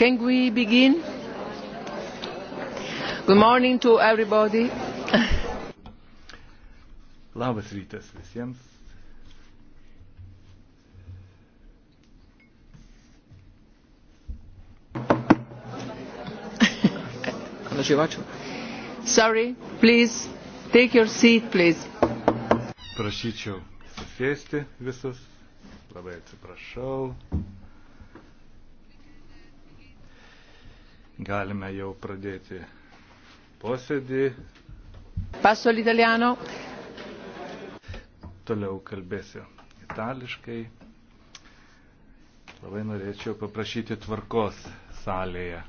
Can we begin? Good morning to everybody. Labas rytas visiems. Sorry, please, take your seat, please. Prašyčiau susėsti visus. Labai atsiprašau. Galime jau pradėti posėdį. Paso l'italiano. Toliau kalbėsiu itališkai. Labai norėčiau paprašyti tvarkos salėje.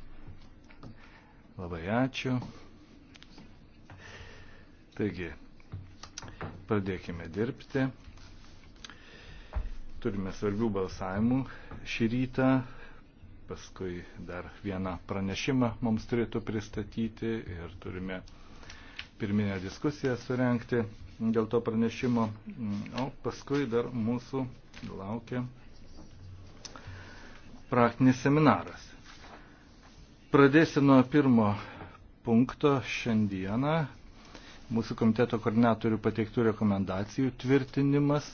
Labai ačiū. Taigi, pradėkime dirbti. Turime svarbių balsavimų šį rytą paskui dar vieną pranešimą mums turėtų pristatyti ir turime pirminę diskusiją surenkti dėl to pranešimo. O paskui dar mūsų laukia praktinis seminaras. Pradėsiu nuo pirmo punkto šiandieną. Mūsų komiteto koordinatorių pateiktų rekomendacijų tvirtinimas.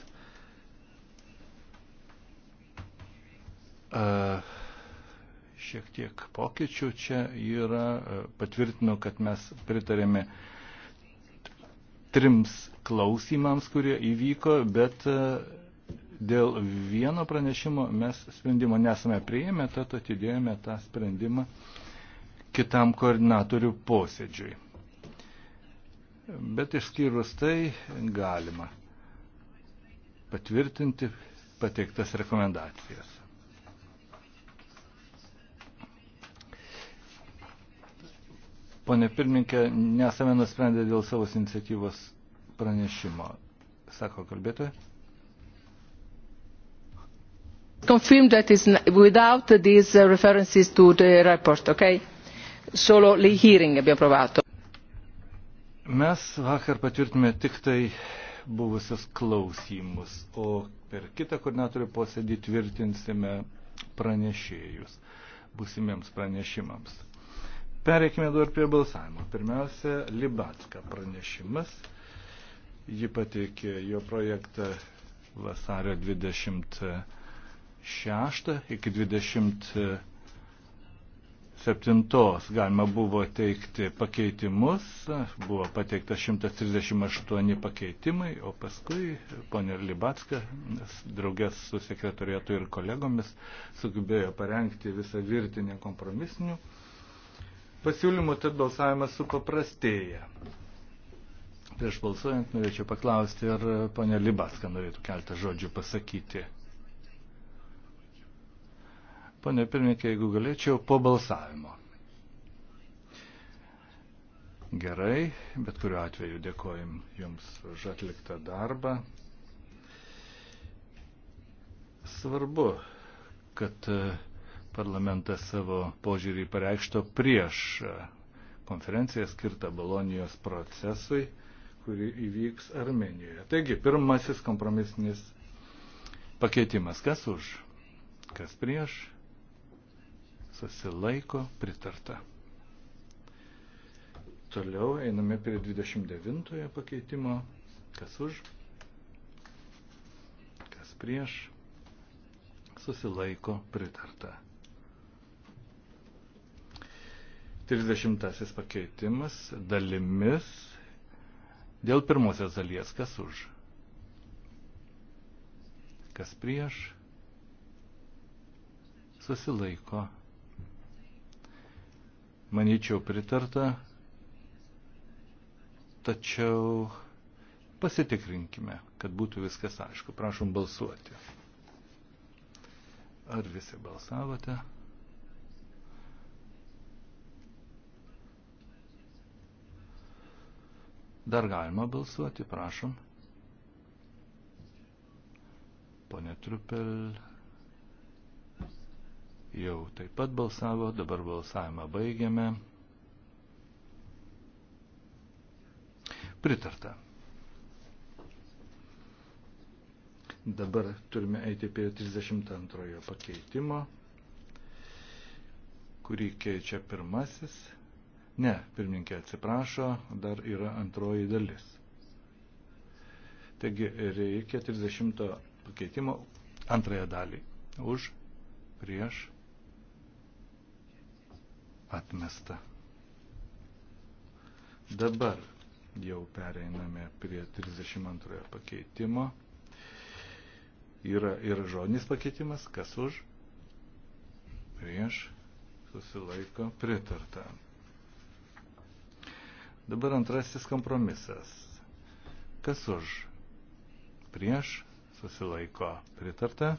Uh, šiek tiek pokyčių čia yra. E, Patvirtinu, kad mes pritarėme trims klausimams, kurie įvyko, bet e, dėl vieno pranešimo mes sprendimo nesame prieėmę, tad atidėjome tą sprendimą kitam koordinatorių posėdžiui. Bet išskyrus tai galima patvirtinti pateiktas rekomendacijas. Pone pirmininkė, nesame nusprendę dėl savo iniciatyvos pranešimo. Sako kalbėtoja. Confirm that is without these uh, references to the report, ok? Solo le hearing abbiamo provato. Mes vakar patvirtume tik tai buvusius klausimus, o per kitą koordinatorių posėdį tvirtinsime pranešėjus būsimiems pranešimams. Pereikime dabar prie balsavimo. Pirmiausia, Libatska pranešimas. Ji pateikė jo projektą vasario 26 iki 27 galima buvo teikti pakeitimus, buvo pateikta 138 pakeitimai, o paskui ponė Libatska draugės su sekretorietu ir kolegomis sugebėjo parengti visą virtinę kompromisinių pasiūlymų, tad balsavimas supaprastėja. Prieš balsuojant norėčiau paklausti, ar ponia Libaska norėtų keltą žodžių pasakyti. Pone pirmininkė, jeigu galėčiau, po balsavimo. Gerai, bet kuriuo atveju dėkojim Jums už atliktą darbą. Svarbu, kad uh, parlamentas savo požiūrį pareikšto prieš konferenciją skirtą Bolonijos procesui, kuri įvyks Armenijoje. Taigi, pirmasis kompromisinis pakeitimas. Kas už? Kas prieš? Susilaiko pritarta. Toliau einame prie 29 pakeitimo. Kas už? Kas prieš? Susilaiko pritarta. 30 pakeitimas dalimis dėl pirmosios dalies, kas už, kas prieš, susilaiko. Manyčiau pritarta, tačiau pasitikrinkime, kad būtų viskas aišku. Prašom balsuoti. Ar visi balsavote? Dar galima balsuoti, prašom. Pone Trupel jau taip pat balsavo, dabar balsavimą baigiame. Pritarta. Dabar turime eiti prie 32 pakeitimo, kurį keičia pirmasis. Ne, pirmininkė atsiprašo, dar yra antroji dalis. Taigi reikia 30 pakeitimo antrąją dalį. Už, prieš, atmesta. Dabar jau pereiname prie 32 pakeitimo. Yra ir žodinis pakeitimas, kas už, prieš, susilaiko pritartant. Dabar antrasis kompromisas. Kas už? Prieš susilaiko pritarta.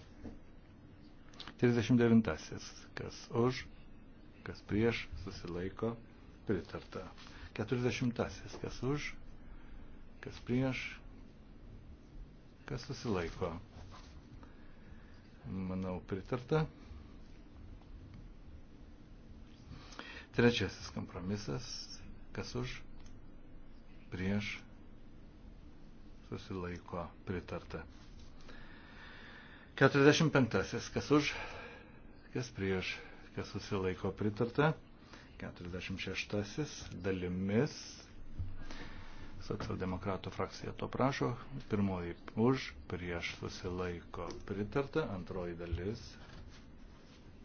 39. Kas už? Kas prieš susilaiko pritarta. 40. Kas už? Kas prieš? Kas susilaiko? Manau, pritarta. Trečiasis kompromisas. Kas už? prieš susilaiko pritarta. 45. Kas už, kas prieš, kas susilaiko pritarta. 46. Dalimis. Socialdemokratų frakcija to prašo. Pirmoji už, prieš susilaiko pritarta. Antroji dalis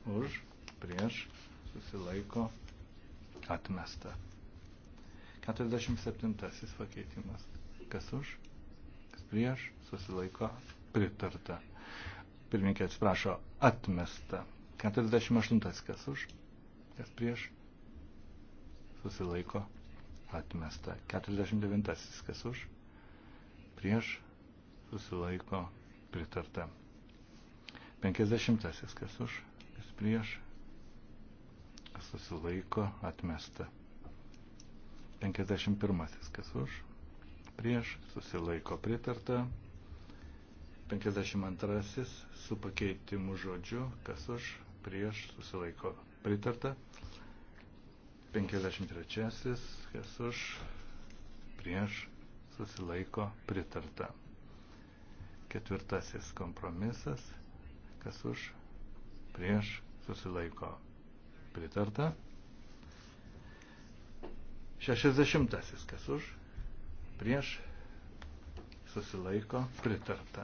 už, prieš susilaiko atmesta. 47 pakeitimas. Kas už, kas prieš, susilaiko pritarta. Pirmininkė atsiprašo, atmesta. 48 kas už, kas prieš, susilaiko atmesta. 49 kas už, prieš, susilaiko pritarta. 50 kas už, kas prieš, susilaiko atmesta. 51. Kas už? Prieš susilaiko pritarta. 52. Su pakeitimu žodžiu. Kas už? Prieš susilaiko pritarta. 53. Kas už? Prieš susilaiko pritarta. Ketvirtasis kompromisas. Kas už? Prieš susilaiko pritarta. 60. Kas už? Prieš susilaiko pritarta.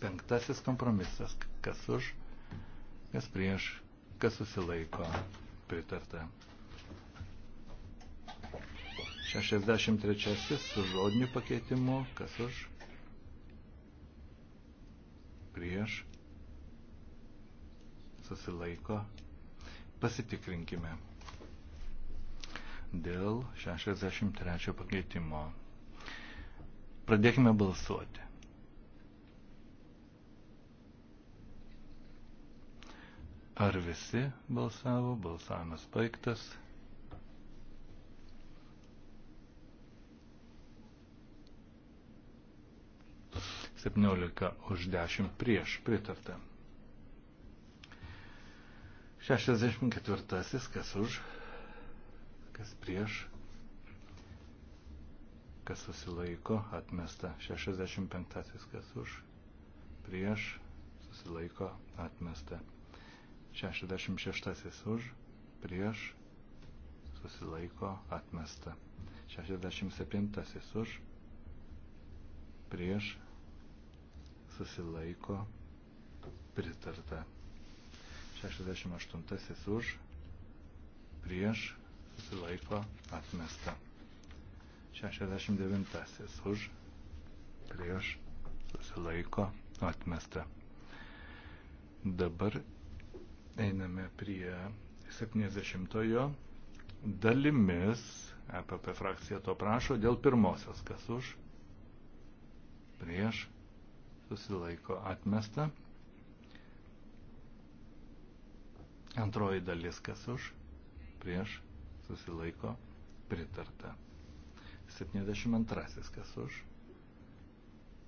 Penktasis kompromisas. Kas už, kas prieš, kas susilaiko pritarta. 63. Su žodiniu pakeitimu. Kas už, prieš, susilaiko. Pasitikrinkime dėl 63 pakeitimo. Pradėkime balsuoti. Ar visi balsavo? Balsavimas baigtas. Septyniolika už dešimt prieš pritarta. Šešiasdešimt ketvirtasis, kas už? kas prieš, kas susilaiko, atmesta. 65 kas už, prieš, susilaiko, atmesta. 66 už, prieš, susilaiko, atmesta. 67 už, prieš, susilaiko, pritarta. 68 už, prieš, susilaiko atmesta. 69 už prieš susilaiko atmesta. Dabar einame prie 70 dalimis. EPP frakcija to prašo dėl pirmosios, kas už, prieš, susilaiko atmesta. Antroji dalis, kas už, prieš, susilaiko pritarta. 72. Kas už,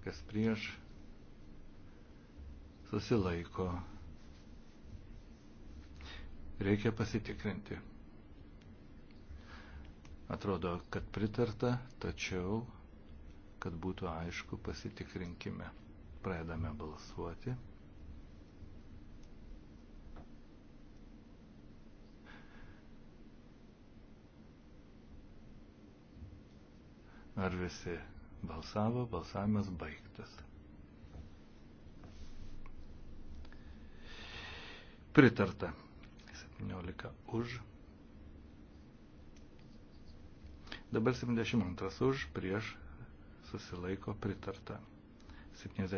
kas prieš, susilaiko. Reikia pasitikrinti. Atrodo, kad pritarta, tačiau, kad būtų aišku, pasitikrinkime. Pradedame balsuoti. Ar visi balsavo? Balsavimas baigtas. Pritarta. 17 už. Dabar 72 už, prieš susilaiko pritarta. 71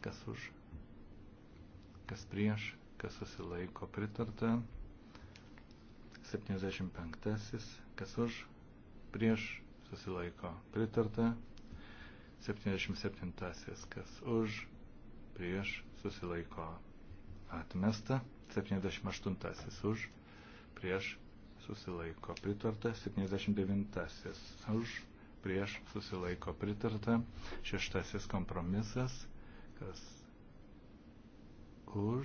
kas už, kas prieš, kas susilaiko pritarta. 75 kas už, prieš susilaiko pritarta. 77 kas už, prieš susilaiko atmesta. 78 už, prieš susilaiko pritarta. 79 už, prieš susilaiko pritarta. Šeštasis kompromisas, kas už,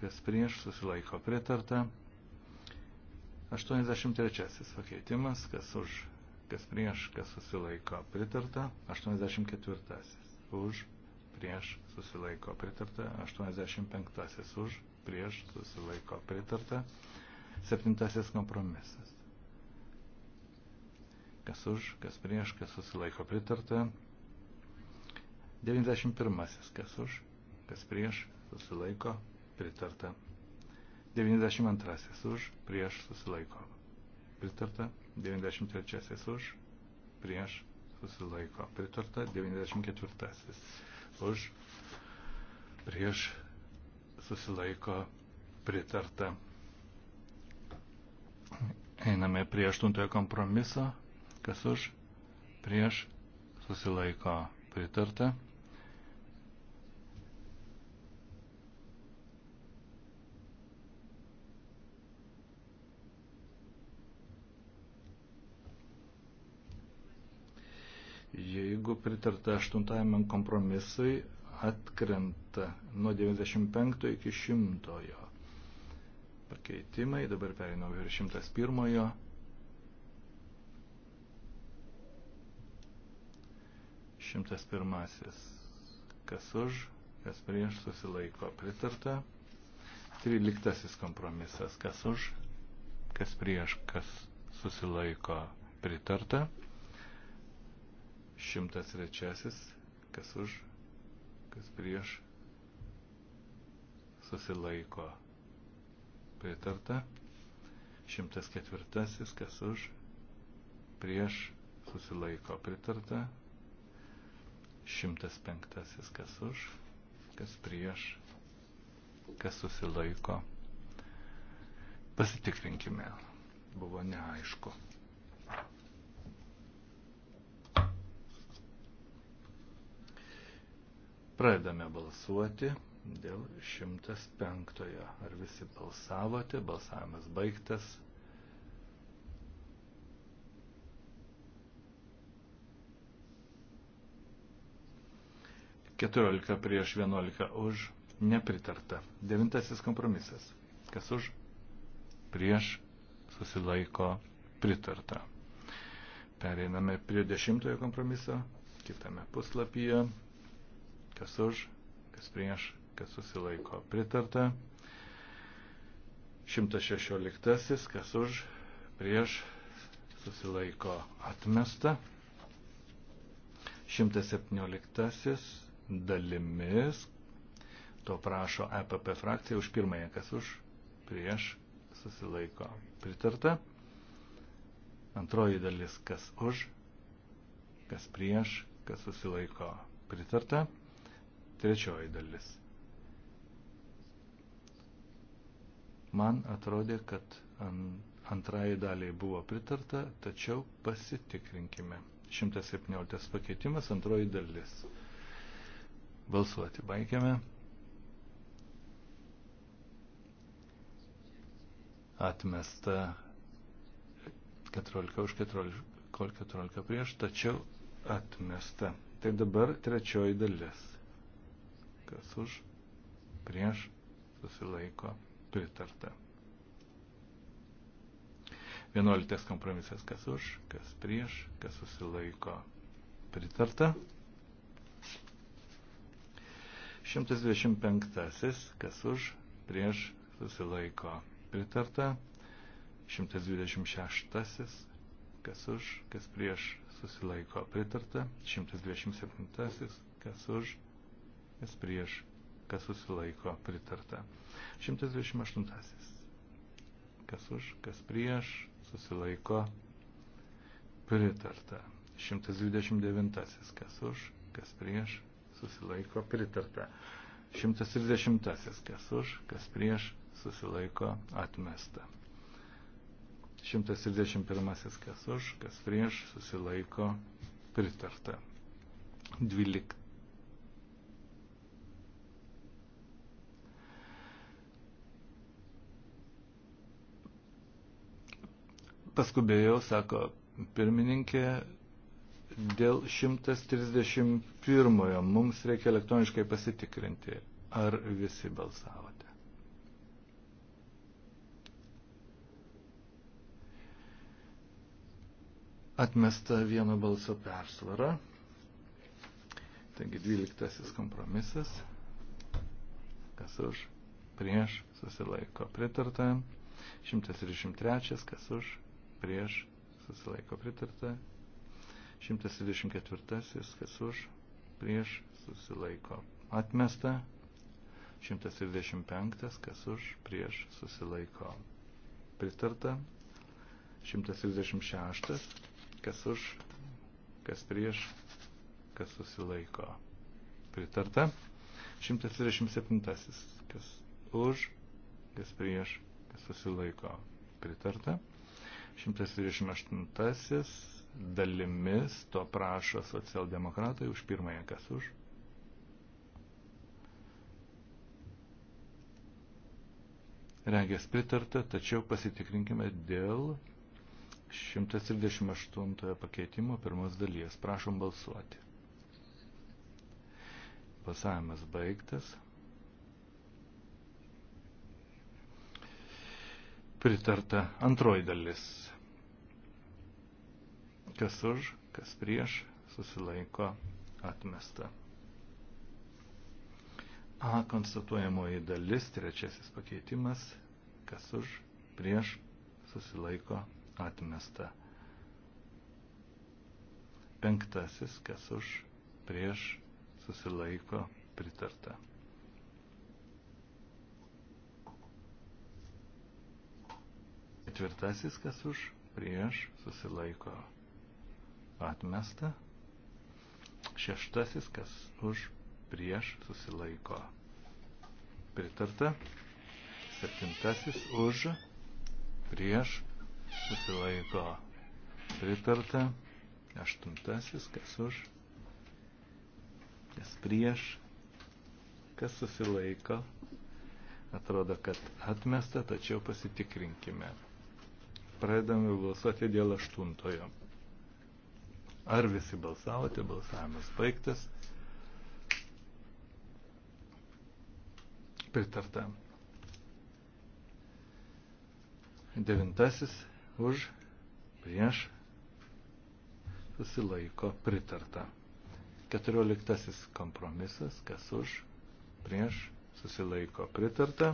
kas prieš susilaiko pritarta. 83 pakeitimas, kas už, kas prieš, kas susilaiko pritarta. 84 už, prieš, susilaiko pritarta. 85 už, prieš, susilaiko pritarta. 7 kompromisas. Kas už, kas prieš, kas susilaiko pritarta. 91 kas už, kas prieš, susilaiko pritarta. 92 už, prieš susilaiko. Pritarta 93 už, prieš susilaiko. Pritarta 94 už, prieš susilaiko. Pritarta. Einame prie 8 kompromiso. Kas už, prieš susilaiko. Pritarta. Jeigu pritarta aštuntajame kompromisui, atkrenta nuo 95 iki 100 pakeitimai, dabar pereinau ir 101. Šimtas pirmasis. Kas už, kas prieš susilaiko pritarta. Tryliktasis kompromisas. Kas už, kas prieš, kas susilaiko pritarta. 103. Kas už, kas prieš, susilaiko. Pritarta. 104. Kas už, prieš, susilaiko. Pritarta. 105. Kas už, kas prieš, kas susilaiko. Pasitikrinkime. Buvo neaišku. Pradedame balsuoti dėl 105. Ar visi balsavote? Balsavimas baigtas. Keturiolika prieš vienuolika už nepritarta. Devintasis kompromisas. Kas už? Prieš susilaiko pritarta. Pereiname prie dešimtojo kompromiso kitame puslapyje kas už, kas prieš, kas susilaiko pritarta. 116, kas už, prieš, susilaiko atmesta. 117 dalimis, to prašo EPP frakcija už pirmąją, kas už, prieš, susilaiko pritarta. Antroji dalis, kas už, kas prieš, kas susilaiko pritarta. Trečioji dalis. Man atrodė, kad antrai daliai buvo pritarta, tačiau pasitikrinkime. 117 pakeitimas, antroji dalis. Balsuoti baigiame. Atmesta 14 už 14, 14 prieš, tačiau atmesta. Tai dabar trečioji dalis kas už, prieš, susilaiko, pritarta. Vienuoliktas kompromisas, kas už, kas prieš, kas susilaiko, pritarta. 125, kas už, prieš, susilaiko, pritarta. 126, kas už, kas prieš, susilaiko, pritarta. 127, kas už, kas prieš, kas susilaiko pritarta. 128. Kas už, kas prieš, susilaiko pritarta. 129. Kas už, kas prieš, susilaiko pritarta. 130. Kas už, kas prieš, susilaiko atmesta. 131. Kas už, kas prieš, susilaiko pritarta. 12. paskubėjau, sako pirmininkė, dėl 131. Mums reikia elektroniškai pasitikrinti, ar visi balsavote. Atmesta vieno balso persvara. Taigi 12 kompromisas. Kas už? Prieš susilaiko pritarta. 133. Kas už? prieš, susilaiko pritarta. 124, kas už, prieš, susilaiko atmesta. 125, kas už, prieš, susilaiko pritarta. 136, kas už, kas prieš, kas susilaiko pritarta. 137, kas už, kas prieš, kas susilaiko pritarta. 128 dalimis to prašo socialdemokratai už pirmąją kas už. Regės pritarta, tačiau pasitikrinkime dėl 138 pakeitimo pirmos dalies. Prašom balsuoti. Balsavimas baigtas. pritarta antroji dalis. Kas už, kas prieš, susilaiko atmesta. A konstatuojamoji dalis, trečiasis pakeitimas, kas už, prieš, susilaiko atmesta. Penktasis, kas už, prieš, susilaiko pritarta. Ketvirtasis, kas už, prieš, susilaiko atmesta. Šeštasis, kas už, prieš, susilaiko pritarta. Septintasis, už, prieš, susilaiko pritarta. Aštuntasis, kas už, kas prieš, kas susilaiko. Atrodo, kad atmesta, tačiau pasitikrinkime pradedame balsuoti dėl aštuntojo. Ar visi balsavote, balsavimas baigtas. Pritarta. Devintasis už, prieš, susilaiko, pritarta. Keturioliktasis kompromisas, kas už, prieš, susilaiko, pritarta.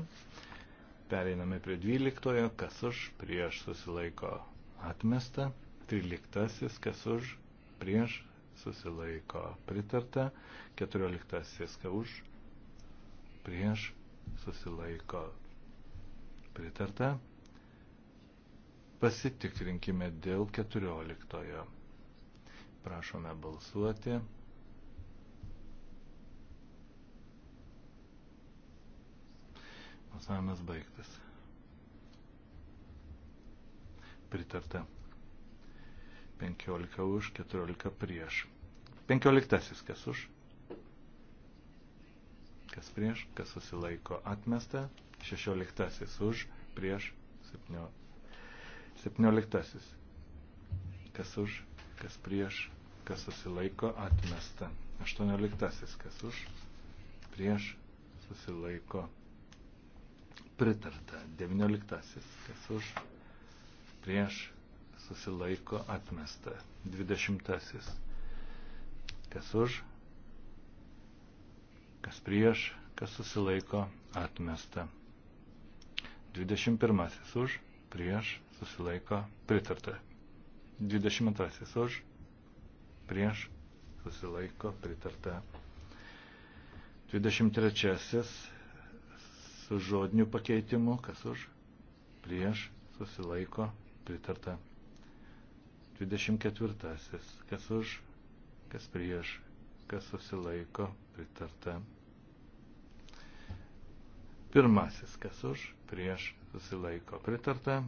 Pereiname prie 12, kas už, prieš susilaiko atmesta. 13, kas už, prieš susilaiko pritarta. 14, kas už, prieš susilaiko pritarta. Pasitikrinkime dėl 14. Prašome balsuoti. Balsavimas baigtas. Pritarta. 15 už, 14 prieš. 15 kas už? Kas prieš, kas susilaiko atmesta. 16 už, prieš 17. 17. Kas už, kas prieš, kas susilaiko atmesta. 18. Kas už, prieš susilaiko atmesta pritarta. 19. Kas už, prieš, susilaiko atmesta. 20. Kas už, kas prieš, kas susilaiko atmesta. 21. Už, prieš, susilaiko pritarta. 20. Už, prieš, susilaiko pritarta. 23 su žodiniu pakeitimu, kas už, prieš, susilaiko, pritarta. 24. Kas už, kas prieš, kas susilaiko, pritarta. Pirmasis, kas už, prieš, susilaiko, pritarta.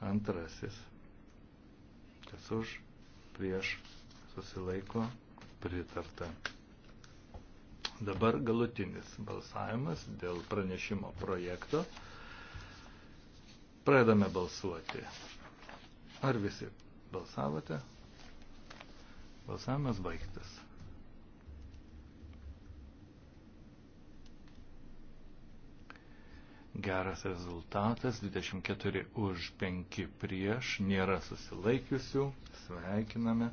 Antrasis, kas už, prieš, susilaiko, pritarta. Dabar galutinis balsavimas dėl pranešimo projekto. Pradame balsuoti. Ar visi balsavote? Balsavimas baigtas. Geras rezultatas, 24 už 5 prieš, nėra susilaikiusių, sveikiname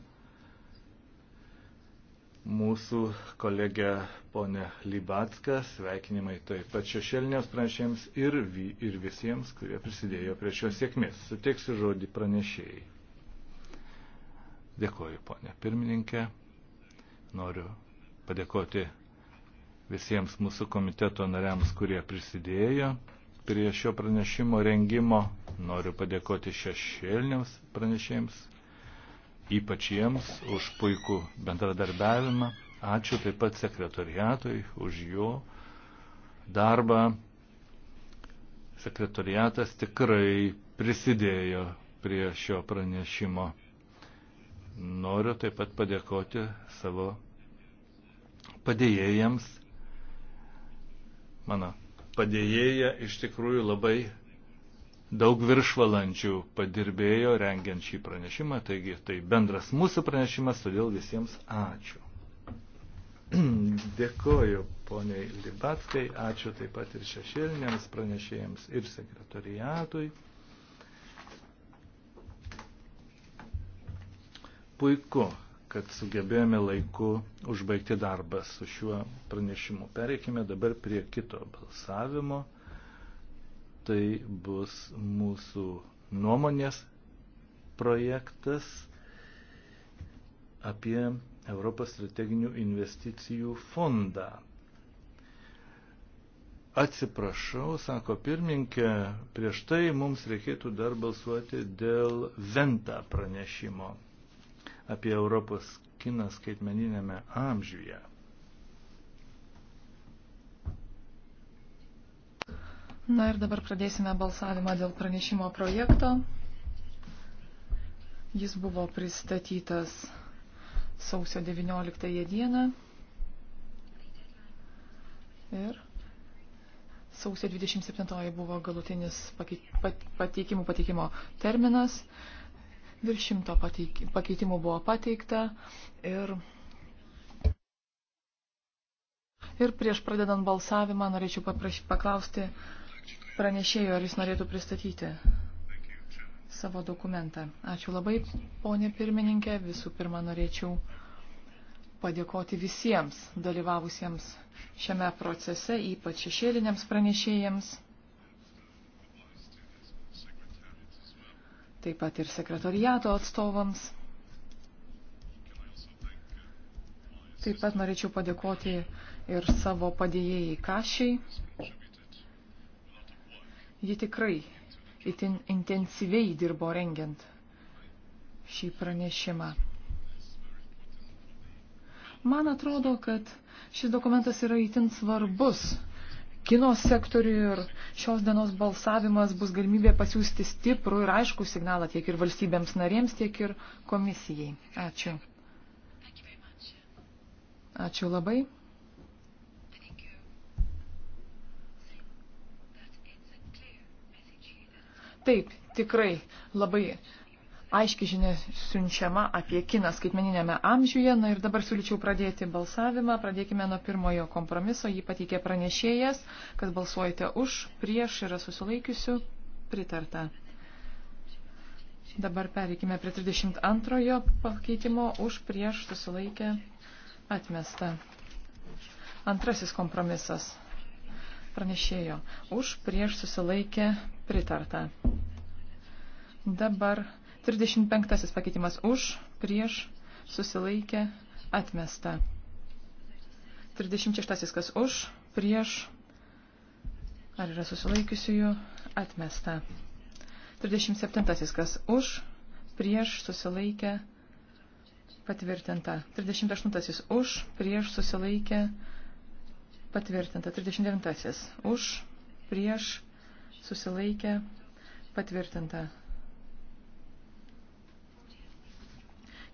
mūsų kolegę ponę Libatską, sveikinimai taip pat šešėlinės pranešėjams ir, vi, ir visiems, kurie prisidėjo prie šios sėkmės. Suteiksiu žodį pranešėjai. Dėkoju, ponė pirmininkė. Noriu padėkoti visiems mūsų komiteto nariams, kurie prisidėjo prie šio pranešimo rengimo. Noriu padėkoti šešėliniams pranešėjams ypač jiems už puikų bendradarbiavimą. Ačiū taip pat sekretoriatui už jo darbą. Sekretoriatas tikrai prisidėjo prie šio pranešimo. Noriu taip pat padėkoti savo padėjėjams. Mano padėjėja iš tikrųjų labai daug viršvalandžių padirbėjo rengiant šį pranešimą, taigi tai bendras mūsų pranešimas, todėl visiems ačiū. Dėkoju poniai Libatskai, ačiū taip pat ir šešėliniams pranešėjams ir sekretoriatui. Puiku, kad sugebėjome laiku užbaigti darbą su šiuo pranešimu. Pereikime dabar prie kito balsavimo tai bus mūsų nuomonės projektas apie Europos strateginių investicijų fondą. Atsiprašau, sako pirmininkė, prieš tai mums reikėtų dar balsuoti dėl Venta pranešimo apie Europos kiną skaitmeninėme amžiuje. Na ir dabar pradėsime balsavimą dėl pranešimo projekto. Jis buvo pristatytas sausio 19 dieną. Ir sausio 27 buvo galutinis pateikimų pateikimo terminas. Virš šimto pakeitimų buvo pateikta ir Ir prieš pradedant balsavimą norėčiau paprašy, paklausti, pranešėjo, ar jis norėtų pristatyti savo dokumentą. Ačiū labai, ponė pirmininkė. Visų pirma, norėčiau padėkoti visiems dalyvavusiems šiame procese, ypač šešėliniams pranešėjams. Taip pat ir sekretoriato atstovams. Taip pat norėčiau padėkoti ir savo padėjėjai Kašiai, Ji tikrai itin intensyviai dirbo rengiant šį pranešimą. Man atrodo, kad šis dokumentas yra itin svarbus kino sektoriui ir šios dienos balsavimas bus galimybė pasiūsti stiprų ir aiškų signalą tiek ir valstybėms narėms, tiek ir komisijai. Ačiū. Ačiū labai. Taip, tikrai labai aiški žinia siunčiama apie kiną skaitmeninėme amžiuje. Na ir dabar siūlyčiau pradėti balsavimą. Pradėkime nuo pirmojo kompromiso. Jį pateikė pranešėjas, kad balsuojate už, prieš yra susilaikiusių, pritarta. Dabar pereikime prie 32 pakeitimo už, prieš susilaikę, atmesta. Antrasis kompromisas pranešėjo. Už, prieš susilaikę, Pritarta. Dabar 35 pakeitimas už, prieš, susilaikė, atmesta. 36 kas už, prieš, ar yra susilaikiusiųjų, atmesta. 37 kas už, prieš, susilaikė, patvirtinta. 38 už, prieš, susilaikė, patvirtinta. 39 už, prieš, susilaikė, patvirtinta.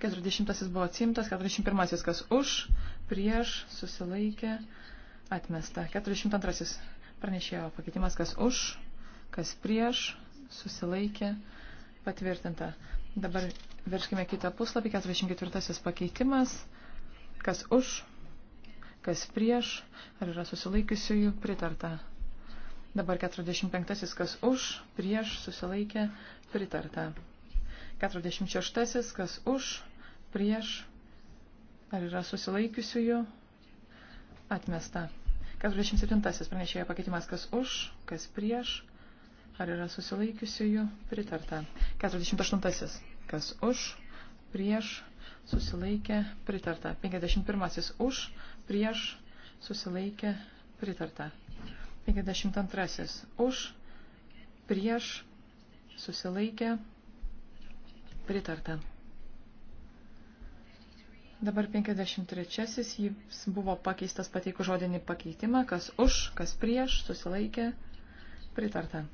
40 buvo atsimtas, 41 kas už, prieš, susilaikė, atmesta. 42 pranešėjo pakeitimas kas už, kas prieš, susilaikė, patvirtinta. Dabar verškime kitą puslapį, 44 pakeitimas, kas už, kas prieš, ar yra susilaikiusiųjų pritarta. Dabar 45. kas už, prieš, susilaikė, pritarta. 46. kas už, prieš, ar yra susilaikiusiųjų, atmesta. 47. pranešėjo pakeitimas, kas už, kas prieš, ar yra susilaikiusiųjų, pritarta. 48. kas už, prieš, susilaikė, pritarta. 51. už, prieš, susilaikė, pritarta. 52. Už, prieš, susilaikė, pritarta. Dabar 53. Jis buvo pakeistas pateikų žodinį pakeitimą, kas už, kas prieš, susilaikė, pritarta.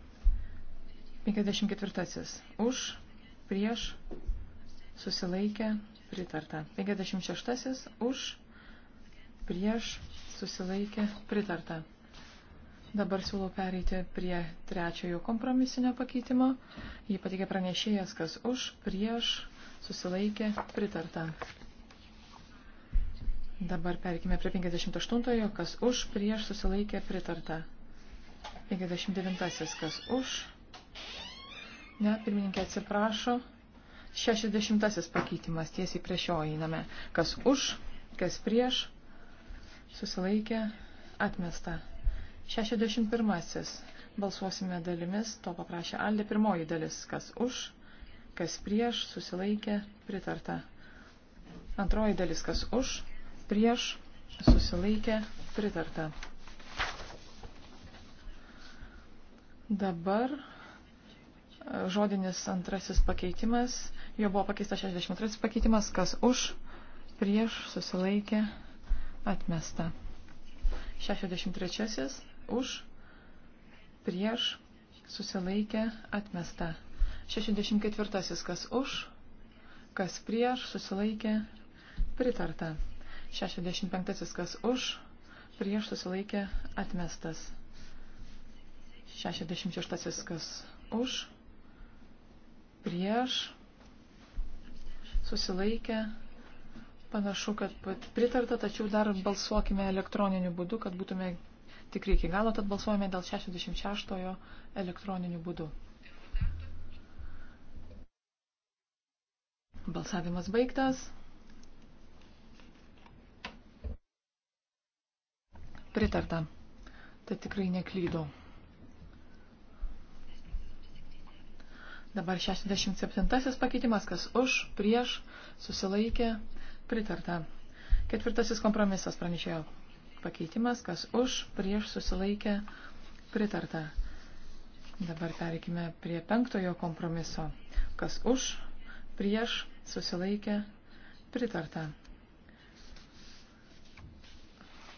54. Už, prieš, susilaikė, pritarta. 56. Už, prieš, susilaikė, pritarta. Dabar siūlau pereiti prie trečiojo kompromisinio pakeitimo. Jį patikė pranešėjas, kas už, prieš, susilaikė, pritarta. Dabar perkime prie 58-ojo, kas už, prieš, susilaikė, pritarta. 59-asis, kas už. Ne, pirmininkė atsiprašo. 60-asis pakeitimas, tiesiai prie šio einame. Kas už, kas prieš, susilaikė, atmesta. 61. Balsuosime dalimis, to paprašė Aldė pirmoji dalis, kas už, kas prieš, susilaikė, pritarta. Antroji dalis, kas už, prieš, susilaikė, pritarta. Dabar e, žodinis antrasis pakeitimas, jo buvo pakeista 63 pakeitimas, kas už, prieš, susilaikė, atmesta. 63 už, prieš, susilaikė, atmesta. 64 kas už, kas prieš, susilaikė, pritarta. 65 kas už, prieš, susilaikė, atmestas. 66 kas už, prieš, susilaikė, Panašu, kad pritarta, tačiau dar balsuokime elektroniniu būdu, kad būtume tikrai iki galo, tad balsuojame dėl 66 elektroniniu būdu. Balsavimas baigtas. Pritarta. Tai tikrai neklydau. Dabar 67 pakeitimas, kas už, prieš, susilaikė, pritarta. Ketvirtasis kompromisas pranešėjo pakeitimas, kas už, prieš susilaikė pritarta. Dabar pereikime prie penktojo kompromiso. Kas už, prieš susilaikė pritarta.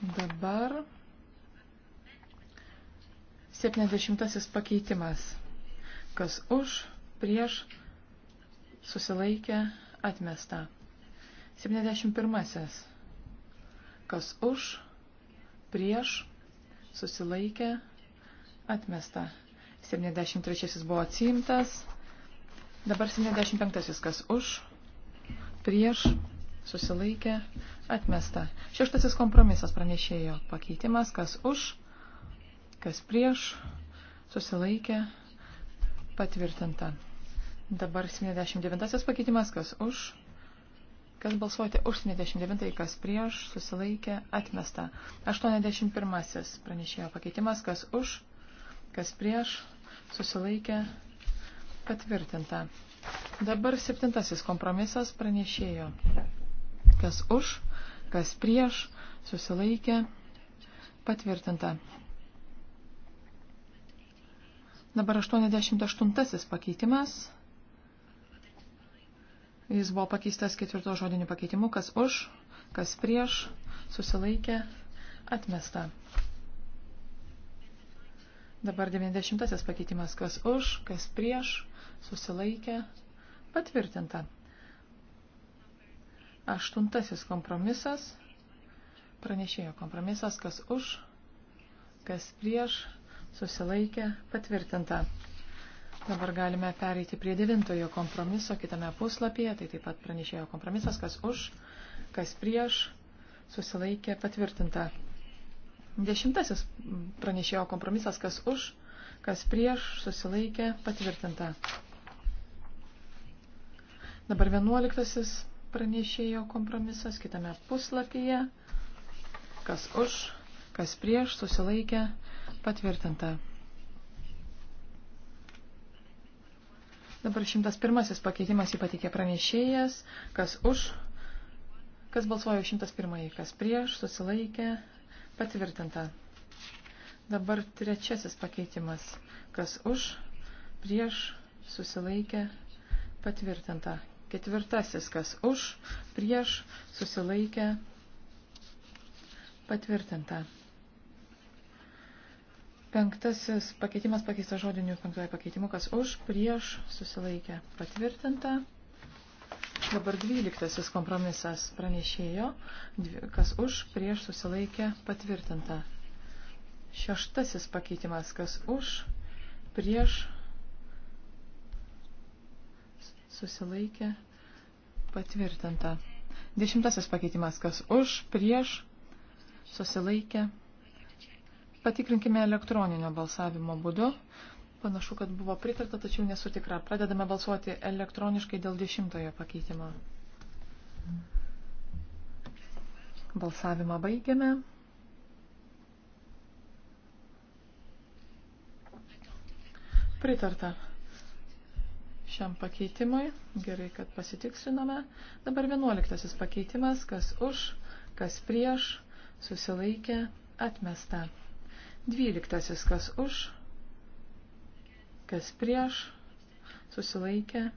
Dabar 70 pakeitimas. Kas už, prieš susilaikė atmesta. 71. Kas už, prieš, susilaikė, atmesta. 73 buvo atsiimtas. Dabar 75 kas už, prieš, susilaikė, atmesta. Šeštasis kompromisas pranešėjo pakeitimas, kas už, kas prieš, susilaikė, patvirtinta. Dabar 79 pakeitimas, kas už, Kas balsuoti už 79, kas prieš, susilaikė, atmesta. 81 pranešėjo pakeitimas, kas už, kas prieš, susilaikė, patvirtinta. Dabar septintasis kompromisas pranešėjo. Kas už, kas prieš, susilaikė, patvirtinta. Dabar 88 pakeitimas. Jis buvo pakeistas ketvirto žodiniu pakeitimu, kas už, kas prieš, susilaikė, atmesta. Dabar 90 pakeitimas, kas už, kas prieš, susilaikė, patvirtinta. Aštuntasis kompromisas, pranešėjo kompromisas, kas už, kas prieš, susilaikė, patvirtinta. Dabar galime pereiti prie devintojo kompromiso kitame puslapyje. Tai taip pat pranešėjo kompromisas, kas už, kas prieš, susilaikė patvirtinta. Dešimtasis pranešėjo kompromisas, kas už, kas prieš, susilaikė patvirtinta. Dabar vienuoliktasis pranešėjo kompromisas kitame puslapyje, kas už, kas prieš, susilaikė patvirtinta. Dabar 101 pakeitimas jį pateikė pranešėjas, kas už, kas balsuoja 101, kas prieš, susilaikė, patvirtinta. Dabar trečiasis pakeitimas, kas už, prieš, susilaikė, patvirtinta. Ketvirtasis, kas už, prieš, susilaikė, patvirtinta. Penktasis pakeitimas pakeistas žodiniu penktoje pakeitimu, kas už, prieš, susilaikė, patvirtinta. Dabar dvyliktasis kompromisas pranešėjo, kas už, prieš, susilaikė, patvirtinta. Šeštasis pakeitimas, kas už, prieš, susilaikė, patvirtinta. Dešimtasis pakeitimas, kas už, prieš, susilaikė, patvirtinta. Patikrinkime elektroninio balsavimo būdu. Panašu, kad buvo pritarta, tačiau nesu tikra. Pradedame balsuoti elektroniškai dėl dešimtojo pakeitimo. Balsavimą baigiame. Pritarta šiam pakeitimui. Gerai, kad pasitiksinome. Dabar vienuoliktasis pakeitimas, kas už, kas prieš, susilaikė, atmesta. Dvyliktasis, kas už, kas prieš, susilaikė.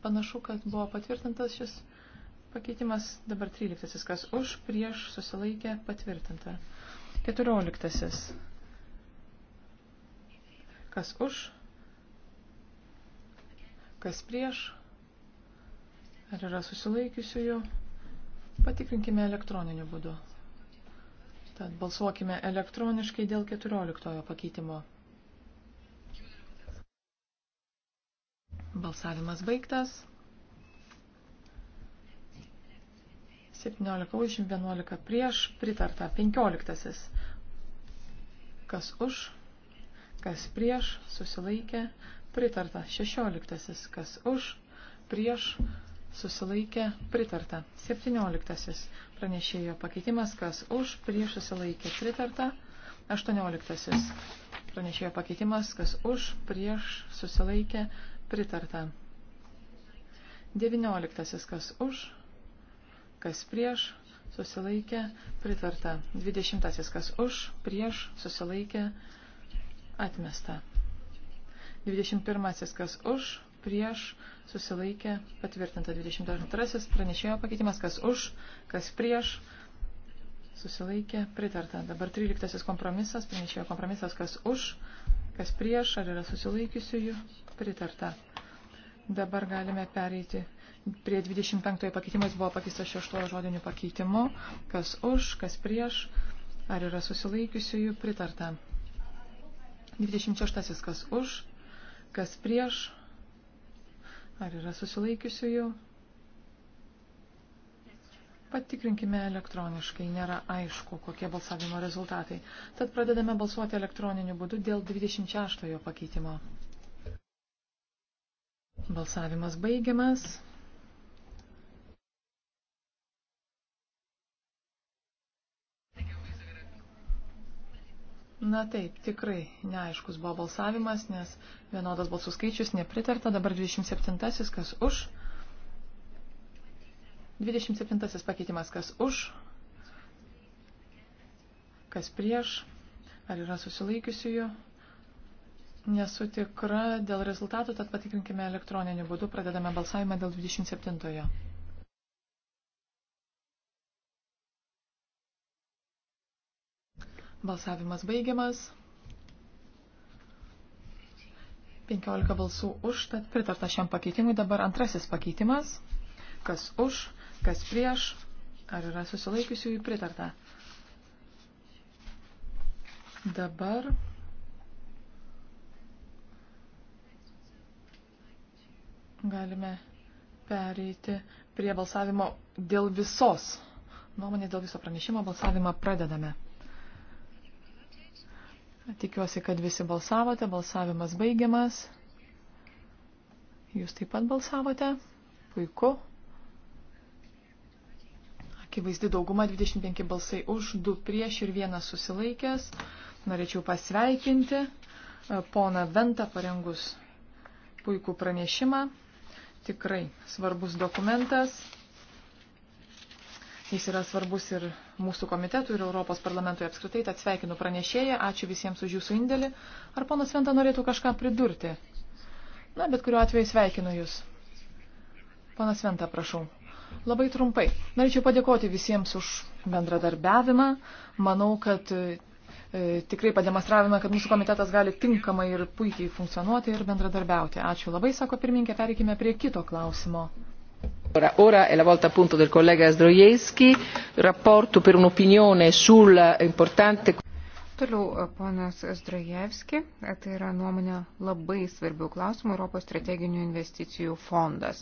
Panašu, kad buvo patvirtintas šis pakeitimas, dabar tryliktasis, kas už, prieš, susilaikė, patvirtinta. Keturioliktasis, kas už, kas prieš, ar yra susilaikiusiųjų, patikrinkime elektroniniu būdu. Tad balsuokime elektroniškai dėl 14 pakeitimo. Balsavimas baigtas. 17 už, 11 prieš, pritarta 15. Kas už, kas prieš, susilaikė, pritarta 16. Kas už, prieš, susilaikė, pritarta. 17. Pranešėjo pakeitimas, kas už, prieš susilaikė, pritarta. 18. Pranešėjo pakeitimas, kas už, prieš susilaikė, pritarta. 19. kas už, kas prieš susilaikė, pritarta. 20. kas už, prieš susilaikė, atmesta. 21. kas už, prieš, susilaikė, patvirtinta 22 pranešėjo pakeitimas, kas už, kas prieš, susilaikė, pritarta. Dabar 13 kompromisas, pranešėjo kompromisas, kas už, kas prieš, ar yra susilaikiusiųjų, pritarta. Dabar galime pereiti prie 25 pakeitimais buvo pakeistas šeštojo žodiniu pakeitimu, kas už, kas prieš, ar yra susilaikiusiųjų, pritarta. 26 kas už, kas prieš, Ar yra susilaikiusiųjų? Patikrinkime elektroniškai, nėra aišku, kokie balsavimo rezultatai. Tad pradedame balsuoti elektroniniu būdu dėl 26 pakeitimo. Balsavimas baigiamas. Na taip, tikrai neaiškus buvo balsavimas, nes vienodas balsų skaičius nepritarta, dabar 27-asis kas už. 27-asis pakeitimas kas už, kas prieš, ar yra susilaikiusiųjų. Nesu tikra dėl rezultatų, tad patikrinkime elektroniniu būdu, pradedame balsavimą dėl 27-ojo. Balsavimas baigiamas. 15 balsų už, tad pritarta šiam pakeitimui. Dabar antrasis pakeitimas. Kas už, kas prieš, ar yra susilaikiusiųjų pritarta. Dabar. Galime pereiti prie balsavimo dėl visos. Nuomonė dėl viso pranešimo balsavimą pradedame. Tikiuosi, kad visi balsavote. Balsavimas baigiamas. Jūs taip pat balsavote. Puiku. Akivaizdi dauguma 25 balsai už, 2 prieš ir 1 susilaikęs. Norėčiau pasveikinti e, poną Ventą parengus puikų pranešimą. Tikrai svarbus dokumentas. Jis yra svarbus ir mūsų komitetui ir Europos parlamentui apskritai, tad sveikinu pranešėją, ačiū visiems už jūsų indėlį. Ar ponas Venta norėtų kažką pridurti? Na, bet kuriuo atveju sveikinu jūs. Ponas Venta, prašau. Labai trumpai. Norėčiau padėkoti visiems už bendradarbiavimą. Manau, kad e, e tikrai pademonstravime, kad mūsų komitetas gali tinkamai ir puikiai funkcionuoti ir bendradarbiauti. Ačiū labai, sako pirminkė, pereikime prie kito klausimo. Ora, ora è la volta appunto del collega Zdrojewski, rapporto per un'opinione sul importante. Toliau eh, ponas Zdrojevski, eh, tai yra nuomonė labai svarbių klausimų Europos strateginių investicijų fondas.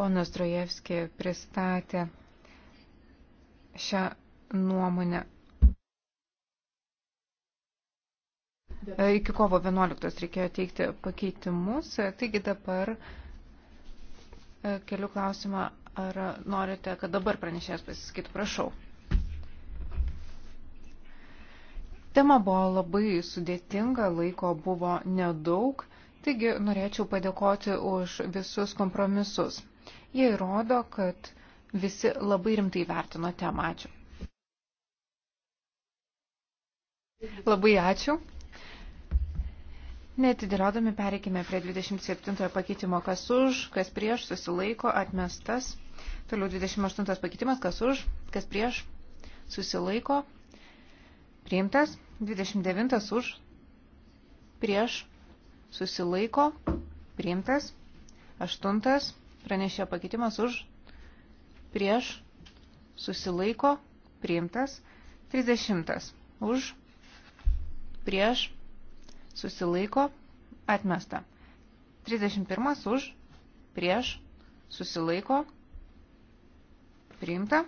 Ponas Zdrojevski pristatė šią nuomonę e, Iki kovo 11 reikėjo teikti pakeitimus, e, taigi dabar E, keliu klausimą, ar norite, kad dabar pranešėjas pasisakytų, prašau. Tema buvo labai sudėtinga, laiko buvo nedaug, taigi norėčiau padėkoti už visus kompromisus. Jie įrodo, kad visi labai rimtai vertino temą. Ačiū. Labai ačiū. Netidėliodami pereikime prie 27 pakeitimo, kas už, kas prieš, susilaiko, atmestas. Toliau 28 pakeitimas, kas už, kas prieš, susilaiko, priimtas. 29 už, prieš, susilaiko, priimtas. 8 pranešė pakeitimas už, prieš, susilaiko, priimtas. 30 už, prieš, susilaiko, atmesta. 31 už, prieš, susilaiko, priimta.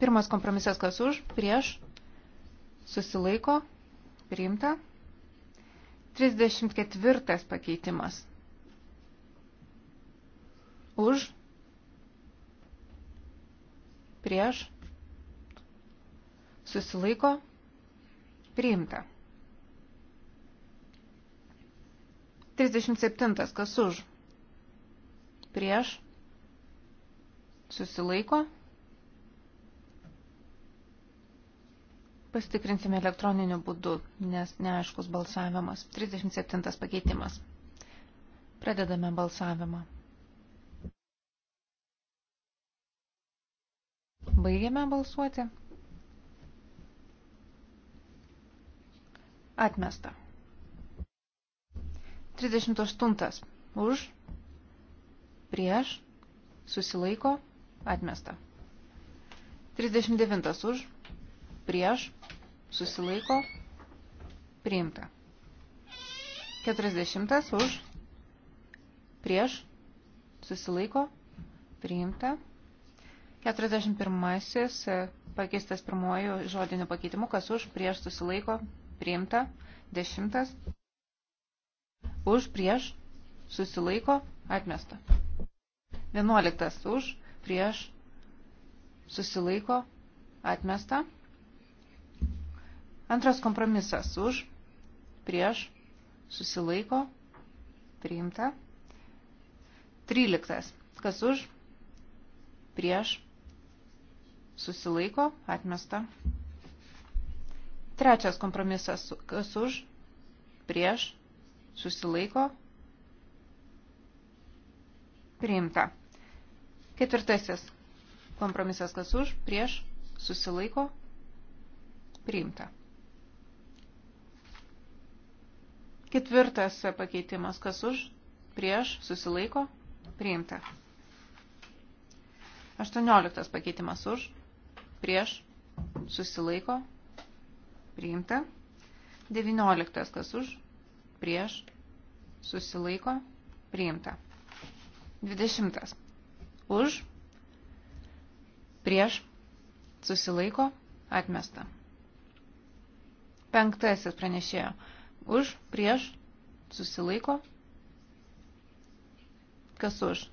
Pirmas kompromisas, kas už, prieš, susilaiko, priimta. 34 pakeitimas. Už, prieš, susilaiko, priimta Priimta. 37. Kas už? Prieš. Susilaiko. Pastikrinsime elektroniniu būdu, nes neaiškus balsavimas. 37. pakeitimas. Pradedame balsavimą. Baigiame balsuoti. Atmesta. 38. Už. Prieš. Susilaiko. Atmesta. 39. Už. Prieš. Susilaiko. Priimta. 40. Už. Prieš. Susilaiko. Priimta. 41. E, pakeistas pirmojų žodinių pakeitimų. Kas už. Prieš. Susilaiko priimta. Dešimtas už, prieš, susilaiko, atmesta. Vienuoliktas už, prieš, susilaiko, atmesta. Antras kompromisas už, prieš, susilaiko, priimta. Tryliktas, kas už, prieš, susilaiko, atmesta. Trečias kompromisas, kas už, prieš, susilaiko, priimta. Ketvirtasis kompromisas, kas už, prieš, susilaiko, priimta. Ketvirtas pakeitimas, kas už, prieš, susilaiko, priimta. Aštuonioliktas pakeitimas už, prieš, susilaiko, priimta priimta. 19 kas už, prieš, susilaiko, priimta. 20 už, prieš, susilaiko, atmesta. Penktasis pranešėjo už, prieš, susilaiko, kas už,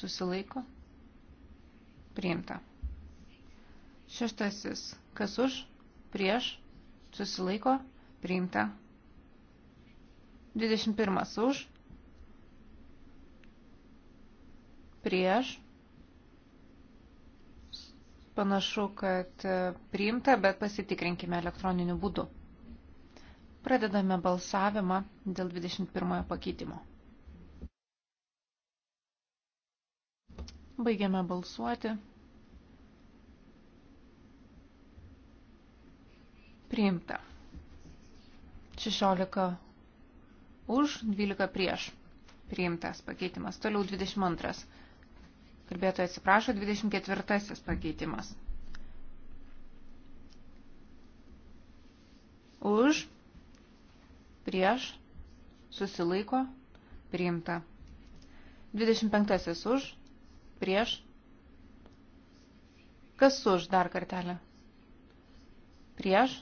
susilaiko, priimta. Šeštasis, kas už, prieš, susilaiko, priimta. 21 už, prieš, panašu, kad e, priimta, bet pasitikrinkime elektroniniu būdu. Pradedame balsavimą dėl 21 pakeitimo. Baigiame balsuoti. Priimta. 16 už, 12 prieš. Priimtas pakeitimas. Toliau 22. Kalbėtoja atsiprašo, 24 pakeitimas. Už, prieš, susilaiko, priimta. 25 už, prieš. Kas už dar kartelę? Prieš,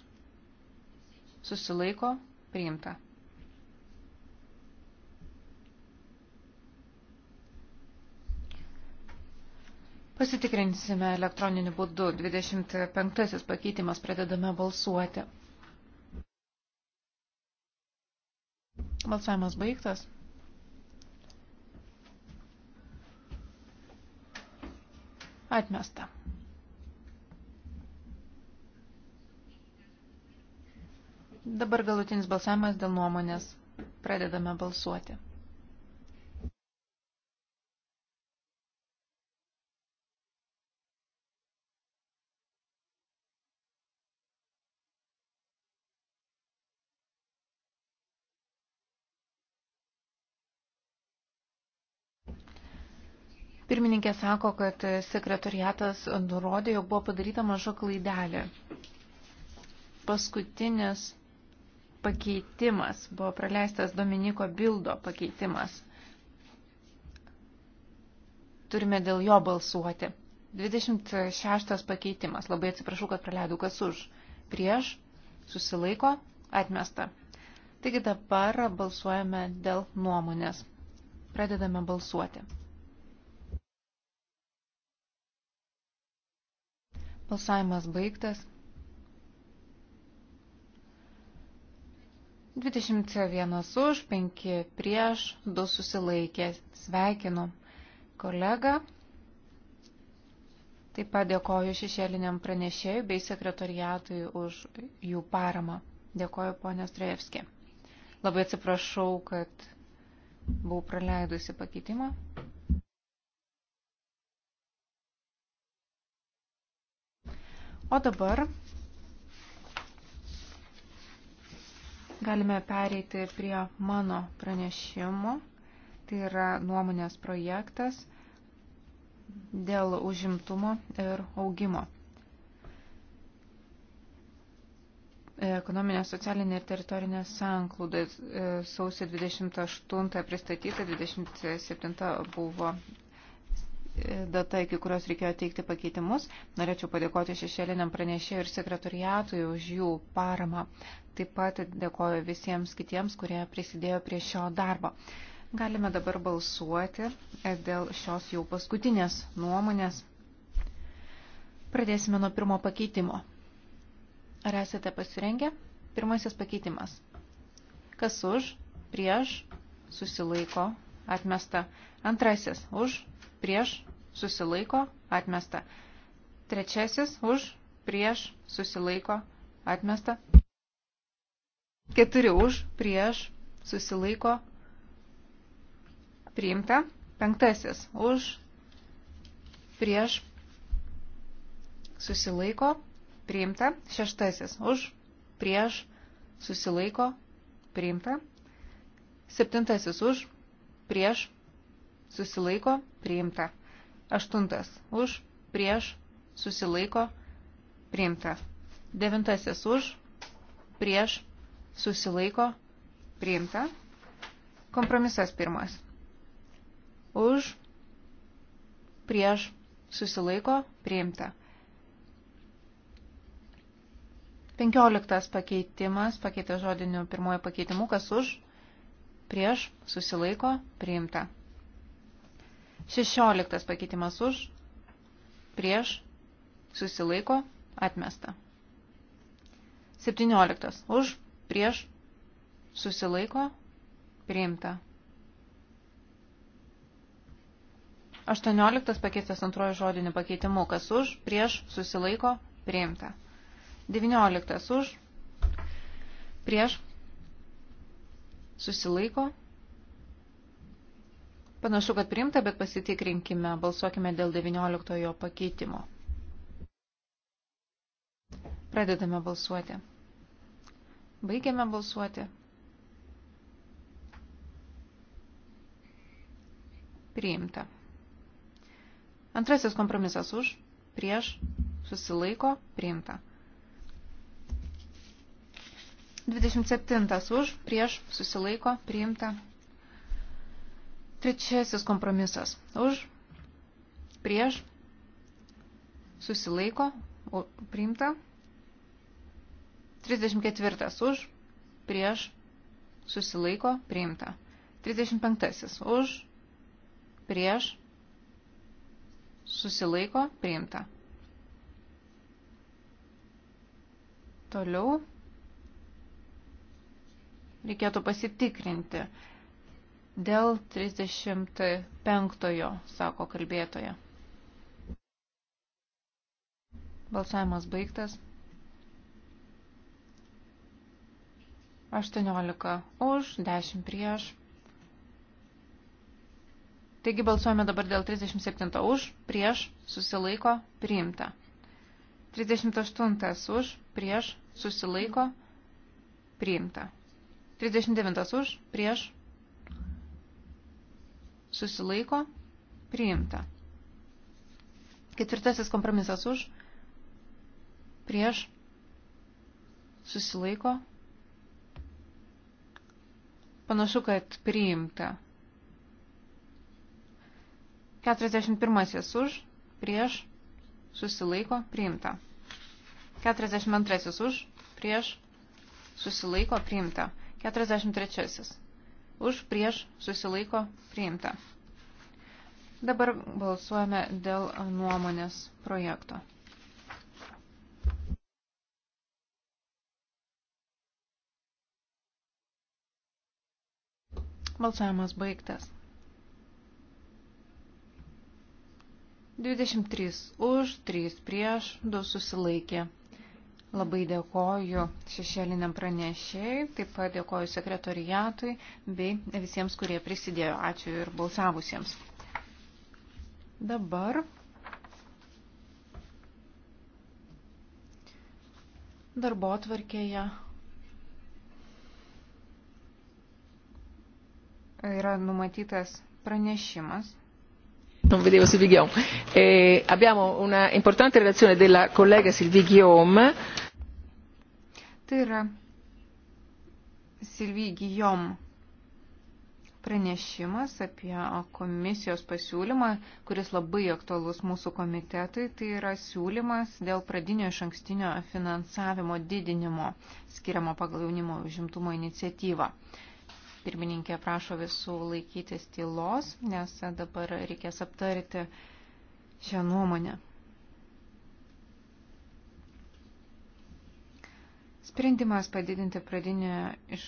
susilaiko, priimta. Pasitikrinsime elektroniniu būdu. 25 pakeitimas pradedame balsuoti. Balsavimas baigtas. Atmesta. Dabar galutinis balsavimas dėl nuomonės. Pradedame balsuoti. Pirmininkė sako, kad sekretariatas nurodė, jog buvo padaryta maža klaidelė. Paskutinis pakeitimas, buvo praleistas Dominiko Bildo pakeitimas. Turime dėl jo balsuoti. 26 pakeitimas. Labai atsiprašau, kad praleidau kas už. Prieš, susilaiko, atmesta. Taigi dabar balsuojame dėl nuomonės. Pradedame balsuoti. Balsavimas baigtas. 21 už, 5 prieš, 2 susilaikė. Sveikinu kolegą. Taip pat dėkoju šešėliniam pranešėjui bei sekretoriatui už jų paramą. Dėkoju ponė Strojevskė. Labai atsiprašau, kad buvau praleidusi pakeitimą. O dabar Galime pereiti prie mano pranešimo. Tai yra nuomonės projektas dėl užimtumo ir augimo. Ekonominė, socialinė ir teritorinė sanklauda sausio 28 pristatyta, 27 buvo data, iki kurios reikėjo teikti pakeitimus. Norėčiau padėkoti šešėliniam pranešėjui ir sekretoriatui už jų paramą. Taip pat dėkoju visiems kitiems, kurie prisidėjo prie šio darbo. Galime dabar balsuoti dėl šios jau paskutinės nuomonės. Pradėsime nuo pirmo pakeitimo. Ar esate pasirengę? Pirmasis pakeitimas. Kas už, prieš, susilaiko, atmesta. Antrasis už, prieš, susilaiko, atmesta. Trečiasis už, prieš, susilaiko, atmesta. Keturi už, prieš, susilaiko, priimta. Penktasis už, prieš, susilaiko, priimta. Šeštasis už, prieš, susilaiko, priimta. Septintasis už, prieš, susilaiko, priimta. Aštuntas už, prieš, susilaiko, priimta. Devintasis už, prieš, susilaiko, priimta. Kompromisas pirmas. Už, prieš, susilaiko, priimta. Penkioliktas pakeitimas, pakeitė žodiniu pirmojo pakeitimu, kas už, prieš, susilaiko, priimta. 16 pakeitimas už, prieš, susilaiko, atmesta. 17 už, prieš, susilaiko, priimta. 18 pakeistas antrojo žodiniu pakeitimu, kas už, prieš, susilaiko, priimta. 19 už, prieš, susilaiko, priimta Panašu, kad priimta, bet pasitikrinkime, balsuokime dėl 19 pakeitimo. Pradedame balsuoti. Baigiame balsuoti. Priimta. Antrasis kompromisas už, prieš, susilaiko, priimta. 27 už, prieš, susilaiko, priimta. Trečiasis kompromisas. Už, prieš, susilaiko, priimta. 34. Už, prieš, susilaiko, priimta. 35. Už, prieš, susilaiko, priimta. Toliau reikėtų pasitikrinti. Dėl 35-ojo, sako kalbėtoja. Balsavimas baigtas. 18 už, 10 prieš. Taigi balsuojame dabar dėl 37 už, prieš, susilaiko, priimta. 38 už, prieš, susilaiko, priimta. 39 už, prieš, susilaiko, priimta. Ketvirtasis kompromisas už, prieš, susilaiko, panašu, kad priimta. 41 už, prieš, susilaiko, priimta. 42 už, prieš, susilaiko, priimta. 43 už prieš susilaiko priimta. Dabar balsuojame dėl nuomonės projekto. Balsavimas baigtas. 23 už, 3 prieš, 2 susilaikė. Labai dėkoju šešėliniam pranešėjai, taip pat dėkoju sekretoriatui bei visiems, kurie prisidėjo. Ačiū ir balsavusiems. Dabar darbo atvarkėje yra numatytas pranešimas non vedevo Sylvie Guillaume. Eh, abbiamo una importante relazione della collega Sylvie Guillaume. Tai yra Sylvie Guillaume pranešimas apie komisijos pasiūlymą, kuris labai aktualus mūsų komitetui, tai yra siūlymas dėl pradinio iš ankstinio finansavimo didinimo skiriamo pagal jaunimo užimtumo iniciatyvą. Pirmininkė prašo visų laikytis tylos, nes dabar reikės aptarti šią nuomonę. Sprendimas padidinti pradinį iš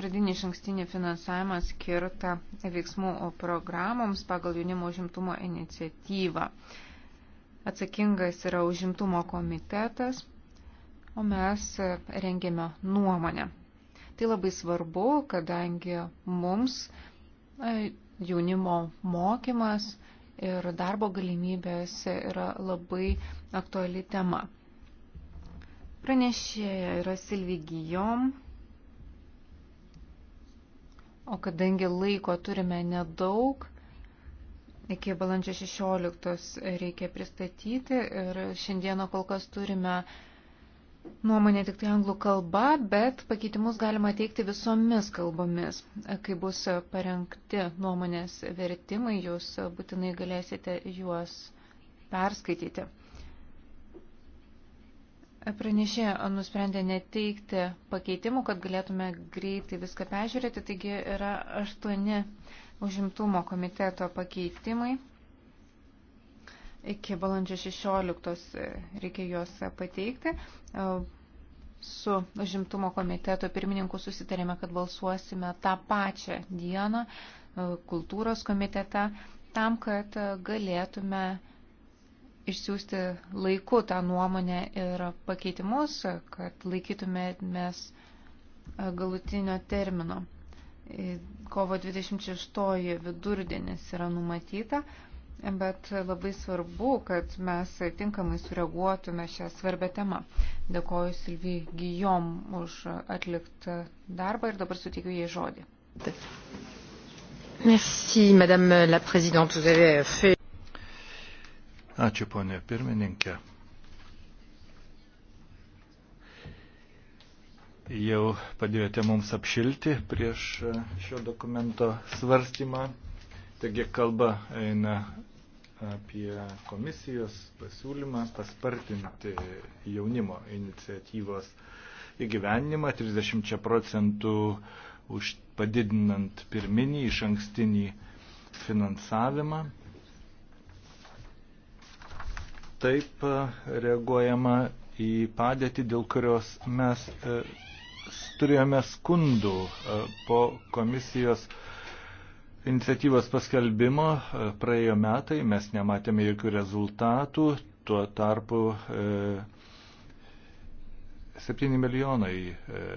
pradinį išankstinį finansavimą skirtą veiksmų programoms pagal jaunimo užimtumo iniciatyvą. Atsakingas yra užimtumo komitetas, o mes rengėme nuomonę. Tai labai svarbu, kadangi mums e, jaunimo mokymas ir darbo galimybės yra labai aktuali tema. Pranešėja yra Silvigijom, o kadangi laiko turime nedaug, iki balandžio 16 reikia pristatyti ir šiandieną kol kas turime nuomonė tik tai anglų kalba, bet pakeitimus galima teikti visomis kalbomis. Kai bus parengti nuomonės vertimai, jūs būtinai galėsite juos perskaityti. Pranešė nusprendė neteikti pakeitimų, kad galėtume greitai viską peržiūrėti, taigi yra aštuoni užimtumo komiteto pakeitimai. Iki balandžio 16 e, reikia juos e, pateikti. E, su užimtumo komiteto pirmininku susitarėme, kad balsuosime tą pačią dieną kultūros komitete tam, kad galėtume išsiųsti laiku tą nuomonę ir pakeitimus, kad laikytumėmės galutinio termino. Kovo 26 vidurdienis yra numatyta, bet labai svarbu, kad mes tinkamai sureaguotume šią svarbę temą. Dėkoju Silvijai Gijom už atliktą darbą ir dabar suteikiu jai žodį. Merci, madame la présidente, vous avez fait. Ačiū, ponė pirmininkė. Jau padėjote mums apšilti prieš šio dokumento svarstymą. Taigi kalba eina apie komisijos pasiūlymą paspartinti jaunimo iniciatyvos įgyvenimą 30 procentų už padidinant pirminį iš ankstinį finansavimą. Taip e, reaguojama į padėtį, dėl kurios mes e, turėjome skundų e, po komisijos iniciatyvos paskelbimo e, praėjo metai, mes nematėme jokių rezultatų, tuo tarpu e, 7 milijonai e,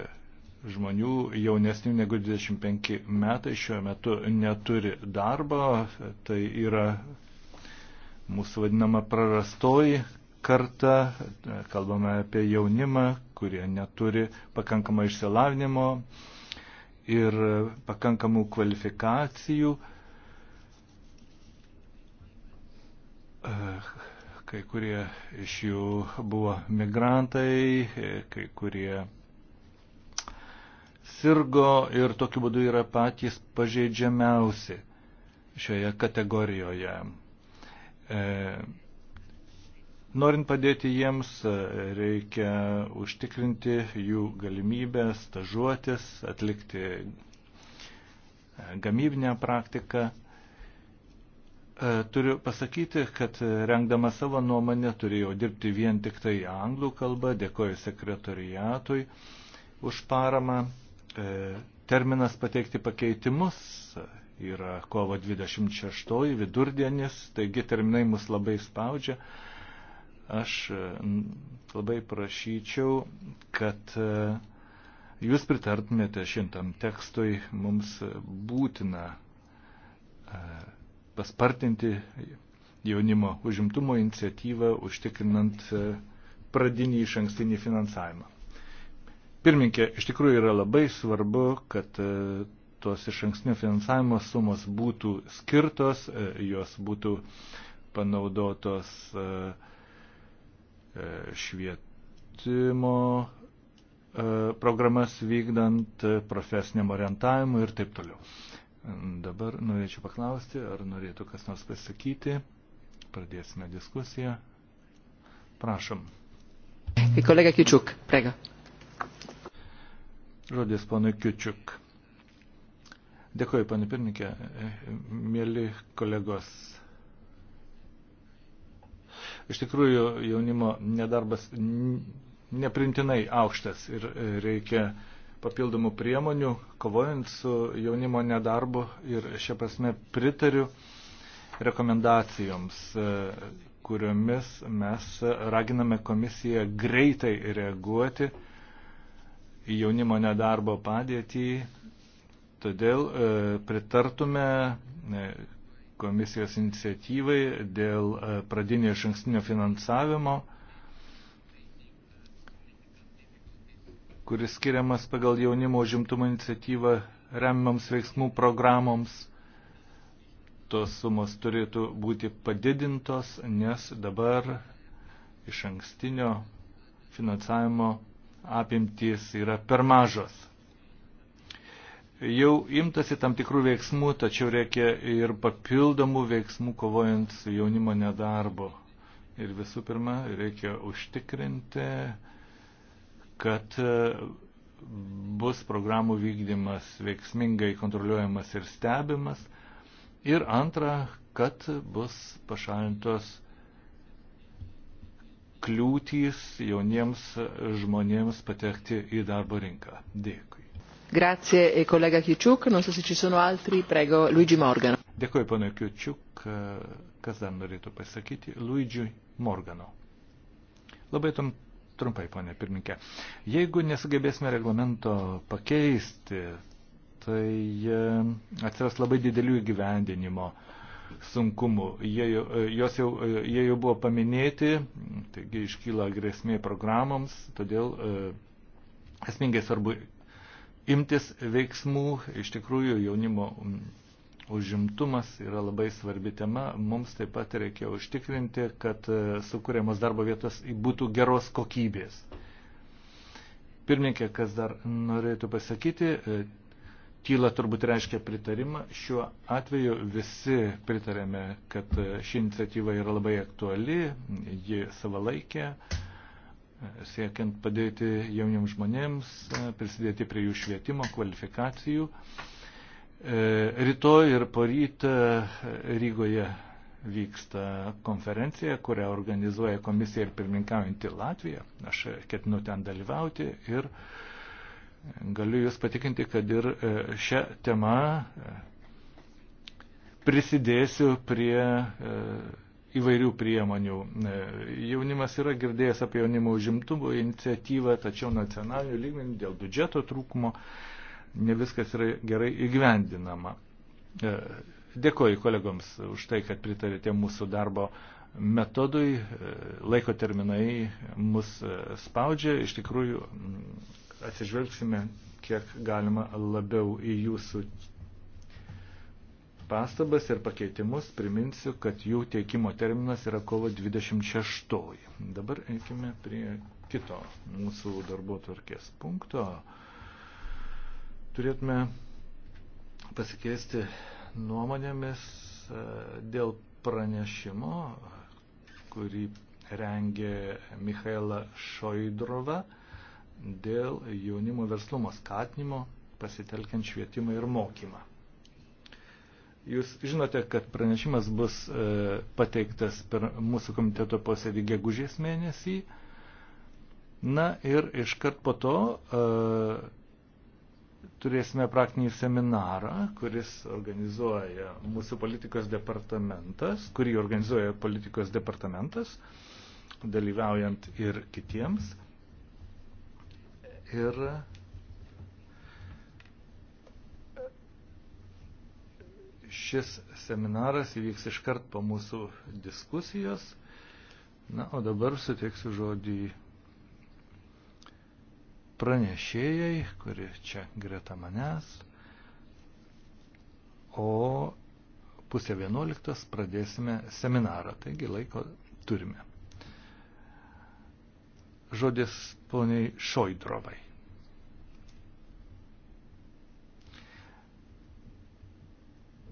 žmonių jaunesnių negu 25 metai šiuo metu neturi darbo, tai yra mūsų vadinama prarastoji karta, kalbame apie jaunimą, kurie neturi pakankamą išsilavinimo, e, ir e, pakankamų kvalifikacijų. E, kai kurie iš jų buvo migrantai, e, kai kurie sirgo ir tokiu būdu yra patys pažeidžiamiausi šioje kategorijoje. E, Norint padėti jiems, e, reikia užtikrinti jų galimybę stažuotis, atlikti e, gamybinę praktiką. E, turiu pasakyti, kad rengdama savo nuomonę turėjau dirbti vien tik tai anglų kalbą, dėkoju sekretoriatui už paramą. Terminas pateikti pakeitimus yra kovo 26 vidurdienis, taigi terminai mus labai spaudžia. Aš e, labai prašyčiau, kad e, jūs pritartumėte šintam tekstui, mums būtina e, paspartinti jaunimo užimtumo iniciatyvą, užtikrinant pradinį iš ankstinį finansavimą. Pirminkė, iš tikrųjų yra labai svarbu, kad tos iš ankstinio finansavimo sumos būtų skirtos, jos būtų panaudotos uh, švietimo e, programas vykdant, profesiniam orientavimui ir taip toliau. Dabar norėčiau paklausti, ar norėtų kas nors pasakyti. Pradėsime diskusiją. Prašom. Kolega Kičiuk, prega. Žodis ponui Kičiuk. Dėkuoju, panė pirmininkė, mėly kolegos. Iš tikrųjų, jaunimo nedarbas neprimtinai aukštas ir e, reikia papildomų priemonių, kovojant su jaunimo nedarbu ir šia prasme pritariu rekomendacijoms, e, kuriomis mes raginame komisiją greitai reaguoti į jaunimo nedarbo padėtį. Todėl e, pritartume komisijos iniciatyvai dėl e, pradinio iš ankstinio finansavimo, kuris skiriamas pagal jaunimo užimtumo iniciatyvą remiamams veiksmų programoms. Tos sumos turėtų būti padidintos, nes dabar iš ankstinio finansavimo apimtys yra per mažos. Jau imtasi tam tikrų veiksmų, tačiau reikia ir papildomų veiksmų kovojant su jaunimo nedarbu. Ir visų pirma, reikia užtikrinti, kad e, bus programų vykdymas veiksmingai kontroliuojamas ir stebimas. Ir antra, kad bus pašalintos kliūtys jauniems žmonėms patekti į darbo rinką. Dėkui. Grazie kolega e Kičiuk, non so se ci sono altri, prego Luigi Morgano. Dėkuoju pana Kičiuk, kas dar norėtų pasakyti, Luigi Morgano. Labai tam trumpai, ponė pirminkė. Jeigu nesugebėsime reglamento pakeisti, tai e, atsiras labai didelių įgyvendinimo sunkumų. Jie, e, jos jau, jie jau buvo paminėti, taigi iškyla grėsmė programoms, todėl esmingai svarbu imtis veiksmų. Iš tikrųjų, jaunimo užimtumas yra labai svarbi tema. Mums taip pat reikia užtikrinti, kad e, sukūriamos darbo vietos būtų geros kokybės. Pirmininkė, kas dar norėtų pasakyti, e, kyla turbūt reiškia pritarimą. Šiuo atveju visi pritarėme, kad e, ši iniciatyva yra labai aktuali, ji savalaikė siekiant padėti jauniems žmonėms, e, prisidėti prie jų švietimo, kvalifikacijų. E, rytoj ir poryt e, Rygoje vyksta konferencija, kurią organizuoja komisija ir pirmininkaujantį Latviją. Aš ketinu ten dalyvauti ir galiu Jūs patikinti, kad ir šią temą prisidėsiu prie įvairių priemonių. E, jaunimas yra girdėjęs apie jaunimo užimtumo iniciatyvą, tačiau nacionalinių lygmenių dėl biudžeto trūkumo ne viskas yra gerai įgyvendinama. E, dėkoju kolegoms už tai, kad pritarėte mūsų darbo metodui. E, laiko terminai mus spaudžia. Iš tikrųjų, atsižvelgsime kiek galima labiau į jūsų pastabas ir pakeitimus. Priminsiu, kad jų teikimo terminas yra kovo 26. Dabar eikime prie kito mūsų darbo tvarkės punkto. Turėtume pasikeisti nuomonėmis e, dėl pranešimo, kurį rengė Michaela Šoidrova dėl jaunimo verslumo skatinimo pasitelkiant švietimą ir mokymą. Jūs žinote, kad pranešimas bus e, pateiktas per mūsų komiteto posėdį gegužės mėnesį. Na ir iškart po to e, turėsime praktinį seminarą, kuris organizuoja mūsų politikos departamentas, kurį organizuoja politikos departamentas, dalyvaujant ir kitiems. Ir Šis seminaras įvyks iškart po mūsų diskusijos. Na, o dabar suteiksiu žodį pranešėjai, kuri čia greta manęs. O pusė vienuoliktas pradėsime seminarą, taigi laiko turime. Žodis poniai Šoidrovai.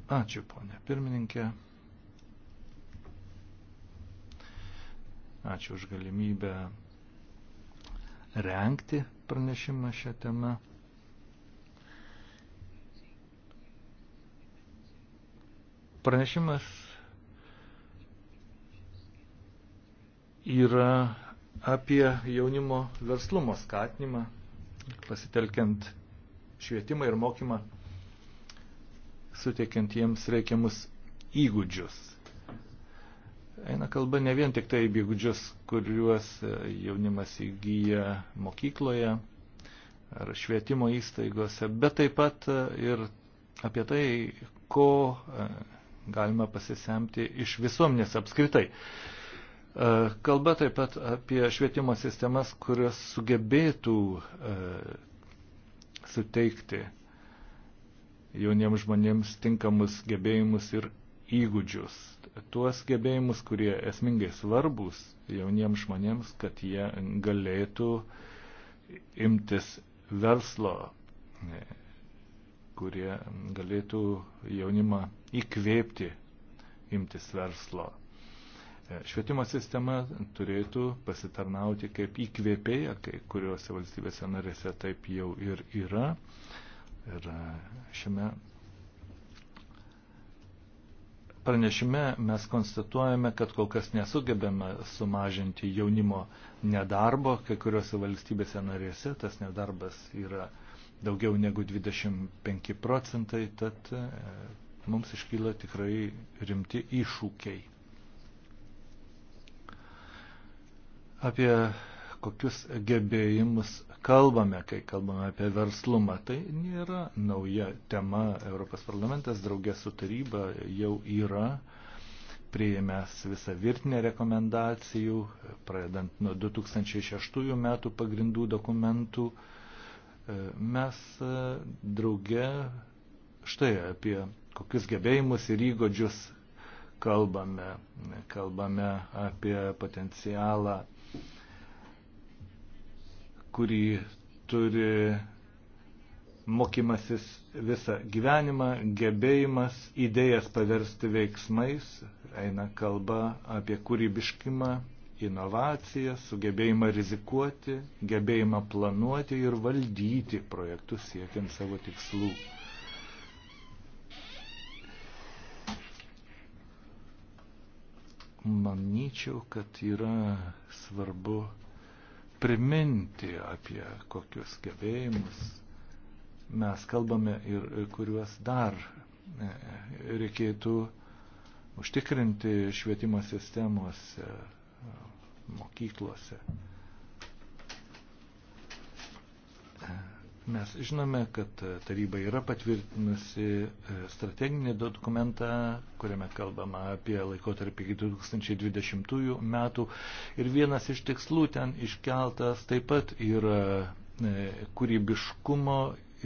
Ačiū, ponė pirmininkė. Ačiū už galimybę renkti pranešimą šią temą. Pranešimas yra apie jaunimo verslumo skatinimą, pasitelkiant švietimą ir mokymą suteikiant jiems reikiamus įgūdžius. Eina kalba ne vien tik tai įgūdžius, kuriuos e, jaunimas įgyja mokykloje ar švietimo įstaigose, bet taip pat e, ir apie tai, ko e, galima pasisemti iš visuomenės apskritai. Kalba taip pat apie švietimo sistemas, kurios sugebėtų suteikti jauniems žmonėms tinkamus gebėjimus ir įgūdžius. Tuos gebėjimus, kurie esmingai svarbus jauniems žmonėms, kad jie galėtų imtis verslo, e, kurie galėtų jaunimą įkvėpti imtis verslo. E, švietimo sistema turėtų pasitarnauti kaip įkvėpėja, kai kuriuose valstybėse narėse taip jau ir yra. Ir e, šiame pranešime mes konstatuojame, kad kol kas nesugebėme sumažinti jaunimo nedarbo. Kai kuriuose valstybėse narėse tas nedarbas yra daugiau negu 25 procentai, tad e, mums iškyla tikrai rimti iššūkiai. Apie kokius gebėjimus kalbame, kai kalbame apie verslumą. Tai nėra nauja tema. Europos parlamentas draugė su taryba jau yra prieėmęs visą virtinę rekomendacijų, pradedant nuo 2006 metų pagrindų dokumentų. E, mes e, drauge štai apie kokius gebėjimus ir įgūdžius kalbame. Kalbame apie potencialą kurį turi mokymasis visą gyvenimą, gebėjimas idėjas paversti veiksmais, eina kalba apie kūrybiškimą, inovaciją, sugebėjimą rizikuoti, gebėjimą planuoti ir valdyti projektus siekiant savo tikslų. Manyčiau, kad yra svarbu priminti apie kokius gebėjimus mes kalbame ir kuriuos dar e, reikėtų užtikrinti švietimo sistemose, mokyklose e, Mes žinome, kad taryba yra patvirtinusi e, strateginį dokumentą, kuriame kalbama apie laikotarpį iki 2020 metų. Ir vienas iš tikslų ten iškeltas taip pat yra e, kūrybiškumo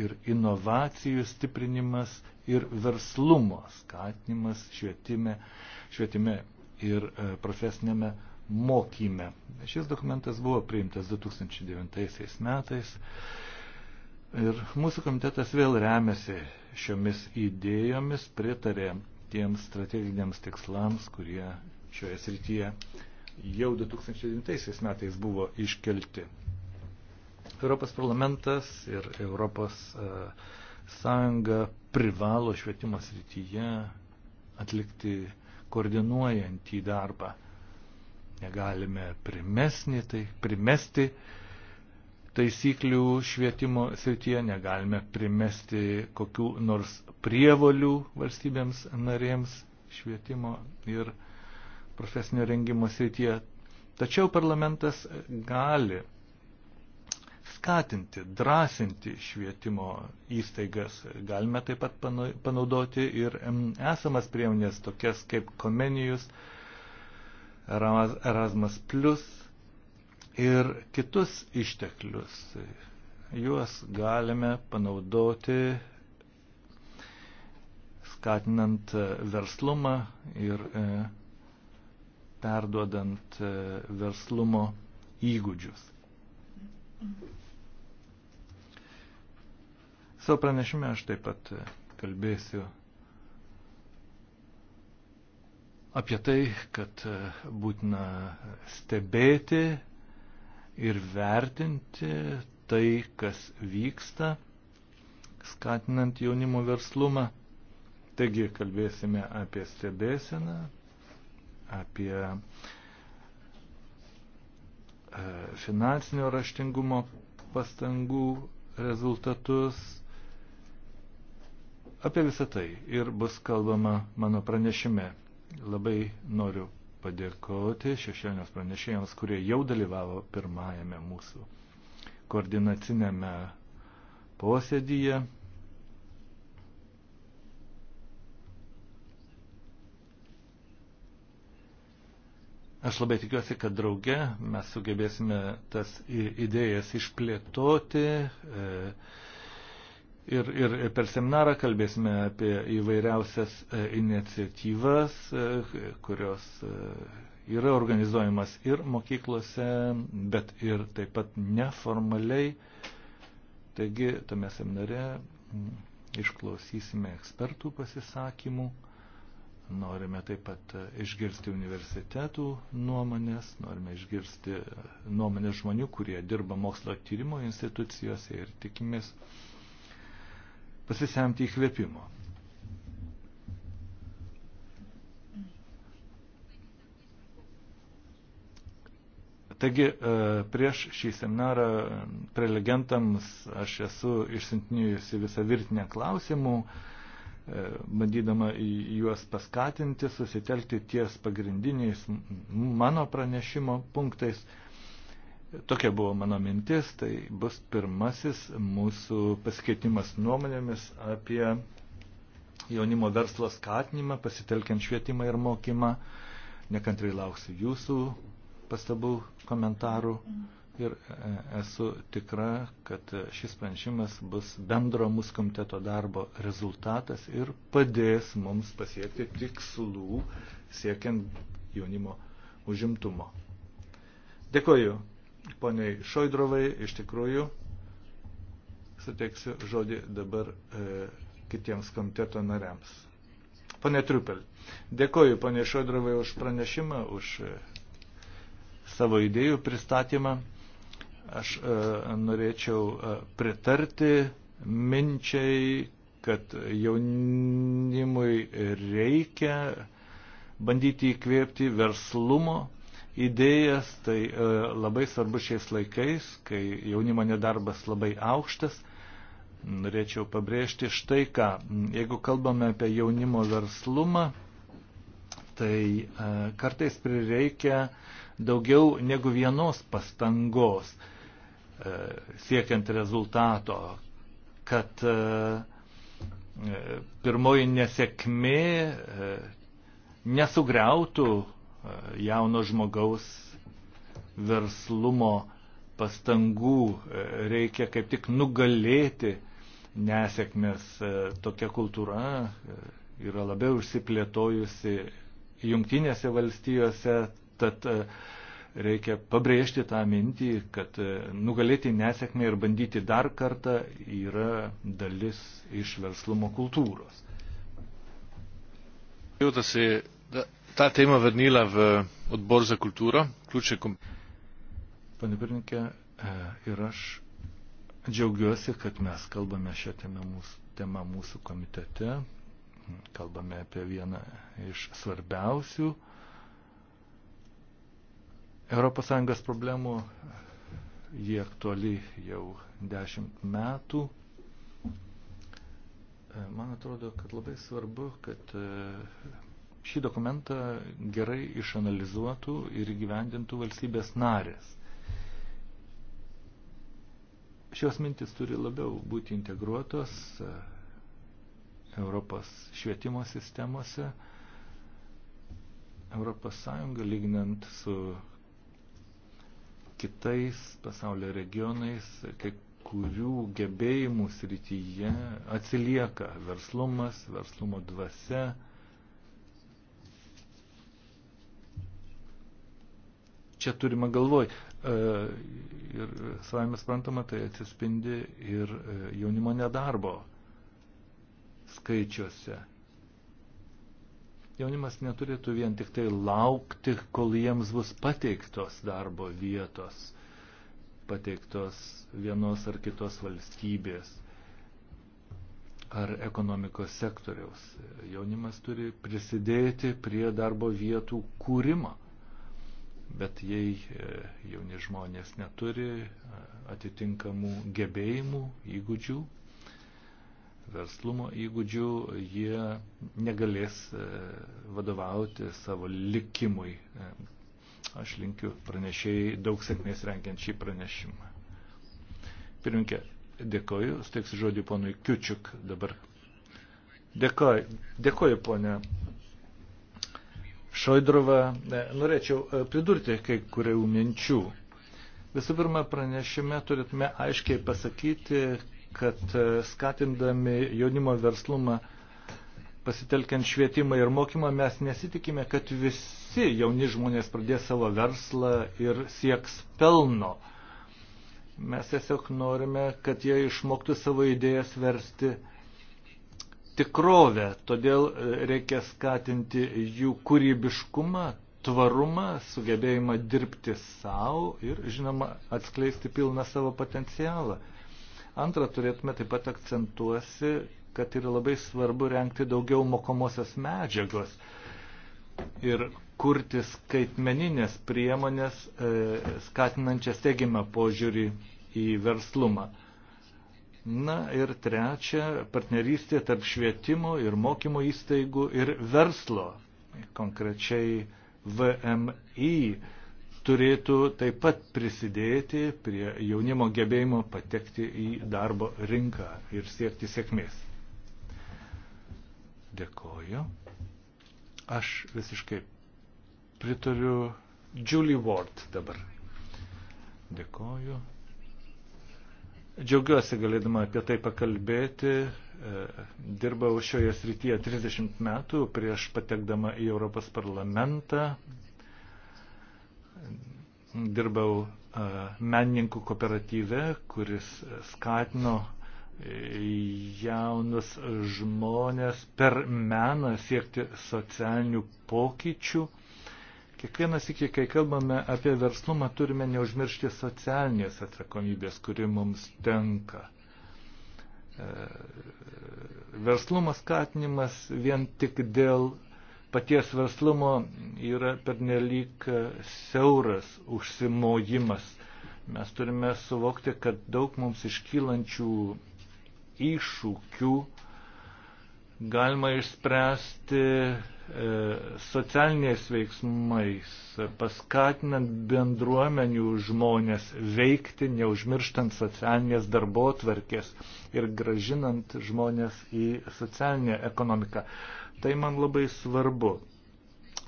ir inovacijų stiprinimas ir verslumo skatinimas švietime, švietime ir e, profesinėme mokyme. Šis dokumentas buvo priimtas 2009 metais Ir mūsų komitetas vėl remiasi šiomis idėjomis, pritarė tiems strateginiams tikslams, kurie šioje srityje jau 2009 metais buvo iškelti. Europos parlamentas ir Europos e, sąjunga privalo švietimo srityje atlikti koordinuojantį darbą. Negalime primesni, tai primesti, primesti taisyklių švietimo srityje, negalime primesti kokių nors prievolių valstybėms narėms švietimo ir profesinio rengimo srityje. Tačiau parlamentas gali skatinti, drąsinti švietimo įstaigas. Galime taip pat panaudoti ir esamas priemonės, tokias kaip Komenijus, Erasmus, ir kitus išteklius. Juos galime panaudoti skatinant e, verslumą ir e, perduodant e, verslumo įgūdžius. Savo pranešime aš taip pat kalbėsiu apie tai, kad būtina stebėti ir vertinti tai, kas vyksta, skatinant jaunimo verslumą. Taigi kalbėsime apie stebėseną, apie e, finansinio raštingumo pastangų rezultatus, apie visą tai ir bus kalbama mano pranešime. Labai noriu padėkoti šešėlinės pranešėjams, kurie jau dalyvavo pirmajame mūsų koordinacinėme posėdyje. Aš labai tikiuosi, kad drauge mes sugebėsime tas idėjas išplėtoti. E, Ir, ir per seminarą kalbėsime apie įvairiausias e, iniciatyvas, e, kurios e, yra organizuojamas ir mokyklose, bet ir taip pat neformaliai. Taigi tame seminare išklausysime ekspertų pasisakymų, norime taip pat išgirsti universitetų nuomonės, norime išgirsti nuomonės žmonių, kurie dirba mokslo tyrimo institucijose ir tikimės pasisemti įkvėpimo. Taigi e, prieš šį seminarą prelegentams aš esu išsintinėjusi visą virtinę klausimų, e, bandydama juos paskatinti, susitelkti ties pagrindiniais mano pranešimo punktais. Tokia buvo mano mintis, tai bus pirmasis mūsų pasikeitimas nuomonėmis apie jaunimo verslo skatinimą, pasitelkiant švietimą ir mokymą. Nekantrai lauksiu jūsų pastabų, komentarų ir e, esu tikra, kad šis pranešimas bus bendro mūsų komiteto darbo rezultatas ir padės mums pasiekti tikslų siekiant jaunimo užimtumo. Dėkoju. Poniai Šoidrovai, iš tikrųjų, suteiksiu žodį dabar e, kitiems komiteto nariams. Pane Triupel, dėkoju ponė Šodrovai už pranešimą, už e, savo idėjų pristatymą. Aš e, norėčiau e, pritarti minčiai, kad jaunimui reikia bandyti įkvėpti verslumo idėjas, tai e, labai svarbu šiais laikais, kai jaunimo nedarbas labai aukštas. Norėčiau pabrėžti štai ką. Jeigu kalbame apie jaunimo verslumą, tai e, kartais prireikia daugiau negu vienos pastangos e, siekiant rezultato, kad pirmoji nesėkmė nesugriautų jauno žmogaus verslumo pastangų, e, reikia kaip tik nugalėti nesėkmės. E, tokia kultūra e, yra labiau užsiplėtojusi jungtinėse valstijose, tad reikia pabrėžti tą mintį, kad nugalėti nesėkmę ir bandyti dar kartą yra dalis iš verslumo kultūros. Jūtasi, ta tema vrnila v odbor za kultūrą. Ključne kom... Pane Pirninkė, e, ir aš džiaugiuosi, kad mes kalbame šią temą mūsų, temą mūsų komitete. Kalbame apie vieną iš svarbiausių ES problemų. Jie aktuali jau dešimt metų. E, man atrodo, kad labai svarbu, kad e, šį dokumentą gerai išanalizuotų ir gyvendintų valstybės narės. Šios mintis turi labiau būti integruotos e, Europos švietimo sistemose. Europos Sąjunga lyginant su kitais pasaulio regionais, kai kurių gebėjimų srityje atsilieka verslumas, verslumo dvasia, čia turima galvoj. E, ir savai mes prantama, tai atsispindi ir e, jaunimo nedarbo skaičiuose. Jaunimas neturėtų vien tik tai laukti, kol jiems bus pateiktos darbo vietos, pateiktos vienos ar kitos valstybės ar ekonomikos sektoriaus. Jaunimas turi prisidėti prie darbo vietų kūrimo. Bet jei e, jauni žmonės neturi e, atitinkamų gebėjimų, įgūdžių, verslumo įgūdžių, jie negalės e, vadovauti savo likimui. Aš linkiu pranešėjai daug sėkmės renkiant šį pranešimą. Pirminkė, dėkoju, steiksiu žodį ponui Kiučiuk dabar. Dėkoju, dėkoju ponė Šoidrovą, e, norėčiau e, pridurti kai kurių minčių. Visų pirma, pranešime turėtume aiškiai pasakyti, kad e, skatindami jaunimo verslumą pasitelkiant švietimą ir mokymą mes nesitikime, kad visi jauni žmonės pradės savo verslą ir sieks pelno. Mes tiesiog norime, kad jie išmoktų savo idėjas versti tikrovę. Todėl e, reikia skatinti jų kūrybiškumą, tvarumą, sugebėjimą dirbti savo ir, žinoma, atskleisti pilną savo potencialą. Antra, turėtume taip pat akcentuosi, kad yra labai svarbu renkti daugiau mokomosios medžiagos ir kurti skaitmeninės priemonės, e, skatinančias teigiamą požiūrį į verslumą. Na ir trečia, partnerystė tarp švietimo ir mokymo įstaigų ir verslo, konkrečiai VMI turėtų taip pat prisidėti prie jaunimo gebėjimo patekti į darbo rinką ir siekti sėkmės. Dėkoju. Aš visiškai pritariu Julie Ward dabar. Dėkoju. Džiaugiuosi galėdama apie tai pakalbėti. E, dirbau šioje srityje 30 metų prieš patekdama į Europos parlamentą. Dirbau e, menininkų kooperatyve, kuris skatino e, jaunus žmonės per meną siekti socialinių pokyčių. Kiekvienas iki, kai kalbame apie verslumą, turime neužmiršti socialinės atsakomybės, kuri mums tenka. E, Verslumas skatinimas vien tik dėl paties verslumo yra pernelyg siauras užsimojimas. Mes turime suvokti, kad daug mums iškylančių iššūkių galima išspręsti E, socialiniais veiksmais, paskatinant bendruomenių žmonės veikti, neužmirštant socialinės darbo tvarkės ir gražinant žmonės į socialinę ekonomiką. Tai man labai svarbu.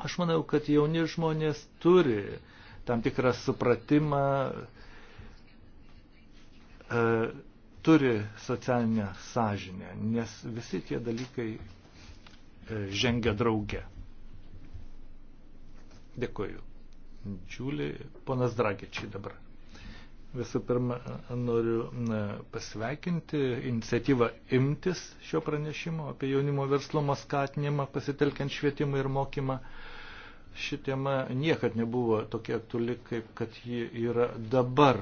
Aš manau, kad jauni žmonės turi tam tikrą supratimą, e, turi socialinę sąžinę, nes visi tie dalykai žengia drauge. Dėkuoju. Džiulį, ponas Dragičiai dabar. Visų pirma, noriu pasveikinti iniciatyvą imtis šio pranešimo apie jaunimo verslumo skatinimą, pasitelkiant švietimą ir mokymą. Ši tema niekad nebuvo tokia aktuali, kaip kad ji yra dabar.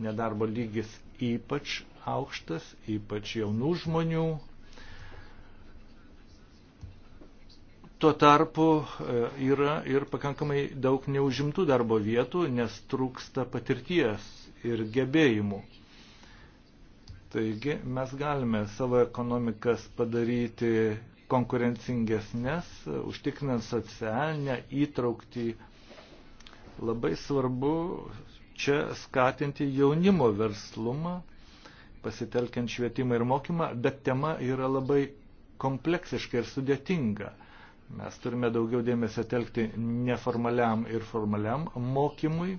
Nedarbo lygis ypač aukštas, ypač jaunų žmonių Tuo tarpu e, yra ir pakankamai daug neužimtų darbo vietų, nes trūksta patirties ir gebėjimų. Taigi mes galime savo ekonomikas padaryti konkurencingesnės, užtikrinant socialinę įtraukti. Labai svarbu čia skatinti jaunimo verslumą, pasitelkiant švietimą ir mokymą, bet tema yra labai kompleksiška ir sudėtinga. Mes turime daugiau dėmesio telkti neformaliam ir formaliam mokymui,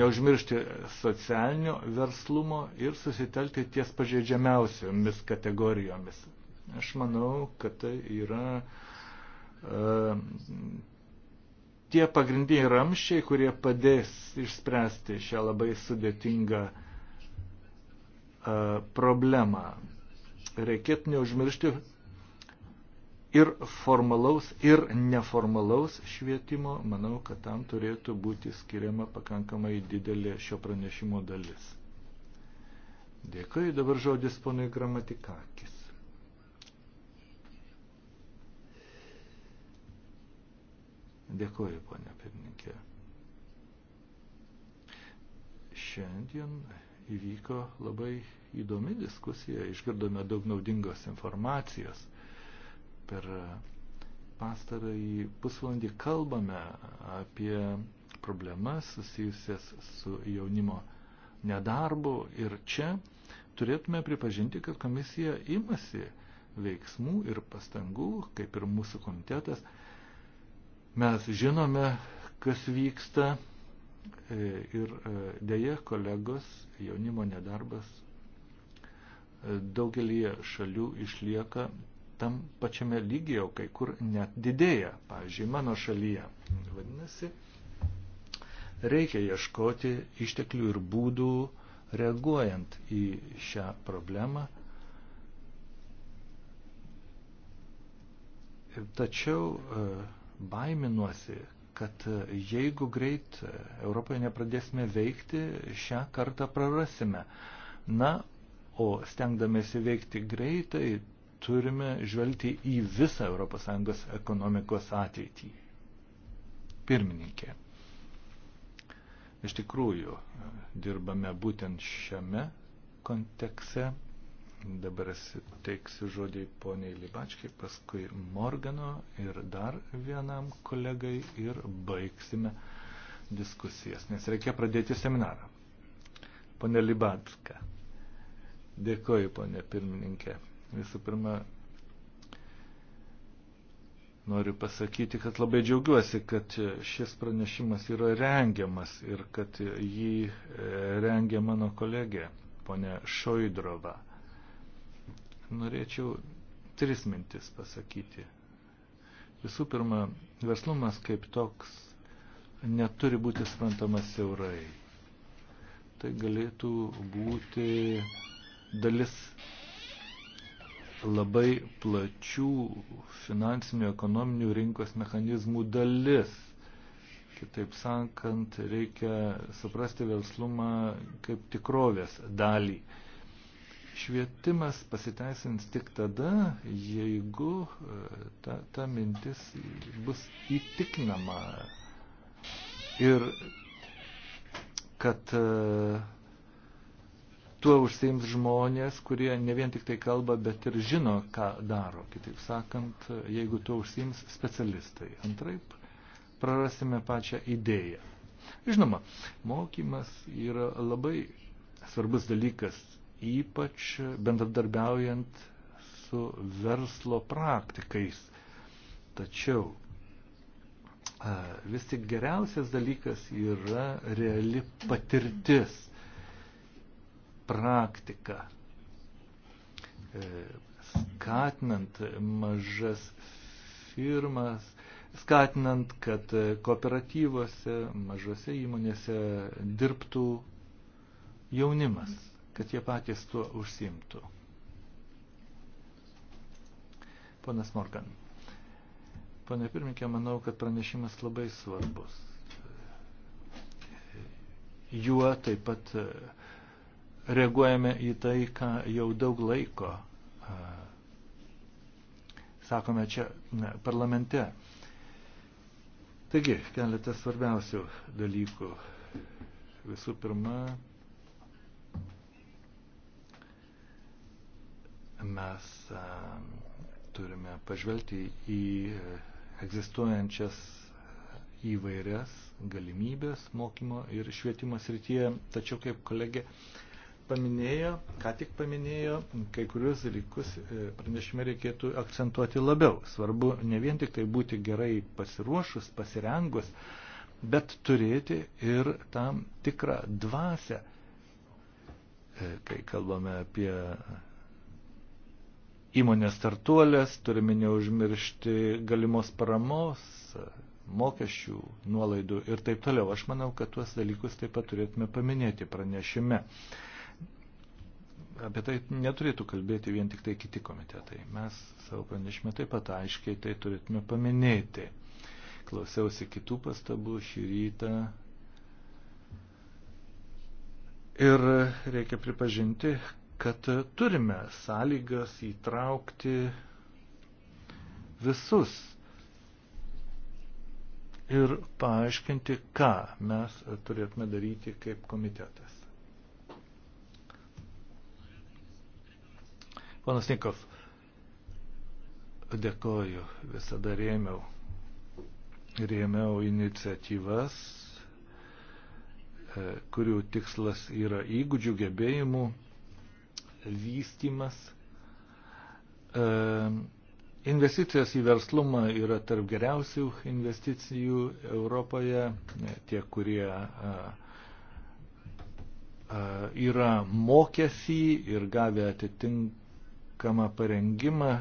neužmiršti socialinio verslumo ir susitelkti ties pažeidžiamiausiomis kategorijomis. Aš manau, kad tai yra e, tie pagrindiniai ramščiai, kurie padės išspręsti šią labai sudėtingą e, problemą. Reikėtų neužmiršti ir formalaus, ir neformalaus švietimo, manau, kad tam turėtų būti skiriama pakankamai didelė šio pranešimo dalis. Dėkui, dabar žodis ponui gramatikakis. Dėkuoju, ponia pirmininkė. Šiandien įvyko labai įdomi diskusija, išgirdome daug naudingos informacijos. Per pastarąjį pusvalandį kalbame apie problemas susijusias su jaunimo nedarbu ir čia turėtume pripažinti, kad komisija imasi veiksmų ir pastangų, kaip ir mūsų komitetas. Mes žinome, kas vyksta e, ir e, dėja kolegos jaunimo nedarbas e, daugelį šalių išlieka tam pačiame lygijo, kai kur net didėja, pavyzdžiui, mano šalyje. Vadinasi, reikia ieškoti išteklių ir būdų reaguojant į šią problemą. Tačiau e, baiminuosi, kad e, jeigu greit e, Europoje nepradėsime veikti, šią kartą prarasime. Na, o stengdamėsi veikti greitai, turime žvelgti į visą ES ekonomikos ateitį. Pirmininkė. Iš tikrųjų, dirbame būtent šiame kontekste. Dabar teiksiu žodį poniai Libačkiai, paskui Morgano ir dar vienam kolegai ir baigsime diskusijas, nes reikia pradėti seminarą. Pone Libatska. Dėkoju, ponė pirmininkė. Visų pirma, noriu pasakyti, kad labai džiaugiuosi, kad šis pranešimas yra rengiamas ir kad jį e, rengia mano kolegė, ponė Šoidrova. Norėčiau tris mintis pasakyti. Visų pirma, verslumas kaip toks neturi būti suprantamas siaurai. Tai galėtų būti dalis labai plačių finansinių ekonominių rinkos mechanizmų dalis. Kitaip sakant, reikia suprasti verslumą kaip tikrovės dalį. Švietimas pasiteisins tik tada, jeigu e, ta, ta mintis bus įtikinama ir kad uh, tuo užsiims žmonės, kurie ne vien tik tai kalba, bet ir žino, ką daro. Kitaip sakant, jeigu tuo užsiims specialistai. Antraip, prarasime pačią idėją. Žinoma, mokymas yra labai svarbus dalykas, ypač bendradarbiaujant su verslo praktikais. Tačiau vis tik geriausias dalykas yra reali patirtis praktiką, e, skatinant mažas firmas, skatinant, kad kooperatyvose, mažose įmonėse dirbtų jaunimas, kad jie patys tuo užsimtų. Ponas Morgan. Pane pirmininkė, manau, kad pranešimas labai svarbus. Juo taip pat uh, reaguojame į tai, ką jau daug laiko sakome čia ne, parlamente. Taigi, keletas svarbiausių dalykų. Visų pirma, mes a, turime pažvelgti į egzistuojančias įvairias galimybės mokymo ir švietimo srityje, tačiau kaip kolegė a, paminėjo, ką tik paminėjo, kai kuriuos dalykus e, pranešime reikėtų akcentuoti labiau. Svarbu ne vien tik tai būti gerai pasiruošus, pasirengus, bet turėti ir tam tikrą dvasę, e, kai kalbame apie įmonės startuolės, turime neužmiršti galimos paramos, mokesčių, nuolaidų ir taip toliau. Aš manau, kad tuos dalykus taip pat turėtume paminėti pranešime apie tai neturėtų kalbėti vien tik tai kiti komitetai. Mes savo pranešime taip pat aiškiai tai turėtume paminėti. Klausiausi kitų pastabų šį rytą. Ir reikia pripažinti, kad turime sąlygas įtraukti visus ir paaiškinti, ką mes turėtume daryti kaip komitetas. Panas Nikov, dėkoju, visada rėmiau. Rėmiau iniciatyvas, e, kurių tikslas yra įgūdžių gebėjimų vystimas. E, investicijos į verslumą yra tarp geriausių investicijų Europoje, e, tie, kurie yra mokėsi ir gavę atitinkamą tinkamą parengimą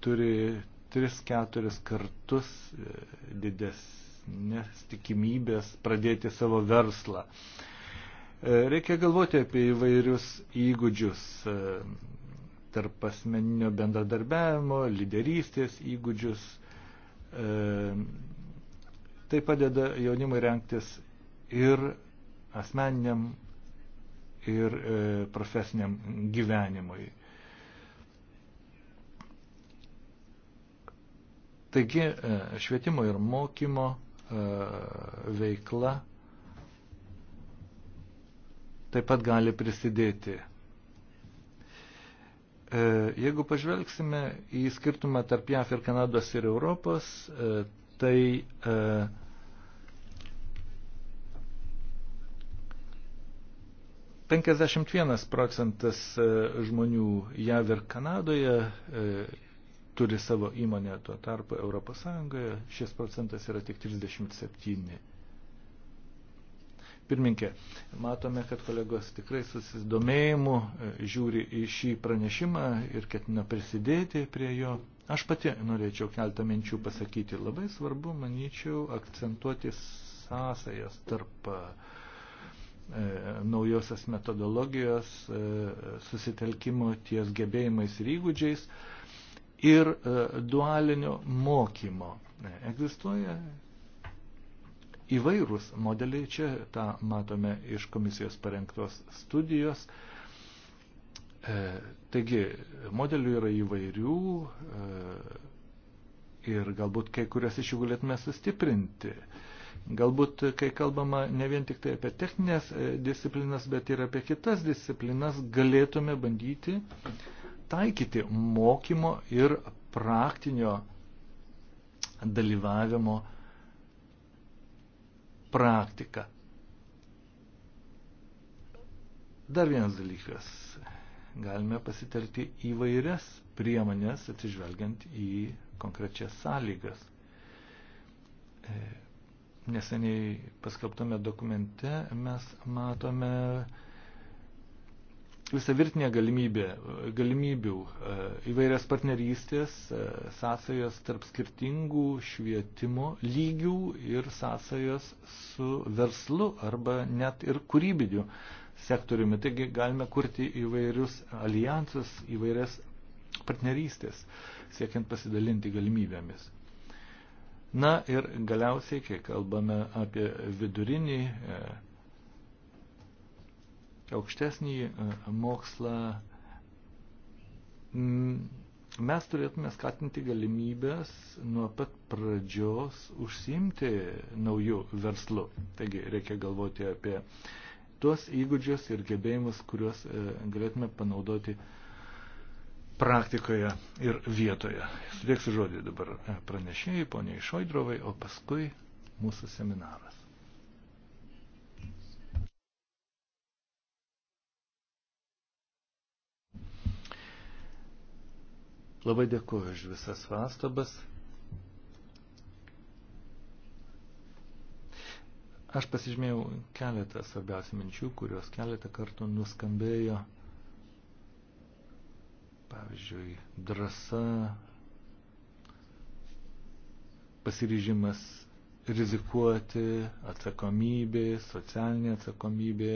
turi 3-4 kartus e, didesnės tikimybės pradėti savo verslą. E, reikia galvoti apie įvairius įgūdžius e, tarp asmeninio bendradarbiavimo, lyderystės įgūdžius. Tai padeda jaunimui renktis ir asmeniniam, ir profesiniam gyvenimui. Taigi e, švietimo ir mokymo e, veikla taip pat gali prisidėti. E, jeigu pažvelgsime į skirtumą tarp JAF ir Kanados ir Europos, tai Penkiasdešimt vienas procentas žmonių JAV ir Kanadoje turi savo įmonę, tuo tarpu ES šis procentas yra tik 37. Pirminkė, matome, kad kolegos tikrai susidomėjimu e, žiūri į šį pranešimą ir ketina prisidėti prie jo. Aš pati norėčiau keltą minčių pasakyti. Labai svarbu, manyčiau, akcentuoti sąsajas tarp e, naujosios metodologijos, e, susitelkimo ties gebėjimais ir įgūdžiais ir e, dualinio mokymo. E, egzistuoja įvairūs modeliai, čia tą matome iš komisijos parengtos studijos. E, taigi, modelių yra įvairių ir galbūt kai kurias iš jų galėtume sustiprinti. Galbūt, kai kalbama ne vien tik tai apie techninės disciplinas, bet ir apie kitas disciplinas, galėtume bandyti uh, taikyti mokymo ir praktinio dalyvavimo praktiką. Dar vienas dalykas. Galime pasitelti įvairias priemonės atsižvelgiant į konkrečias sąlygas. E, neseniai paskelbtame dokumente mes matome visą virtinę galimybę, galimybių, e, įvairias partnerystės, e, sąsajas tarp skirtingų švietimo lygių ir sąsajas su verslu arba net ir kūrybiniu sektoriumi. Taigi galime kurti įvairius alijansus, įvairias partnerystės, siekiant pasidalinti galimybėmis. Na ir galiausiai, kai kalbame apie vidurinį e, aukštesnį e, mokslą, mm, mes turėtume skatinti galimybės nuo pat pradžios užsimti naujų verslų. Taigi reikia galvoti apie tuos įgūdžius ir gebėjimus, kuriuos e, galėtume panaudoti praktikoje ir vietoje. Sudėksiu žodį dabar e, pranešėjai, poniai Šoidrovai, o paskui mūsų seminaras. Labai dėkuoju už visas pastabas. Aš pasižymėjau keletą svarbiausių minčių, kurios keletą kartų nuskambėjo. Pavyzdžiui, drąsa, pasiryžimas rizikuoti, atsakomybė, socialinė atsakomybė,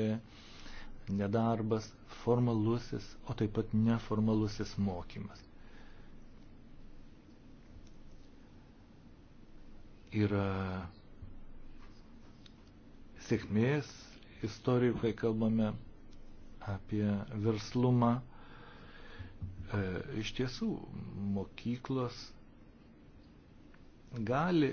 nedarbas, formalusis, o taip pat neformalusis mokymas. yra sėkmės istorijų, kai kalbame apie verslumą. E, iš tiesų, mokyklos gali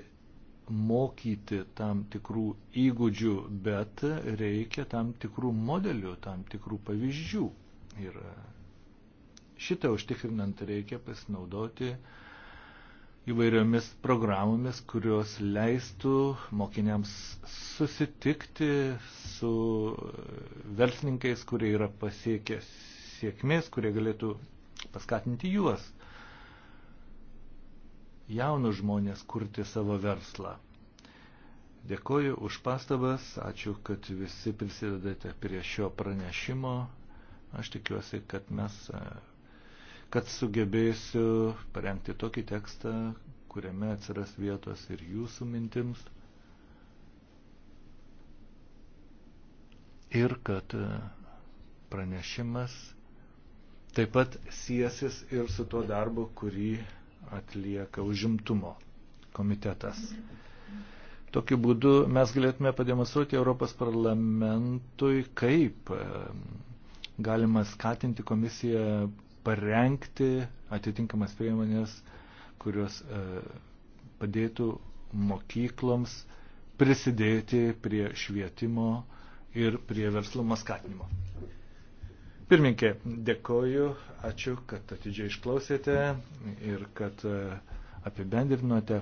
mokyti tam tikrų įgūdžių, bet reikia tam tikrų modelių, tam tikrų pavyzdžių. Ir šitą užtikrinant reikia pasinaudoti uh, įvairiomis programomis, kurios leistų mokiniams susitikti su e, verslininkais, kurie yra pasiekę sėkmės, kurie galėtų paskatinti juos, jaunus žmonės, kurti savo verslą. Dėkoju už pastabas, ačiū, kad visi prisidedate prie šio pranešimo. Aš tikiuosi, kad mes e, kad sugebėsiu parengti tokį tekstą, kuriame atsiras vietos ir jūsų mintims. Ir kad e, pranešimas taip pat siesis ir su tuo darbu, kurį atlieka užimtumo komitetas. Tokiu būdu mes galėtume pademonstruoti Europos parlamentui, kaip e, galima skatinti komisiją parengti atitinkamas priemonės, kurios e, padėtų mokykloms prisidėti prie švietimo ir prie verslumo skatinimo. Pirminkė, dėkoju, ačiū, kad atidžiai išklausėte ir kad e, apibendrinote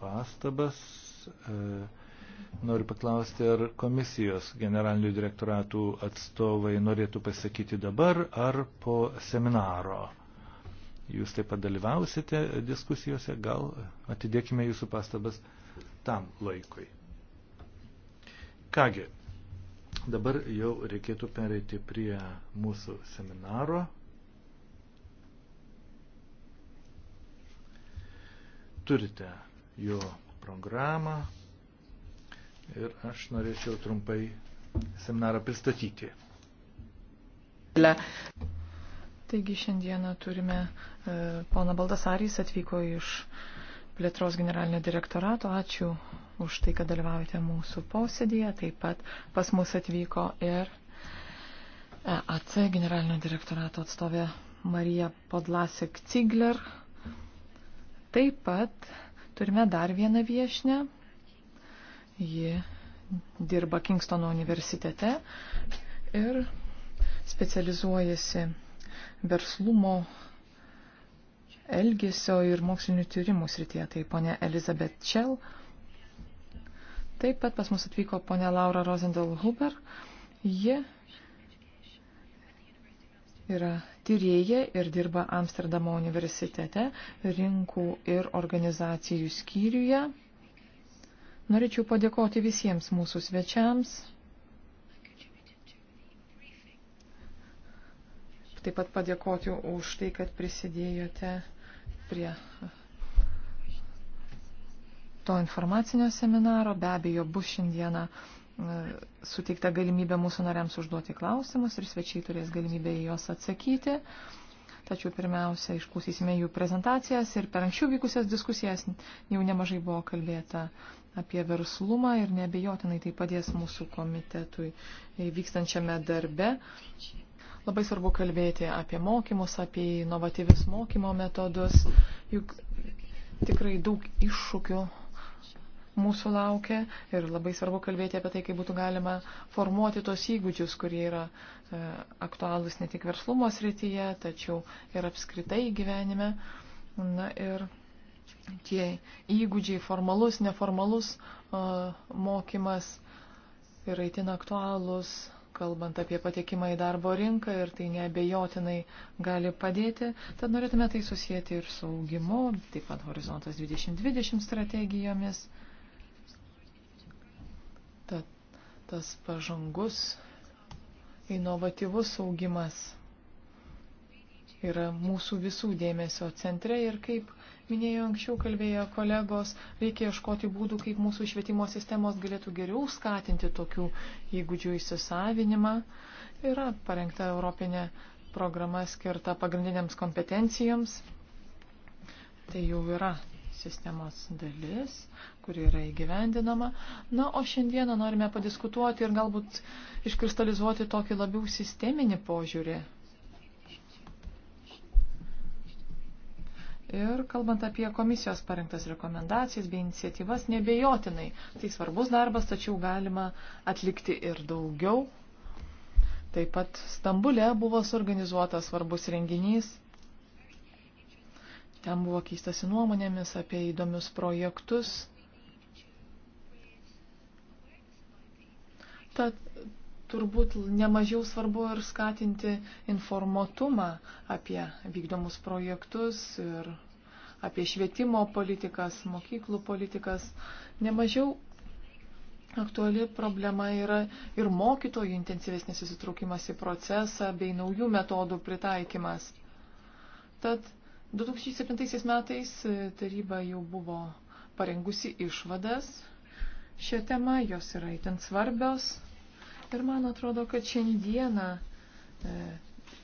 pastabas. E, Noriu paklausti, ar komisijos generalinių direktoratų atstovai norėtų pasakyti dabar ar po seminaro. Jūs taip pat dalyvausite diskusijose, gal atidėkime jūsų pastabas tam laikui. Kągi, dabar jau reikėtų pereiti prie mūsų seminaro. Turite jo programą, ir aš norėčiau trumpai seminarą pristatyti. Taigi šiandieną turime e, poną Baldasarys atvyko iš plėtros generalinio direktorato. Ačiū už tai, kad dalyvavote mūsų posėdėje. Taip pat pas mus atvyko ir EAC generalinio direktorato atstovė Marija Podlasek Cigler. Taip pat turime dar vieną viešnę Ji dirba Kingstono universitete ir specializuojasi verslumo, elgesio ir mokslinių tyrimų srityje. Tai ponė Elizabeth Chell. Taip pat pas mus atvyko ponė Laura Rosendal Huber. Ji yra tyrėja ir dirba Amsterdamo universitete rinkų ir organizacijų skyriuje. Norėčiau padėkoti visiems mūsų svečiams. Taip pat padėkoti už tai, kad prisidėjote prie to informacinio seminaro. Be abejo, bus šiandieną e, suteikta galimybė mūsų nariams užduoti klausimus ir svečiai turės galimybę į juos atsakyti tačiau pirmiausia išklausysime jų prezentacijas ir per anksčiau vykusias diskusijas jau nemažai buvo kalbėta apie verslumą ir nebejotinai tai padės mūsų komitetui vykstančiame darbe. Labai svarbu kalbėti apie mokymus, apie inovatyvius mokymo metodus, juk tikrai daug iššūkių mūsų laukia ir labai svarbu kalbėti apie tai, kaip būtų galima formuoti tos įgūdžius, kurie yra e, aktualūs ne tik verslumo srityje, tačiau ir apskritai gyvenime. Na ir tie įgūdžiai, formalus, neformalus e, mokymas yra itin aktualūs, kalbant apie patekimą į darbo rinką ir tai neabejotinai gali padėti. Tad norėtume tai susijęti ir su augimu, taip pat horizontas 2020 strategijomis. tas pažangus, inovatyvus augimas yra mūsų visų dėmesio centre ir kaip minėjo anksčiau kalbėjo kolegos, reikia ieškoti būdų, kaip mūsų švietimo sistemos galėtų geriau skatinti tokių įgūdžių įsisavinimą. Yra parengta Europinė programa skirta pagrindiniams kompetencijoms. Tai jau yra sistemos dalis, kuri yra įgyvendinama. Na, o šiandieną norime padiskutuoti ir galbūt iškristalizuoti tokį labiau sisteminį požiūrį. Ir kalbant apie komisijos parengtas rekomendacijas bei iniciatyvas, nebejotinai, tai svarbus darbas, tačiau galima atlikti ir daugiau. Taip pat Stambule buvo suorganizuotas svarbus renginys Ten buvo keistasi nuomonėmis apie įdomius projektus. Tad turbūt nemažiau svarbu ir skatinti informuotumą apie vykdomus projektus ir apie švietimo politikas, mokyklų politikas. Nemažiau aktuali problema yra ir mokytojų intensyvesnis įsitraukimas į procesą bei naujų metodų pritaikymas. Tad 2007 metais e, taryba jau buvo parengusi išvadas šią temą, jos yra itin svarbios ir man atrodo, kad šiandieną e,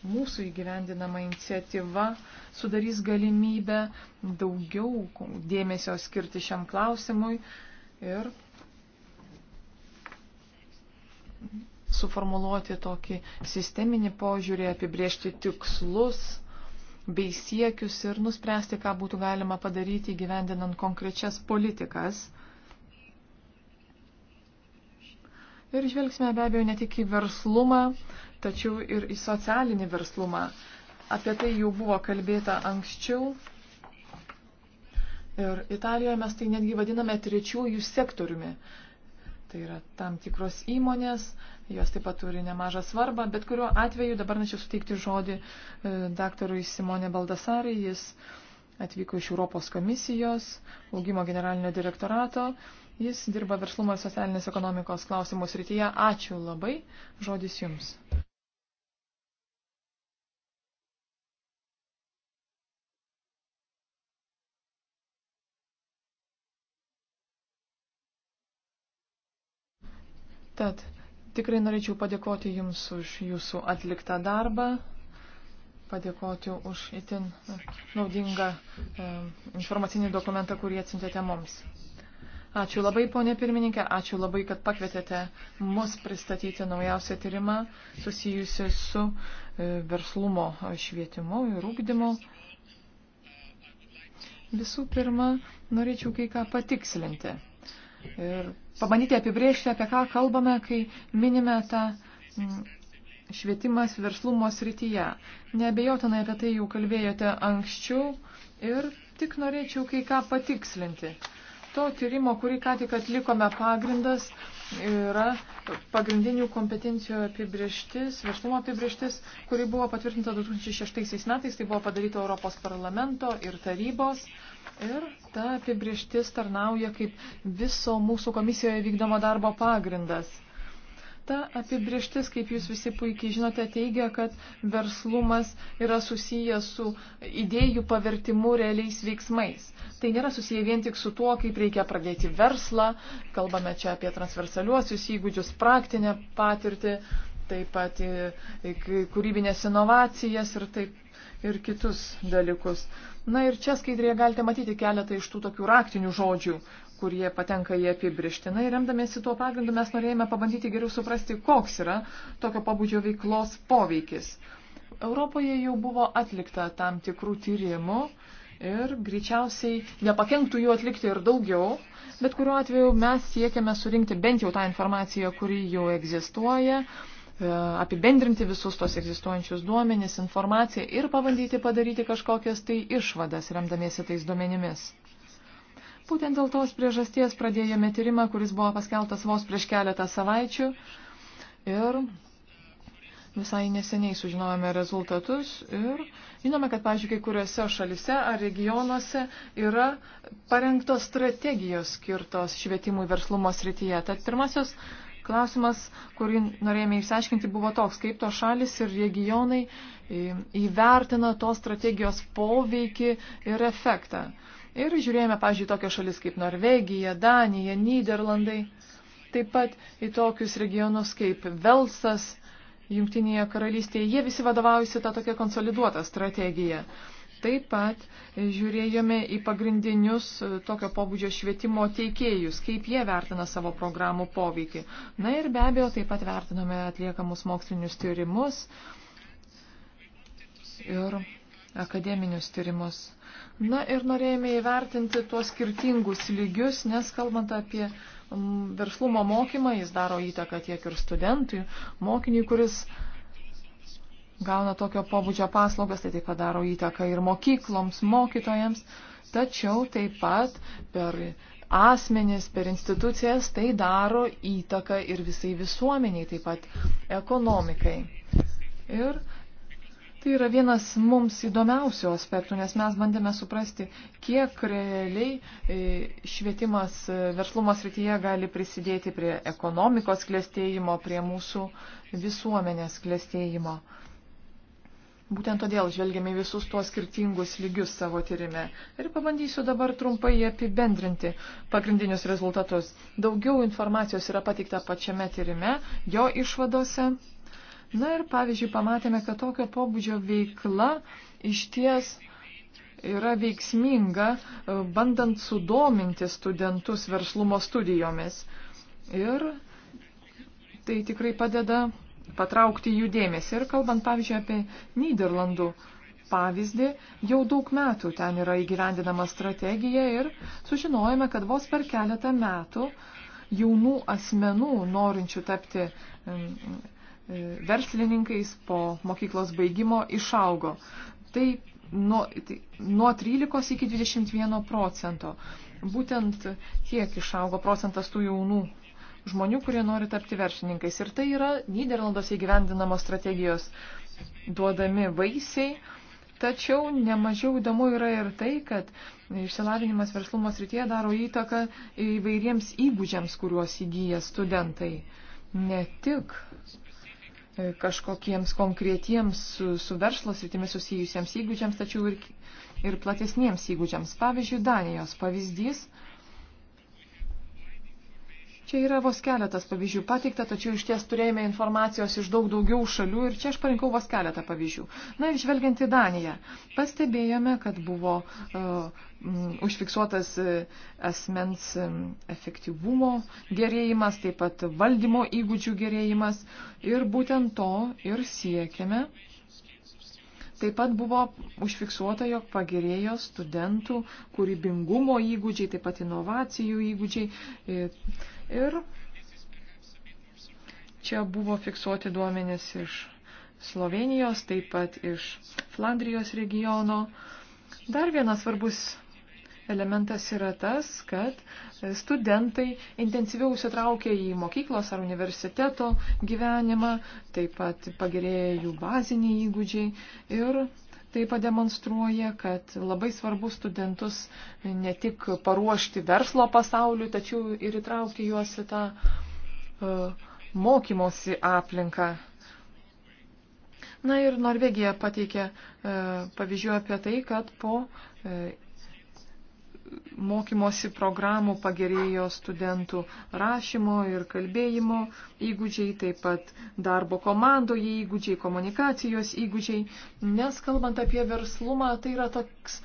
mūsų įgyvendinama iniciatyva sudarys galimybę daugiau dėmesio skirti šiam klausimui ir suformuluoti tokį sisteminį požiūrį, apibriežti tikslus, bei siekius ir nuspręsti, ką būtų galima padaryti gyvendinant konkrečias politikas. Ir žvelgsime be abejo ne tik į verslumą, tačiau ir į socialinį verslumą. Apie tai jau buvo kalbėta anksčiau. Ir Italijoje mes tai netgi vadiname trečiųjų sektoriumi. Tai yra tam tikros įmonės, jos taip pat turi nemažą svarbą, bet kuriuo atveju dabar norėčiau suteikti žodį e, daktarui Simone Baldasarį, jis atvyko iš Europos komisijos, augimo generalinio direktorato, jis dirba verslumo ir socialinės ekonomikos klausimus rytyje. Ačiū labai, žodis jums. Tad tikrai norėčiau padėkoti Jums už Jūsų atliktą darbą, padėkoti už itin naudingą e, informacinį dokumentą, kurį atsintėte mums. Ačiū labai, ponė pirmininkė, ačiū labai, kad pakvietėte mus pristatyti naujausią tyrimą susijusią su e, verslumo švietimu ir ūkdymu. Visų pirma, norėčiau kai ką patikslinti ir pabandyti apibriežti, apie ką kalbame, kai minime tą mm, švietimas verslumo srityje. Nebejotinai apie tai jau kalbėjote anksčiau ir tik norėčiau kai ką patikslinti. To tyrimo, kurį ką tik atlikome pagrindas, yra pagrindinių kompetencijų apibrieštis, verslumo apibrieštis, kuri buvo patvirtinta 2006 metais, tai buvo padaryta Europos parlamento ir tarybos. Uh, Ir ta apibrieštis tarnauja kaip viso mūsų komisijoje vykdomo darbo pagrindas. Ta apibrieštis, kaip jūs visi puikiai žinote, teigia, kad verslumas yra susijęs su idėjų pavertimu realiais veiksmais. Tai nėra susiję vien tik su tuo, kaip reikia pradėti verslą, kalbame čia apie transversaliuosius įgūdžius, praktinę patirtį, taip pat kūrybinės inovacijas ir, taip, ir kitus dalykus. Na ir čia skaidrėje galite matyti keletą iš tų tokių raktinių žodžių, kurie patenka į apibrištį. Na ir remdamėsi tuo pagrindu mes norėjome pabandyti geriau suprasti, koks yra tokio pabudžio veiklos poveikis. Europoje jau buvo atlikta tam tikrų tyrimų ir greičiausiai nepakenktų jų atlikti ir daugiau, bet kuriuo atveju mes siekiame surinkti bent jau tą informaciją, kuri jau egzistuoja E, apibendrinti visus tos egzistuojančius duomenis, informaciją ir pabandyti padaryti kažkokias tai išvadas, remdamiesi tais duomenimis. Būtent dėl tos priežasties pradėjome tyrimą, kuris buvo paskeltas vos prieš keletą savaičių ir visai neseniai sužinojome rezultatus ir žinome, kad, pavyzdžiui, kai kuriuose šalise ar regionuose yra parengtos strategijos skirtos švietimui verslumo srityje. Tad pirmasis Klausimas, kurį norėjome išsiaiškinti, buvo toks, kaip to šalis ir regionai įvertina tos strategijos poveikį ir efektą. Ir žiūrėjome, pažiūrėjau, tokias šalis kaip Norvegija, Danija, Niderlandai, taip pat į tokius regionus kaip Velsas, Jungtinėje karalystėje. Jie visi vadovaujasi tą tokią konsoliduotą strategiją. Taip pat žiūrėjome į pagrindinius e, tokio pobūdžio švietimo teikėjus, kaip jie vertina savo programų poveikį. Na ir be abejo, taip pat vertinome atliekamus mokslinius tyrimus ir akademinius tyrimus. Na ir norėjome įvertinti tuos skirtingus lygius, nes kalbant apie mm, verslumo mokymą, jis daro įtaką tiek ir studentui, mokiniui, kuris gauna tokio pobūdžio paslaugas, tai taip pat daro įtaką ir mokykloms, mokytojams, tačiau taip pat per asmenis, per institucijas tai daro įtaką ir visai visuomeniai, taip pat ekonomikai. Ir tai yra vienas mums įdomiausių aspektų, nes mes bandėme suprasti, kiek realiai e, švietimas e, verslumas rytyje gali prisidėti prie ekonomikos klėstėjimo, prie mūsų visuomenės klėstėjimo. Būtent todėl žvelgiame į visus tuos skirtingus lygius savo tyrime. Ir pabandysiu dabar trumpai apibendrinti pagrindinius rezultatus. Daugiau informacijos yra pateikta pačiame tyrime, jo išvadose. Na ir pavyzdžiui, pamatėme, kad tokio pobūdžio veikla iš ties yra veiksminga, e, bandant sudominti studentus verslumo studijomis. Ir tai tikrai padeda patraukti jų dėmesį. Ir kalbant, pavyzdžiui, apie Niderlandų pavyzdį, jau daug metų ten yra įgyvendinama strategija ir sužinojame, kad vos per keletą metų jaunų asmenų, norinčių tapti e, verslininkais po mokyklos baigimo, išaugo. Tai nuo, tai nuo 13 iki 21 procento. Būtent tiek išaugo procentas tų jaunų žmonių, kurie nori tapti verslininkais. Ir tai yra Niderlanduose įgyvendinamos strategijos duodami vaisiai. Tačiau nemažiau įdomu yra ir tai, kad išsilavinimas verslumo srityje daro įtaką įvairiems įgūdžiams, kuriuos įgyja studentai. Ne tik e, kažkokiems konkretiems su, su verslo sritimi susijusiems įgūdžiams, tačiau ir, ir platesniems įgūdžiams. Pavyzdžiui, Danijos pavyzdys Čia yra vos keletas pavyzdžių pateikta, tačiau iš ties turėjome informacijos iš daug daugiau šalių ir čia aš parinkau vos keletą pavyzdžių. Na ir žvelgiant į Daniją, pastebėjome, kad buvo uh, m, užfiksuotas e, asmens e, efektyvumo gerėjimas, taip pat valdymo įgūdžių gerėjimas ir būtent to ir siekiame. Taip pat buvo užfiksuota, jog pagerėjo studentų kūrybingumo įgūdžiai, taip pat inovacijų įgūdžiai. Ir, Ir čia buvo fiksuoti duomenys iš Slovenijos, taip pat iš Flandrijos regiono. Dar vienas svarbus elementas yra tas, kad studentai intensyviau įsitraukia į mokyklos ar universiteto gyvenimą, taip pat pagerėja jų baziniai įgūdžiai ir Tai pademonstruoja, kad labai svarbu studentus ne tik paruošti verslo pasauliu, tačiau ir įtraukti juos į tą uh, mokymosi aplinką. Na ir Norvegija pateikė uh, pavyzdžių apie tai, kad po uh, mokymosi programų pagerėjo studentų rašymo ir kalbėjimo įgūdžiai, taip pat darbo komandoje įgūdžiai, komunikacijos įgūdžiai. Nes kalbant apie verslumą, tai yra toks,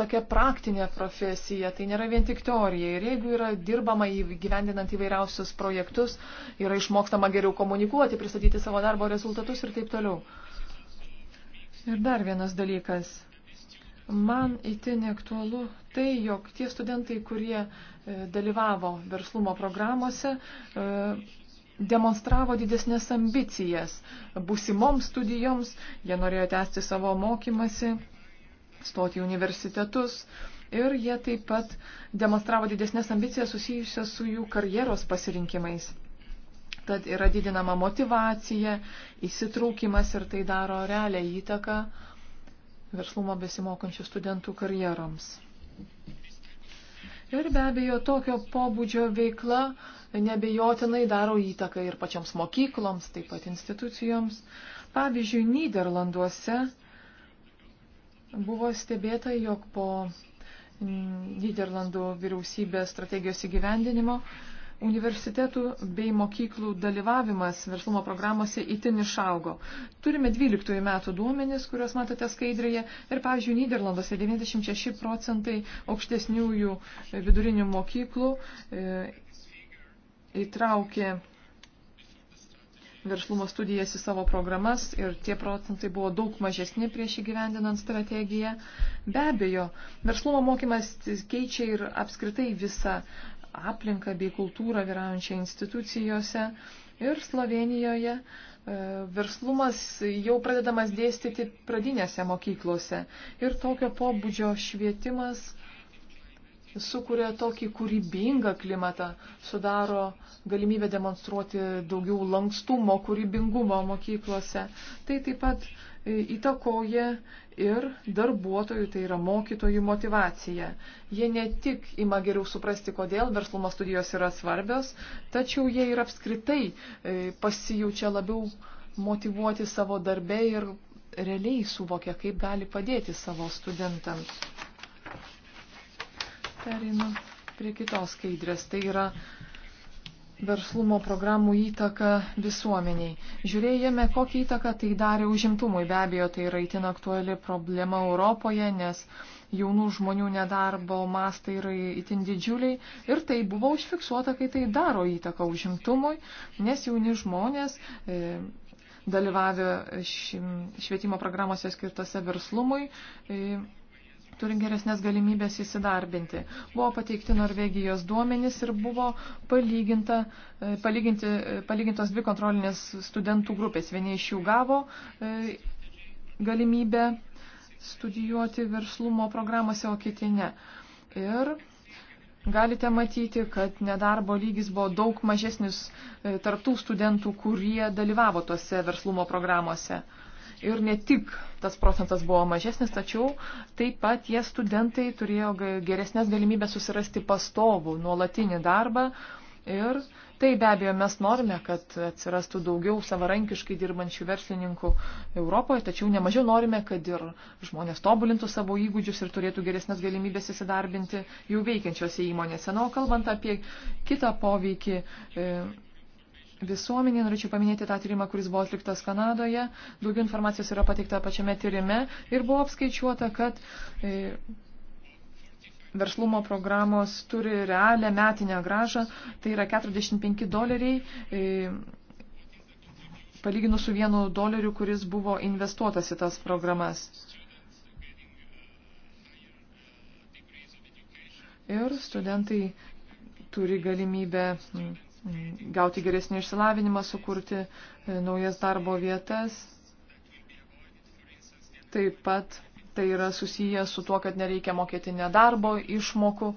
tokia praktinė profesija, tai nėra vien tik teorija. Ir jeigu yra dirbama įgyvendinant įvairiausius projektus, yra išmokstama geriau komunikuoti, pristatyti savo darbo rezultatus ir taip toliau. Ir dar vienas dalykas Man įtin aktualu tai, jog tie studentai, kurie e, dalyvavo verslumo programuose, e, demonstravo didesnės ambicijas būsimoms studijoms, jie norėjo tęsti savo mokymasi, stoti į universitetus ir jie taip pat demonstravo didesnės ambicijas susijusias su jų karjeros pasirinkimais. Tad yra didinama motivacija, įsitraukimas ir tai daro realią įtaką uh, verslumo besimokančių studentų karjeroms. Ir be abejo, tokio pobūdžio veikla nebejotinai daro įtaką ir pačioms mokykloms, taip pat institucijoms. Pavyzdžiui, Niderlanduose buvo stebėta, jog po Niderlandų vyriausybės strategijos įgyvendinimo Universitetų bei mokyklų dalyvavimas verslumo programuose itin išaugo. Turime 12 metų duomenis, kuriuos matote skaidrėje. Ir, pavyzdžiui, Niderlanduose 96 procentai aukštesniųjų vidurinių mokyklų e, įtraukė verslumo studijas į savo programas ir tie procentai buvo daug mažesni prieš įgyvendinant strategiją. Be abejo, verslumo mokymas keičia ir apskritai visą aplinką bei kultūrą vyraujančią institucijose. Ir Slovenijoje e, verslumas jau pradedamas dėstyti pradinėse mokyklose. Ir tokio pobūdžio švietimas sukuria tokį kūrybingą klimatą, sudaro galimybę demonstruoti daugiau lankstumo, kūrybingumo mokyklose. Tai taip pat E, įtakoja ir darbuotojų, tai yra mokytojų motivacija. Jie ne tik ima geriau suprasti, kodėl verslumo studijos yra svarbios, tačiau jie ir apskritai e, pasijaučia labiau motivuoti savo darbę ir realiai suvokia, kaip gali padėti savo studentams. Perinu prie kitos skaidrės. Tai yra verslumo programų įtaką visuomeniai. Žiūrėjome, kokią įtaką tai darė užimtumui. Be abejo, tai yra itin aktuali problema Europoje, nes jaunų žmonių nedarbo mastai yra itin didžiuliai. Ir tai buvo užfiksuota, kai tai daro įtaką užimtumui, nes jauni žmonės. E, dalyvavę švietimo programuose skirtose verslumui, e, turi geresnės galimybės įsidarbinti. Buvo pateikti Norvegijos duomenys ir buvo palyginta, e, palyginti, e, palygintos dvi kontrolinės studentų grupės. Vieni iš jų gavo e, galimybę studijuoti verslumo programose, o kiti ne. Ir galite matyti, kad nedarbo lygis buvo daug mažesnis tarptų studentų, kurie dalyvavo tose verslumo programuose. Ir ne tik tas procentas buvo mažesnis, tačiau taip pat tie studentai turėjo geresnės galimybės susirasti pastovų, nuolatinį darbą. Ir tai be abejo mes norime, kad atsirastų daugiau savarankiškai dirbančių verslininkų Europoje, tačiau nemažiau norime, kad ir žmonės tobulintų savo įgūdžius ir turėtų geresnės galimybės įsidarbinti jau veikiančiose įmonėse. Na, o kalbant apie kitą poveikį. E, visuomenė. Norėčiau paminėti tą tyrimą, kuris buvo atliktas Kanadoje. Daugiau informacijos yra pateikta pačiame tyrime ir buvo apskaičiuota, kad e, verslumo programos turi realią metinę gražą, tai yra 45 doleriai. E, palyginus su vienu doleriu, kuris buvo investuotas į tas programas. Ir studentai turi galimybę gauti geresnį išsilavinimą, sukurti e, naujas darbo vietas. Taip pat tai yra susiję su tuo, kad nereikia mokėti nedarbo išmokų,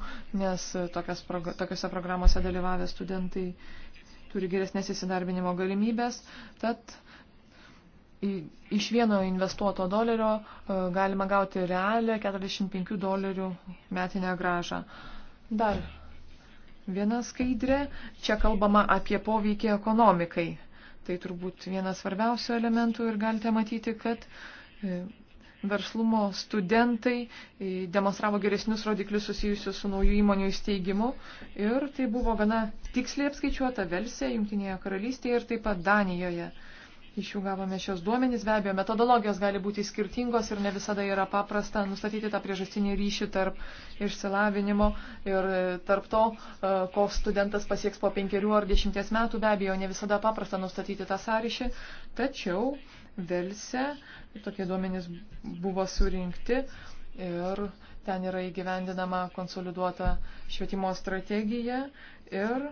nes e, tokias, tokiose programuose dalyvavę studentai turi geresnės įsidarbinimo galimybės. Tad iš vieno investuoto dolerio e, galima gauti realią 45 dolerių metinę gražą. Dar viena skaidrė. Čia kalbama apie poveikį ekonomikai. Tai turbūt vienas svarbiausių elementų ir galite matyti, kad e, verslumo studentai e, demonstravo geresnius rodiklius susijusius su naujų įmonių įsteigimu. Ir tai buvo gana tiksliai apskaičiuota Velsė, Junktinėje karalystėje ir taip pat Danijoje. Iš jų gavome šios duomenys, be abejo, metodologijos gali būti skirtingos ir ne visada yra paprasta nustatyti tą priežastinį ryšį tarp išsilavinimo ir e, tarp to, e, ko studentas pasieks po penkerių ar dešimties metų, be abejo, ne visada paprasta nustatyti tą sąryšį, tačiau Velse tokie duomenys buvo surinkti ir ten yra įgyvendinama konsoliduota švietimo strategija ir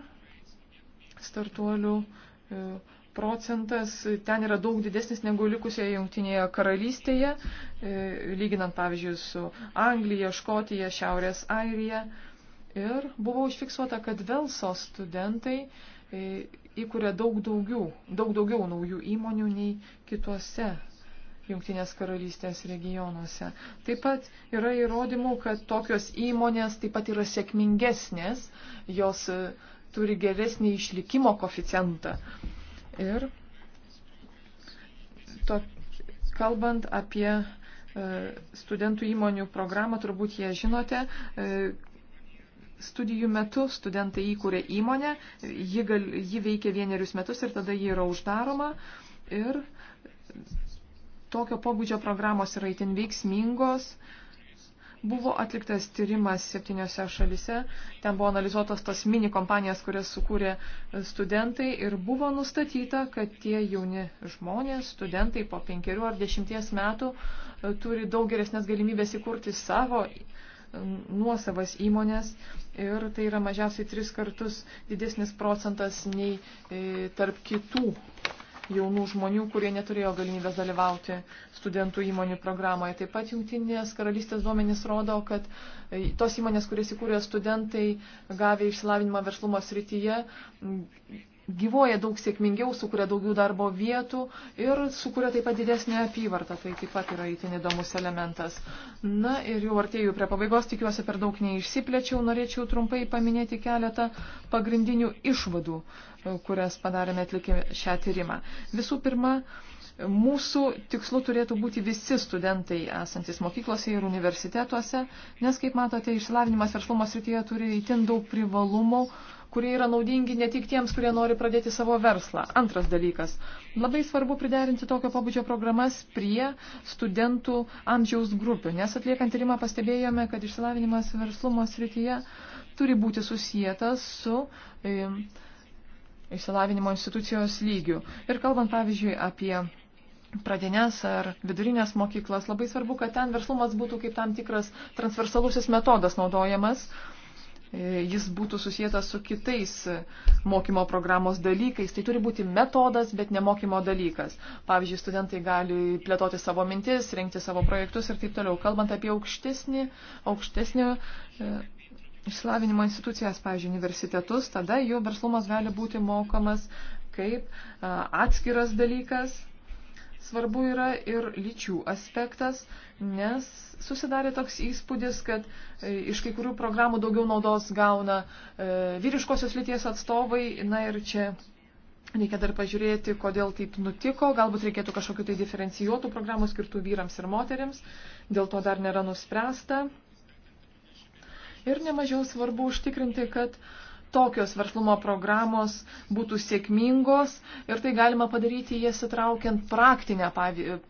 startuolių e, procentas ten yra daug didesnis negu likusioje jungtinėje karalystėje, e, lyginant pavyzdžiui su Anglija, Škotija, Šiaurės Airija. Ir buvo užfiksuota, kad Velso studentai e, įkuria daug daugiau, daug daugiau naujų įmonių nei kituose Junktinės karalystės regionuose. Taip pat yra įrodymų, kad tokios įmonės taip pat yra sėkmingesnės, jos e, turi geresnį išlikimo koficijantą. Ir to, kalbant apie e, studentų įmonių programą, turbūt jie žinote, e, studijų metu studentai įkūrė įmonę, ji, gal, ji veikia vienerius metus ir tada ji yra uždaroma. Ir tokio pobūdžio programos yra itin veiksmingos. Uh, Buvo atliktas tyrimas septyniose šalise, ten buvo analizuotos tos mini kompanijas, kurias sukūrė studentai ir buvo nustatyta, kad tie jauni žmonės, studentai po penkerių ar dešimties metų e, turi daug geresnės galimybės įkurti savo e, nuosavas įmonės ir tai yra mažiausiai tris kartus didesnis procentas nei e, tarp kitų jaunų žmonių, kurie neturėjo galimybės dalyvauti studentų įmonių programoje. Taip pat jungtinės karalystės duomenys rodo, kad e, tos įmonės, kurias įkūrė studentai, gavę išsilavinimą verslumo srityje, gyvoja daug sėkmingiau, sukuria daugiau darbo vietų ir sukuria taip pat didesnį apyvartą. Tai taip pat yra įtin įdomus elementas. Na ir jau artėjau prie pabaigos, tikiuosi per daug neišsiplėčiau. Norėčiau trumpai paminėti keletą pagrindinių išvadų, kurias padarėme atlikę šią tyrimą. Visų pirma, Mūsų tikslu turėtų būti visi studentai esantis mokyklose ir universitetuose, nes, kaip matote, išsilavinimas verslumo srityje turi įtin daug privalumų, uh, kurie yra naudingi ne tik tiems, kurie nori pradėti savo verslą. Antras dalykas. Labai svarbu priderinti tokio pabudžio programas prie studentų amžiaus grupių, nes atliekant tyrimą pastebėjome, kad išsilavinimas verslumo srityje turi būti susijęs su. E, išsilavinimo institucijos lygių. Ir kalbant, pavyzdžiui, apie pradinės ar vidurinės mokyklas, labai svarbu, kad ten verslumas būtų kaip tam tikras transversalusis metodas naudojamas. Uh, E, jis būtų susijęs su kitais mokymo programos dalykais. Tai turi būti metodas, bet ne mokymo dalykas. Pavyzdžiui, studentai gali plėtoti savo mintis, rinkti savo projektus ir taip toliau. Kalbant apie aukštesnį, aukštesnį e, išsilavinimo institucijas, pavyzdžiui, universitetus, tada jų verslumas gali būti mokamas kaip e, atskiras dalykas Svarbu yra ir lyčių aspektas, nes susidarė toks įspūdis, kad e, iš kai kurių programų daugiau naudos gauna e, vyriškosios lyties atstovai. Na ir čia reikia dar pažiūrėti, kodėl taip nutiko. Galbūt reikėtų kažkokiu tai diferencijuotų programų skirtų vyrams ir moteriams. Dėl to dar nėra nuspręsta. Ir nemažiau svarbu užtikrinti, kad e, tokios verslumo programos būtų sėkmingos ir tai galima padaryti jas įtraukiant praktinę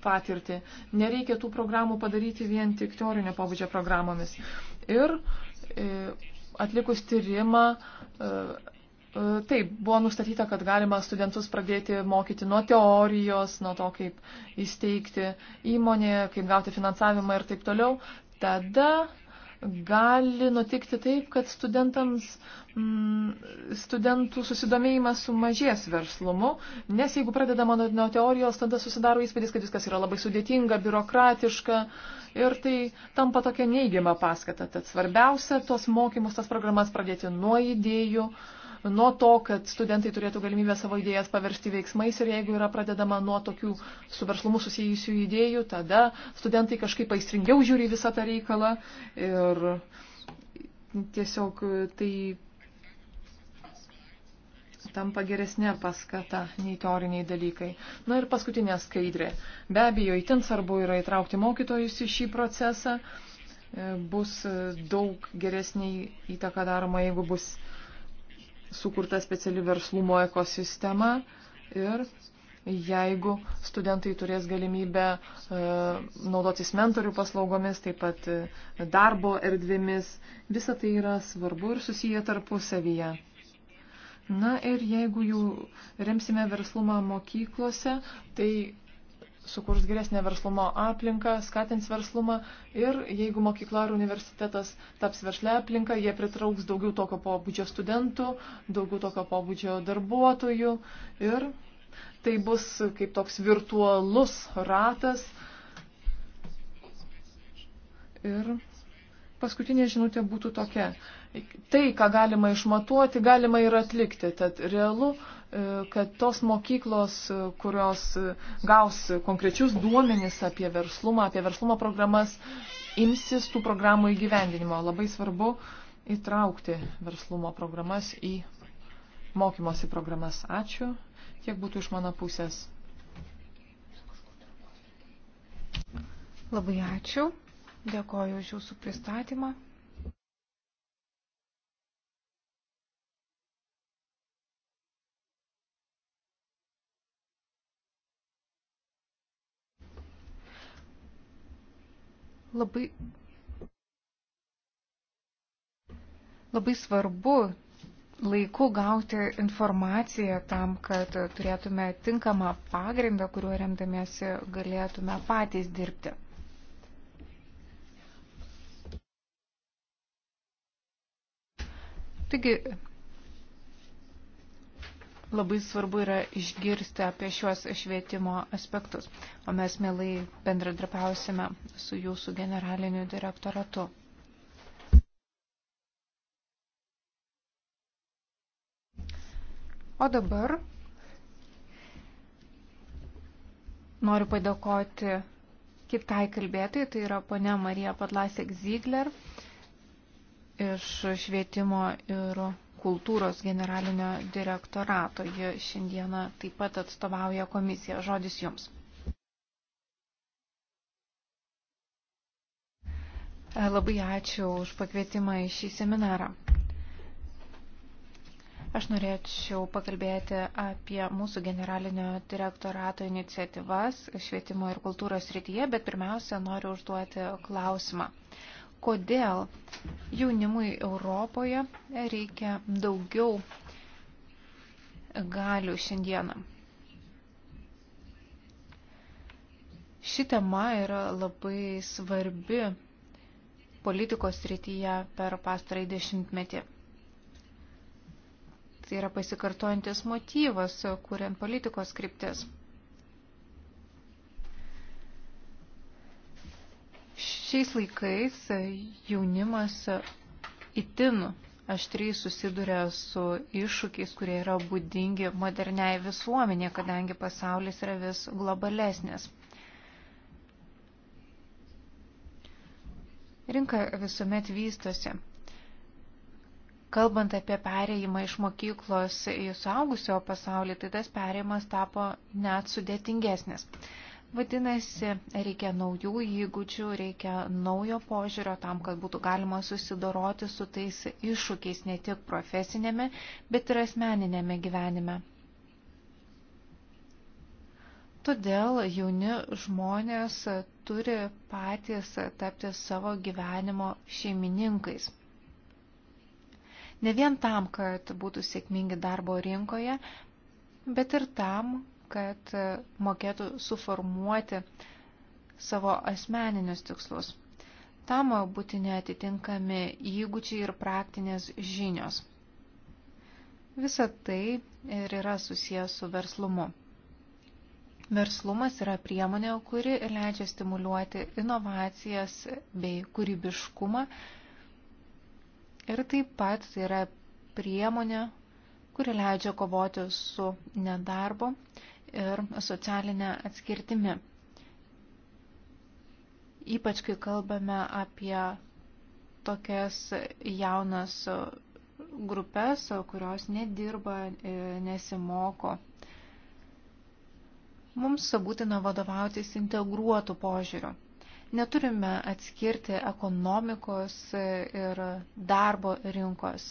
patirtį. Nereikia tų programų padaryti vien tik teorinio pobūdžio programomis. Ir e, atlikus tyrimą e, e, Taip, buvo nustatyta, kad galima studentus pradėti mokyti nuo teorijos, nuo to, kaip įsteigti įmonę, kaip gauti finansavimą ir taip toliau. Tada gali nutikti taip, kad studentams, mm, studentų susidomėjimas sumažės verslumu, nes jeigu pradedama nuo, nuo teorijos, tada susidaro įspūdis, kad viskas yra labai sudėtinga, biurokratiška ir tai tampa tokia neigiama paskata. Tad svarbiausia tos mokymus, tas programas pradėti nuo idėjų, mm, nuo to, kad studentai turėtų galimybę savo idėjas paversti veiksmais ir jeigu yra pradedama nuo tokių su verslumu susijusių idėjų, tada studentai kažkaip aistringiau žiūri visą tą reikalą ir tiesiog e, tai tampa geresnė paskata nei teoriniai dalykai. Na ir paskutinė skaidrė. Be abejo, įtin svarbu yra įtraukti mokytojus į šį procesą. E, bus e, daug geresnė įtaka daroma, jeigu bus sukurta speciali verslumo ekosistema ir jeigu studentai turės galimybę e, naudotis mentorių paslaugomis, taip pat e, darbo erdvėmis, visa tai yra svarbu ir susiję tarpusavyje. Na ir jeigu jų remsime verslumą mokyklose, tai sukurs geresnę verslumo aplinką, skatins verslumą ir jeigu mokykla ar universitetas taps verslę aplinką, jie pritrauks daugiau tokio pobūdžio studentų, daugiau tokio pobūdžio darbuotojų ir tai bus kaip toks virtualus ratas. Ir paskutinė žinutė būtų tokia. Tai, ką galima išmatuoti, galima ir atlikti. Tad realu E, kad tos mokyklos, e, kurios e, gaus konkrečius duomenis apie verslumą, apie verslumo programas, imsis tų programų įgyvendinimo. Labai svarbu įtraukti verslumo programas į mokymosi programas. Ačiū. Tiek būtų iš mano pusės. Labai ačiū. Dėkoju už jūsų pristatymą. labai, labai svarbu laiku gauti informaciją tam, kad turėtume tinkamą pagrindą, kuriuo remdamiesi galėtume patys dirbti. Taigi, labai svarbu yra išgirsti apie šiuos švietimo aspektus, o mes mielai bendradarbiausime su jūsų generaliniu direktoratu. O dabar noriu padėkoti kitai kalbėtojai, tai yra ponia Marija Padlasek Zygler iš švietimo ir kultūros generalinio direktorato. Ji šiandieną taip pat atstovauja komisiją. Žodis jums. Labai ačiū už pakvietimą į šį seminarą. Aš norėčiau pakalbėti apie mūsų generalinio direktorato iniciatyvas švietimo ir kultūros rytyje, bet pirmiausia noriu užduoti klausimą kodėl jaunimui Europoje reikia daugiau galių šiandieną. Ši tema yra labai svarbi politikos rytyje per pastarąjį dešimtmetį. Tai yra pasikartojantis motyvas, kuriant politikos kryptis. Šiais laikais jaunimas itin aštriai susiduria su iššūkiais, kurie yra būdingi moderniai visuomenė, kadangi pasaulis yra vis globalesnis. Rinka visuomet vystosi. Kalbant apie perėjimą iš mokyklos į saugusio pasaulį, tai tas perėjimas tapo net sudėtingesnis. Vadinasi, reikia naujų įgūdžių, reikia naujo požiūrio tam, kad būtų galima susidoroti su tais iššūkiais ne tik profesinėme, bet ir asmeninėme gyvenime. Todėl jauni žmonės turi patys tapti savo gyvenimo šeimininkais. Ne vien tam, kad būtų sėkmingi darbo rinkoje, bet ir tam, kad mokėtų suformuoti savo asmeninius tikslus. Tam būtini atitinkami įgūdžiai ir praktinės žinios. Visa tai ir yra susijęs su verslumu. Verslumas yra priemonė, kuri leidžia stimuliuoti inovacijas bei kūrybiškumą ir taip pat tai yra priemonė, kuri leidžia kovoti su nedarbu ir socialinė atskirtimi. Ypač kai kalbame apie tokias jaunas grupės, kurios nedirba, nesimoko. Mums būtina vadovautis integruotų požiūrių. Neturime atskirti ekonomikos ir darbo rinkos.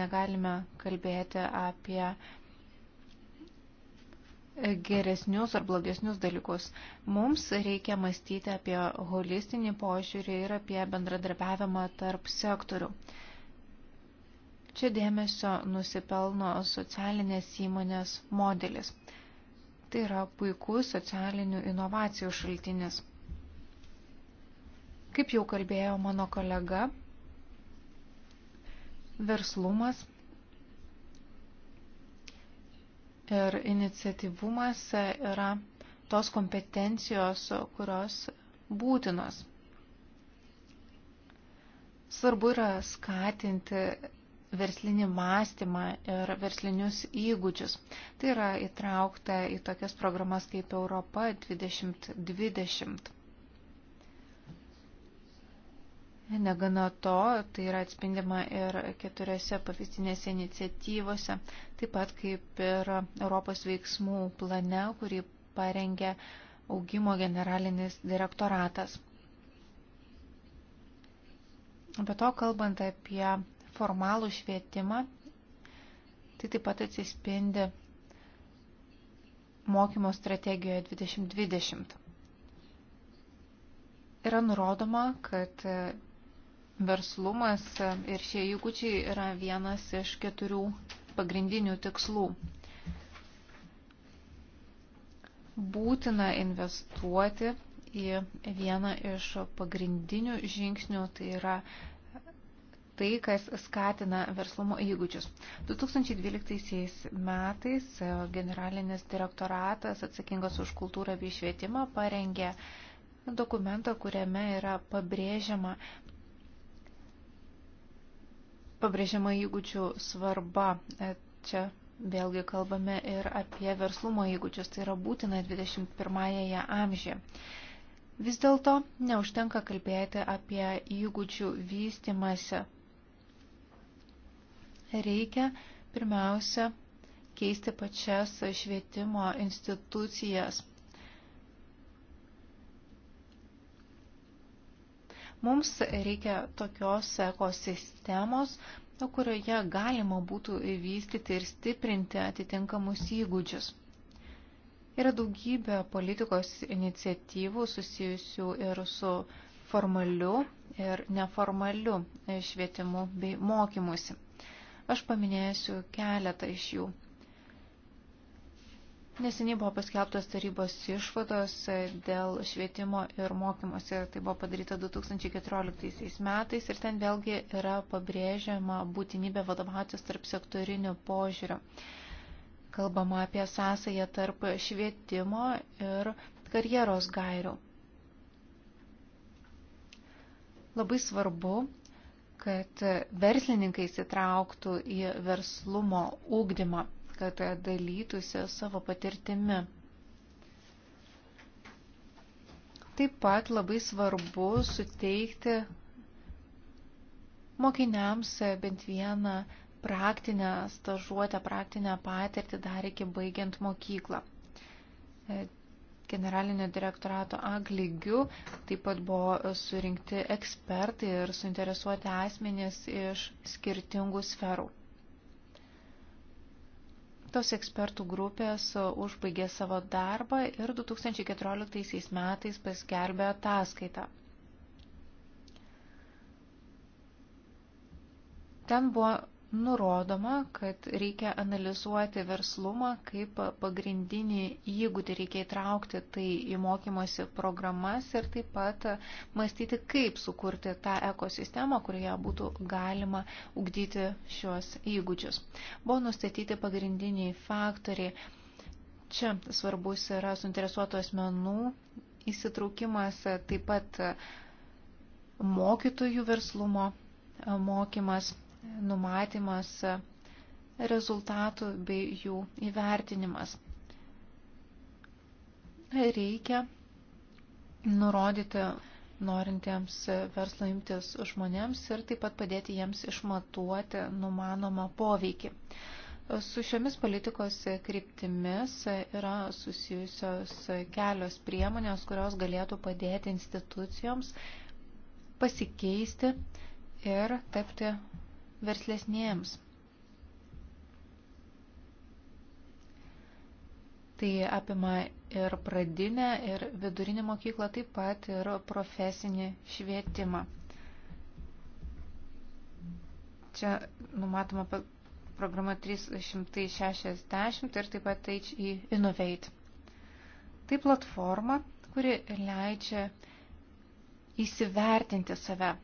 Negalime kalbėti apie geresnius ar blogesnius dalykus. Mums reikia mąstyti apie holistinį požiūrį ir apie bendradarbiavimą tarp sektorių. Čia dėmesio nusipelno socialinės įmonės modelis. Tai yra puikus socialinių inovacijų šaltinis. Kaip jau kalbėjo mano kolega, verslumas ir iniciatyvumas yra tos kompetencijos, kurios būtinos. Svarbu yra skatinti verslinį mąstymą ir verslinius įgūdžius. Tai yra įtraukta į tokias programas kaip Europa 2020. Negana to, tai yra atspindima ir keturiose pavyzdinėse iniciatyvose, taip pat kaip ir Europos veiksmų plane, kurį parengė augimo generalinis direktoratas. Be to, kalbant apie formalų švietimą, tai taip pat atsispindi mokymo strategijoje 2020. Yra nurodoma, kad verslumas ir šie įgūdžiai yra vienas iš keturių pagrindinių tikslų. Būtina investuoti į vieną iš pagrindinių žingsnių, tai yra tai, kas skatina verslumo įgūdžius. 2012 metais generalinis direktoratas atsakingas už kultūrą bei švietimą parengė dokumentą, kuriame yra pabrėžiama pabrėžiama įgūdžių svarba. E, čia vėlgi kalbame ir apie verslumo įgūdžius, tai yra būtina 21-ąją amžiuje. Vis dėlto neužtenka kalbėti apie įgūdžių vystimąsi. Reikia pirmiausia keisti pačias švietimo institucijas Mums reikia tokios ekosistemos, kurioje galima būtų vystyti ir stiprinti atitinkamus įgūdžius. Yra daugybė politikos iniciatyvų susijusių ir su formaliu ir neformaliu švietimu bei mokymusi. Aš paminėsiu keletą iš jų. Neseniai buvo paskelbtos tarybos išvados dėl švietimo ir mokymosi. Tai buvo padaryta 2014 metais ir ten vėlgi yra pabrėžiama būtinybė vadovautis tarp sektorinių požiūrių. Kalbama apie sąsąją tarp švietimo ir karjeros gairių. Labai svarbu, kad verslininkai įsitrauktų į verslumo ūkdymą kad dalytųsi savo patirtimi. Taip pat labai svarbu suteikti mokiniams bent vieną praktinę stažuotę, praktinę patirtį dar iki baigiant mokyklą generalinio direktorato AG lygių. Taip pat buvo surinkti ekspertai ir suinteresuoti asmenys iš skirtingų sferų. Tos ekspertų grupės užbaigė savo darbą ir 2014 metais paskelbė ataskaitą. Ten buvo nurodoma, kad reikia analizuoti verslumą kaip pagrindinį įgūdį, reikia įtraukti tai į mokymosi programas ir taip pat mąstyti, kaip sukurti tą ekosistemą, kurioje būtų galima ugdyti šios įgūdžius. Buvo nustatyti pagrindiniai faktoriai. Čia svarbus yra suinteresuotų asmenų įsitraukimas, taip pat mokytojų verslumo mokymas numatymas rezultatų bei jų įvertinimas. Reikia nurodyti norintiems verslo imtis žmonėms ir taip pat padėti jiems išmatuoti numanomą poveikį. Su šiomis politikos kryptimis yra susijusios kelios priemonės, kurios galėtų padėti institucijoms pasikeisti ir tapti verslesnėms. Tai apima ir pradinę, ir vidurinį mokyklą, taip pat ir profesinį švietimą. Čia numatoma programa 360 ir taip pat HE Innovate. Tai platforma, kuri leidžia įsivertinti save.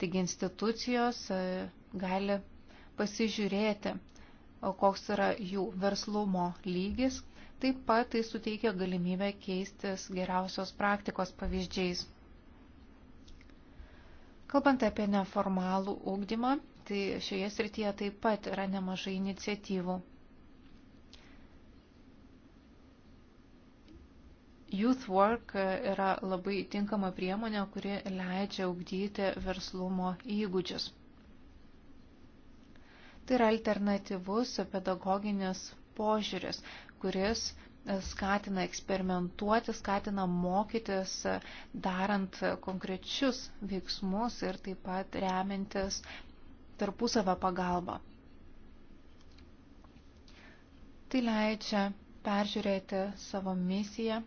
Taigi institucijos, gali pasižiūrėti, koks yra jų verslumo lygis. Taip pat tai suteikia galimybę keistis geriausios praktikos pavyzdžiais. Kalbant apie neformalų ūkdymą, tai šioje srityje taip pat yra nemažai iniciatyvų. YouthWork yra labai tinkama priemonė, kuri leidžia augdyti verslumo įgūdžius. Tai yra alternatyvus pedagoginis požiūris, kuris skatina eksperimentuoti, skatina mokytis, darant konkrečius veiksmus ir taip pat remiantis tarpusavę pagalbą. Tai leidžia peržiūrėti savo misiją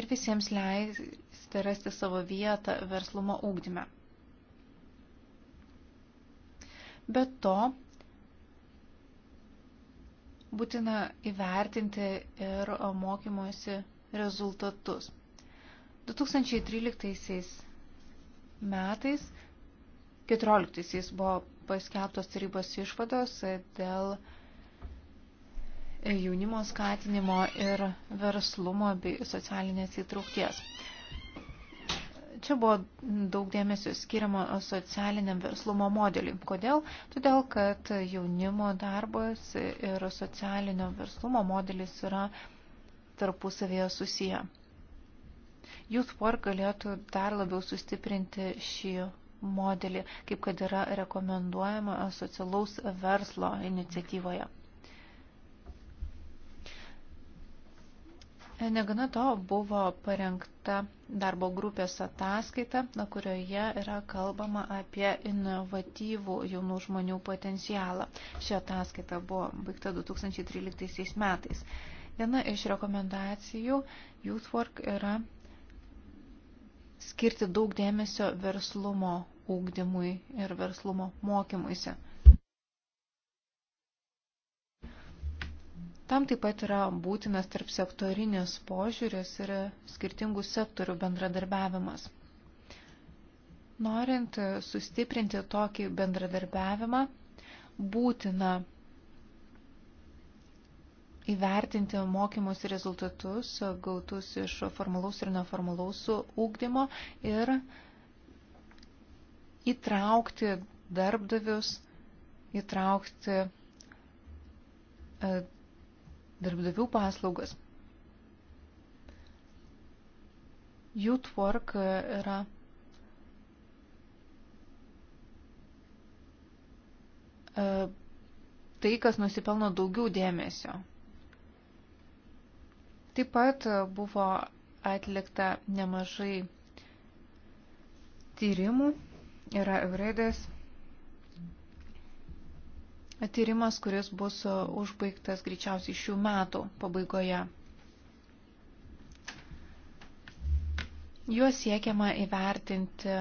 ir visiems leisti rasti savo vietą verslumo ūkdyme. Be to, būtina įvertinti ir mokymosi rezultatus. 2013 metais, 14 buvo paskelbtos tarybos išvados dėl jaunimo skatinimo ir verslumo bei socialinės įtraukties. Čia buvo daug dėmesio skiriamo socialiniam verslumo modeliui. Kodėl? Todėl, kad jaunimo darbas ir socialinio verslumo modelis yra tarpusavėje susiję. Youth Work galėtų dar labiau sustiprinti šį modelį, kaip kad yra rekomenduojama socialaus verslo iniciatyvoje. Negana to buvo parengta darbo grupės ataskaita, kurioje yra kalbama apie inovatyvų jaunų žmonių potencialą. Ši ataskaita buvo baigta 2013 metais. Viena iš rekomendacijų YouthWork yra skirti daug dėmesio verslumo ūkdymui ir verslumo mokymuisi. Tam taip pat yra būtinas tarp sektorinės požiūris ir skirtingų sektorių bendradarbiavimas. Norint sustiprinti tokį bendradarbiavimą, būtina įvertinti mokymus rezultatus gautus iš formalaus ir neformalaus ūkdymo ir įtraukti darbdavius, įtraukti e, darbdavių paslaugas. Youth Work yra e, tai, kas nusipelno daugiau dėmesio. Taip pat buvo atlikta nemažai tyrimų, yra Euredės tyrimas, kuris bus e, užbaigtas greičiausiai šių metų pabaigoje. Juos siekiama įvertinti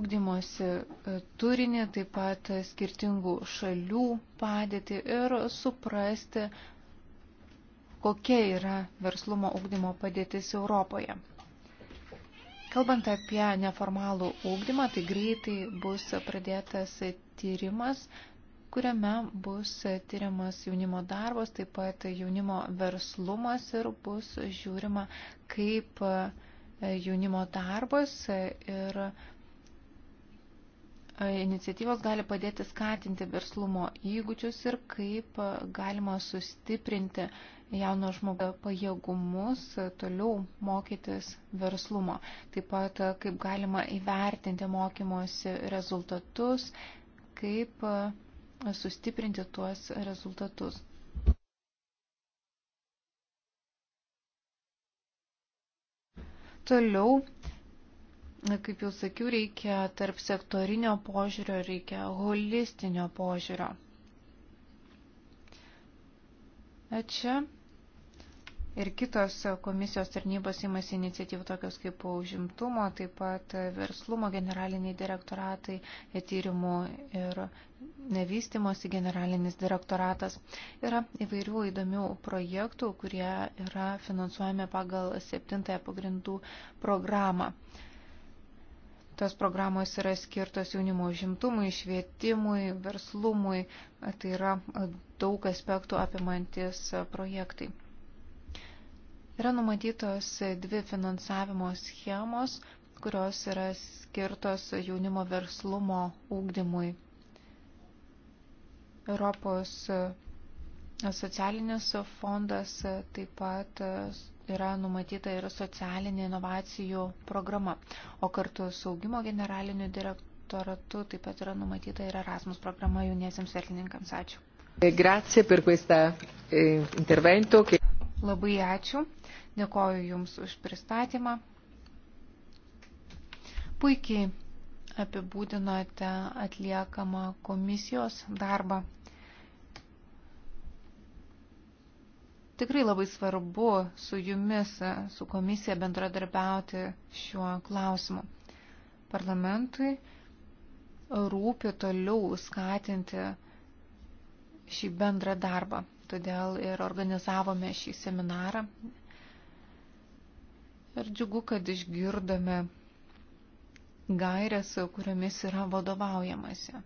ugdymosi e, turinį, taip pat skirtingų šalių padėtį ir suprasti, kokia yra verslumo ugdymo padėtis Europoje. Kalbant apie neformalų ūkdymą, tai greitai bus pradėtas tyrimas, kuriame bus tyriamas jaunimo darbas, taip pat jaunimo verslumas ir bus žiūrima, kaip e, jaunimo darbas ir e, iniciatyvos gali padėti skatinti verslumo įgūdžius ir kaip galima sustiprinti jauno žmogaus pajėgumus toliau mokytis verslumo. Taip pat kaip galima įvertinti mokymosi rezultatus kaip e, sustiprinti tuos rezultatus. Toliau, e, kaip jau sakiau, reikia tarp sektorinio požiūrio, reikia holistinio požiūrio. E, čia ir kitos komisijos tarnybos imasi iniciatyvų tokios kaip užimtumo, taip pat verslumo generaliniai direktoratai, tyrimų ir nevystimosi generalinis direktoratas. Yra įvairių įdomių projektų, kurie yra finansuojami pagal septintąją pagrindų programą. Tos programos yra skirtos jaunimo žimtumui, švietimui, verslumui, tai yra daug aspektų apimantis projektai. Yra numatytos dvi finansavimo schemos, kurios yra skirtos jaunimo verslumo ūkdymui. Europos socialinis fondas taip pat yra numatyta ir socialinė inovacijų programa, o kartu saugimo generaliniu direktoratu taip pat yra numatyta ir Erasmus programa jauniesiams verslininkams. Ačiū. Grazie per questo eh, intervento. Labai ačiū. Dėkoju Jums už pristatymą. Puikiai apibūdinote atliekamą komisijos darbą. Tikrai labai svarbu su jumis, su komisija bendradarbiauti šiuo klausimu. Parlamentui rūpi toliau skatinti šį bendrą darbą todėl ir organizavome šį seminarą. Ir džiugu, kad išgirdome gairias, kuriamis yra vadovaujamasi.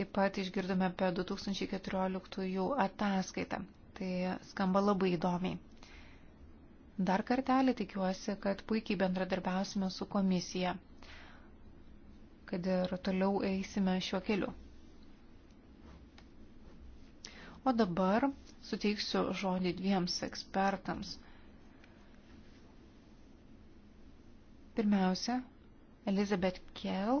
Taip pat išgirdome apie 2014 ataskaitą. Tai skamba labai įdomiai. Dar kartelį tikiuosi, kad puikiai bendradarbiausime su komisija, kad ir toliau eisime šiuo keliu. O dabar suteiksiu žodį dviems ekspertams. Pirmiausia, Elizabeth Kell.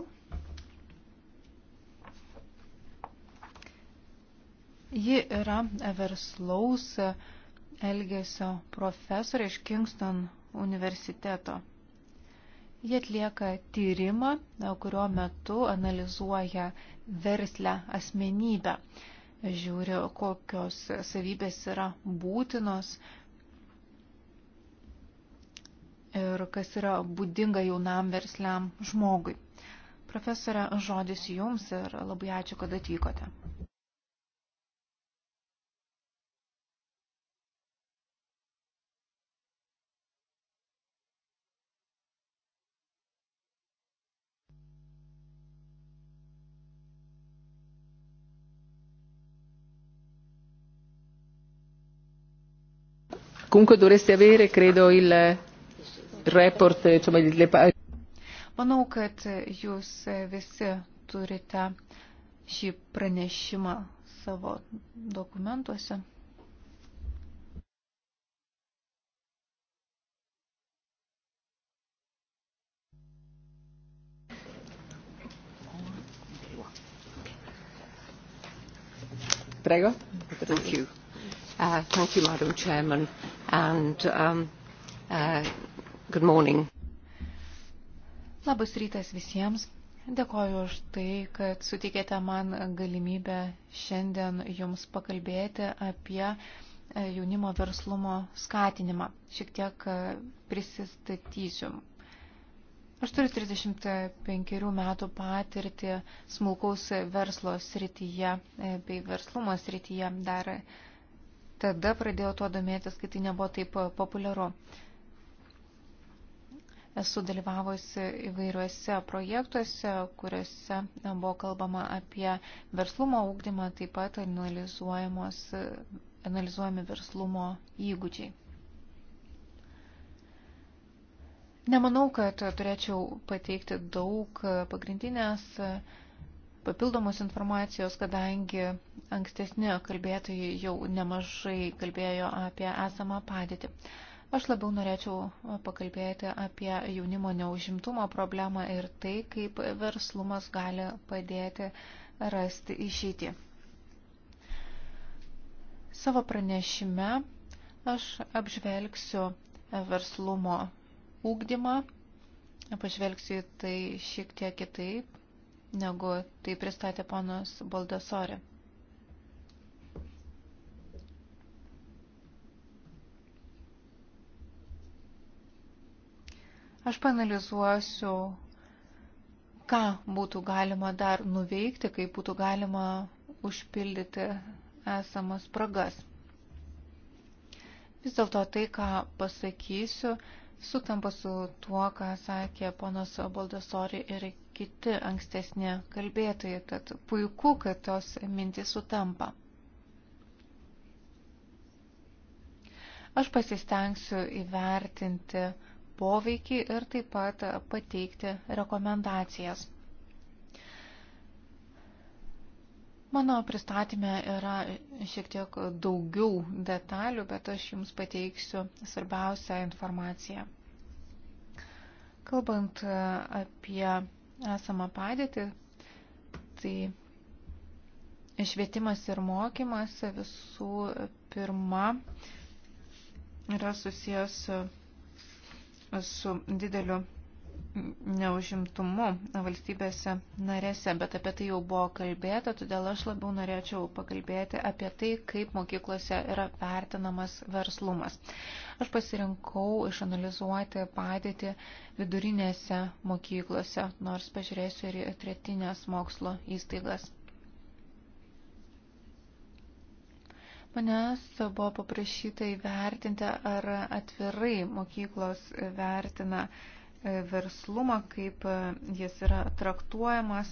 Ji yra verslaus elgesio profesorė iš Kingston universiteto. Jie atlieka tyrimą, kurio metu analizuoja verslę asmenybę žiūri, kokios savybės yra būtinos ir kas yra būdinga jaunam versliam žmogui. Profesorė, žodis jums ir labai ačiū, kad atvykote. Comunque dovreste avere, credo, il report, insomma, le pagine. Manau, kad jūs visi turite šį pranešimą savo dokumentuose. Prego. Thank you. Uh, thank you, Madam Chairman, and um, uh, good morning. Labas rytas visiems. Dėkoju už tai, kad sutikėte man galimybę šiandien jums pakalbėti apie uh, jaunimo verslumo skatinimą. Šiek tiek uh, prisistatysiu. Aš turiu 35 metų patirtį smulkaus verslo srityje uh, bei verslumo srityje. Dar tada pradėjau tuo domėtis, kai tai nebuvo taip e, populiaru. Esu dalyvavusi įvairiuose projektuose, kuriuose e, buvo kalbama apie verslumo ūkdymą, taip pat e, analizuojami verslumo įgūdžiai. Nemanau, kad turėčiau pateikti daug pagrindinės papildomos informacijos, kadangi ankstesni kalbėtojai jau nemažai kalbėjo apie esamą padėtį. Aš labiau norėčiau pakalbėti apie jaunimo neužimtumo problemą ir tai, kaip verslumas gali padėti rasti išeitį. Savo pranešime aš apžvelgsiu verslumo ūkdymą, pažvelgsiu į tai šiek tiek kitaip, negu tai pristatė ponas Baldasorė. Aš panalizuosiu, ką būtų galima dar nuveikti, kaip būtų galima užpildyti esamas spragas. Vis dėlto tai, ką pasakysiu, sutampa su tuo, ką sakė ponas Baldasori ir kiti ankstesni kalbėtojai, tad puiku, kad tos mintys sutampa. Aš pasistengsiu įvertinti poveikį ir taip pat pateikti rekomendacijas. Mano pristatymė yra šiek tiek daugiau detalių, bet aš Jums pateiksiu svarbiausią informaciją. Kalbant apie esamą padėtį, tai švietimas ir mokymas visų pirma yra susijęs su dideliu neužimtumu valstybėse narėse, bet apie tai jau buvo kalbėta, todėl aš labiau norėčiau pakalbėti apie tai, kaip mokyklose yra vertinamas verslumas. Aš pasirinkau išanalizuoti padėtį vidurinėse mokyklose, nors pažiūrėsiu ir į tretinės mokslo įstaigas. Manęs buvo paprašyta įvertinti, ar atvirai mokyklos vertina uh, verslumą, kaip jis yra traktuojamas,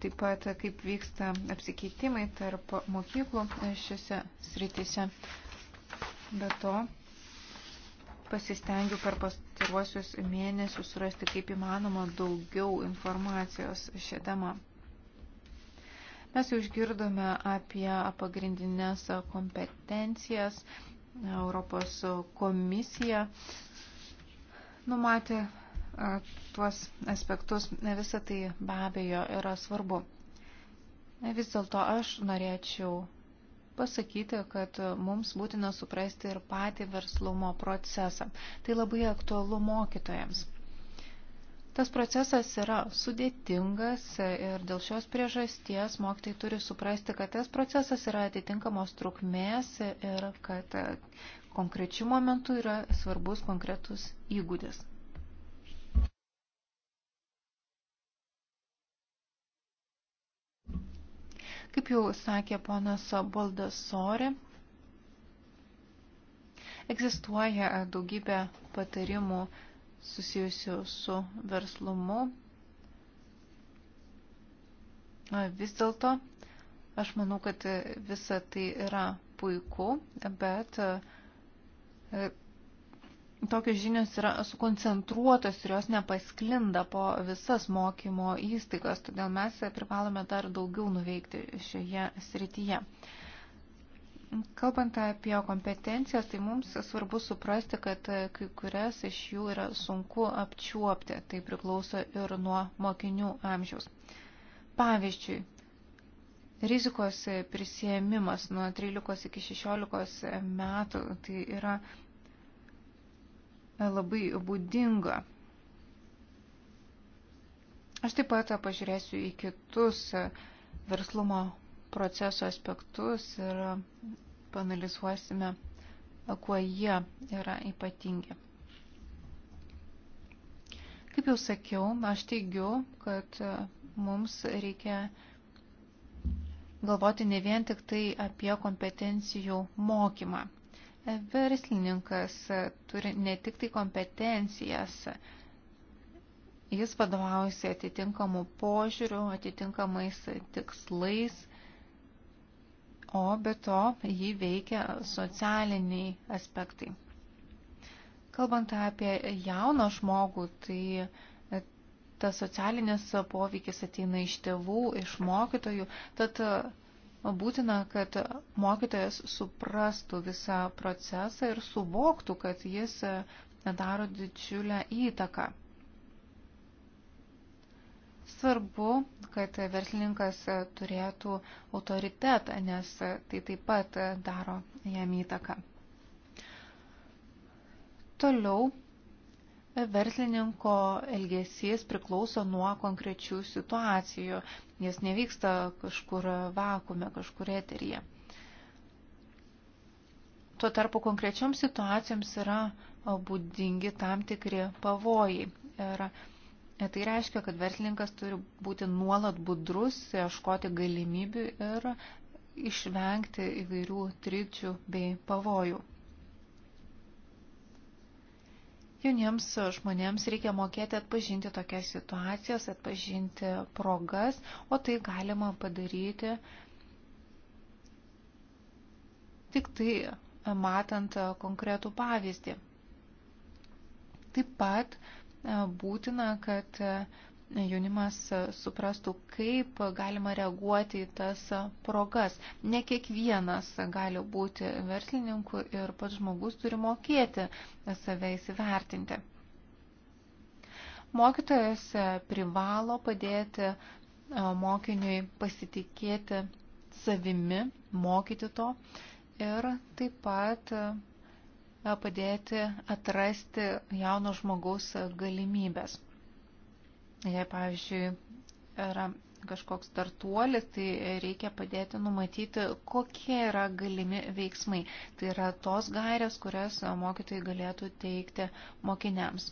taip pat kaip vyksta apsikeitimai tarp mokyklų šiuose srityse. Be to, pasistengiu per pastaruosius mėnesius surasti kaip įmanoma daugiau informacijos šią temą. Mes jau išgirdome apie pagrindinės kompetencijas. Europos komisija numatė tuos aspektus. Visą tai be abejo yra svarbu. Vis dėlto aš norėčiau pasakyti, kad mums būtina suprasti ir patį verslumo procesą. Tai labai aktualu mokytojams. Tas procesas yra sudėtingas ir dėl šios priežasties mokytojai turi suprasti, kad tas procesas yra atitinkamos trukmės ir kad konkrečių momentų yra svarbus konkretus įgūdis. Kaip jau sakė ponas Boldasori, egzistuoja daugybė patarimų susijusių su verslumu. Vis dėlto, aš manau, kad visa tai yra puiku, bet uh, E, tokios žinios yra sukoncentruotos ir jos nepasklinda po visas mokymo įstaigas, todėl mes privalome dar daugiau nuveikti šioje srityje. Kalbant apie kompetencijas, tai mums svarbu suprasti, kad kai kurias iš jų yra sunku apčiuopti, tai priklauso ir nuo mokinių amžiaus. Pavyzdžiui, Rizikos prisėmimas nuo 13 iki 16 metų tai yra e, labai būdinga. Aš taip pat pažiūrėsiu į kitus e, verslumo proceso aspektus ir panalizuosime, e, kuo jie yra ypatingi. Kaip jau sakiau, aš teigiu, kad mums reikia galvoti ne vien tik tai apie kompetencijų mokymą. Verslininkas turi ne tik tai kompetencijas, jis vadovaujasi atitinkamų požiūrių, atitinkamais tikslais, o be to jį veikia socialiniai aspektai. Kalbant apie jauną žmogų, tai tas socialinis poveikis ateina iš tėvų, iš mokytojų, tad būtina, kad mokytojas suprastų visą procesą ir suvoktų, kad jis daro didžiulę įtaką. Svarbu, kad verslininkas turėtų autoritetą, nes tai taip pat daro jam įtaką. Toliau verslininko elgesys priklauso nuo konkrečių situacijų. Jis nevyksta kažkur vakume, kažkur eteryje. Tuo tarpu konkrečioms situacijoms yra būdingi tam tikri pavojai. Ir tai reiškia, kad verslininkas turi būti nuolat budrus, ieškoti galimybių ir išvengti įvairių trikdžių bei pavojų. Jauniems žmonėms reikia mokėti atpažinti tokias situacijas, atpažinti progas, o tai galima padaryti tik tai e, matant e, konkretų pavyzdį. Taip pat e, būtina, kad jaunimas suprastų, kaip galima reaguoti į tas progas. Ne kiekvienas gali būti verslininku ir pats žmogus turi mokėti save įsivertinti. Mokytojas privalo padėti mokiniui pasitikėti savimi, mokyti to ir taip pat padėti atrasti jauno žmogaus galimybės. Jei, pavyzdžiui, yra kažkoks startuolis, tai reikia padėti numatyti, kokie yra galimi veiksmai. Tai yra tos gairės, kurias mokytojai galėtų teikti mokiniams.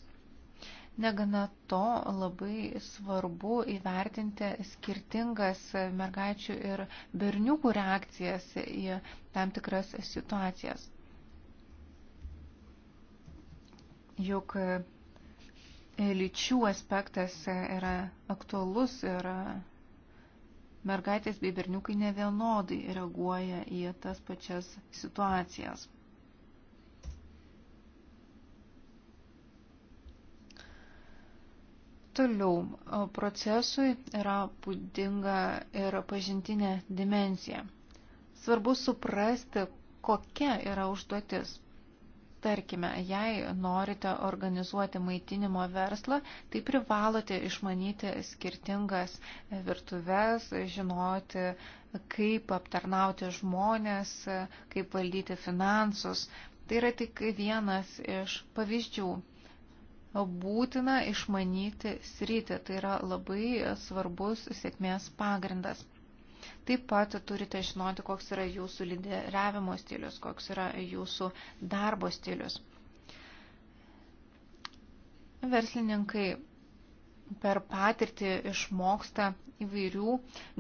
Negana to labai svarbu įvertinti skirtingas mergaičių ir berniukų reakcijas į tam tikras situacijas. Juk lyčių aspektas yra aktualus ir mergaitės bei berniukai nevienodai reaguoja į tas pačias situacijas. Toliau, procesui yra būdinga ir pažintinė dimensija. Svarbu suprasti, kokia yra užduotis. Tarkime, jei norite organizuoti maitinimo verslą, tai privalote išmanyti skirtingas virtuves, žinoti, kaip aptarnauti žmonės, kaip valdyti finansus. Tai yra tik vienas iš pavyzdžių. Būtina išmanyti sritį, tai yra labai svarbus sėkmės pagrindas. Taip pat turite žinoti, koks yra jūsų lyderiavimo stilius, koks yra jūsų darbo stilius. Verslininkai per patirtį išmoksta įvairių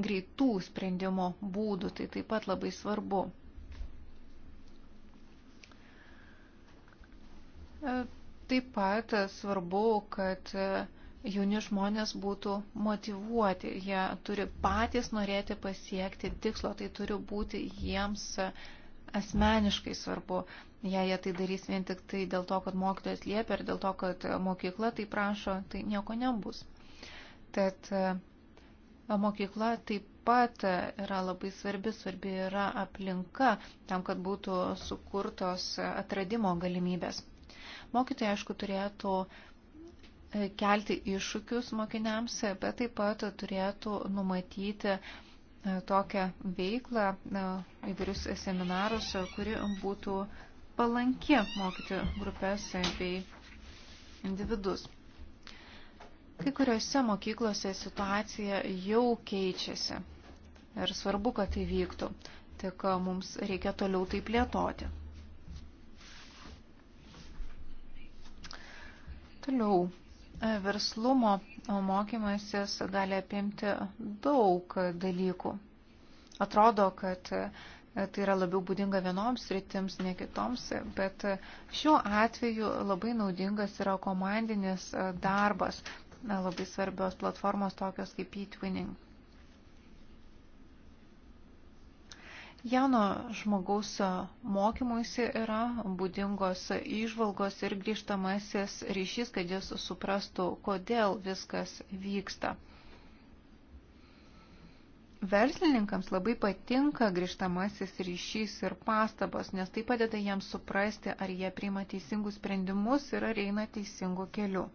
greitų sprendimo būdų, tai taip pat labai svarbu. Taip pat svarbu, kad jauni žmonės būtų motivuoti, jie turi patys norėti pasiekti tikslo, tai turi būti jiems asmeniškai svarbu. Jei jie tai darys vien tik tai dėl to, kad mokytojas liepia ir dėl to, kad mokykla tai prašo, tai nieko nebus. Tad e, mokykla taip pat yra labai svarbi, svarbi yra aplinka tam, kad būtų sukurtos atradimo galimybės. Mokytojai, aišku, turėtų uh, E, kelti iššūkius mokiniams, bet taip pat turėtų numatyti e, tokią veiklą, e, įvairius seminarus, kuri būtų palanki mokyti grupės bei individus. Kai kuriuose mokyklose situacija jau keičiasi ir svarbu, kad tai vyktų, tik mums reikia toliau tai plėtoti. Toliau Verslumo mokymasis gali apimti daug dalykų. Atrodo, kad e, tai yra labiau būdinga vienoms sritims, ne kitoms, bet šiuo atveju labai naudingas yra komandinis e, darbas, labai svarbios platformos tokios kaip e-twinning. Jauno žmogaus mokymuisi yra būdingos išvalgos ir grįžtamasis ryšys, kad jis suprastų, kodėl viskas vyksta. Verslininkams labai patinka grįžtamasis ryšys ir pastabos, nes tai padeda jiems suprasti, ar jie priima teisingus sprendimus ir ar eina teisingu keliu.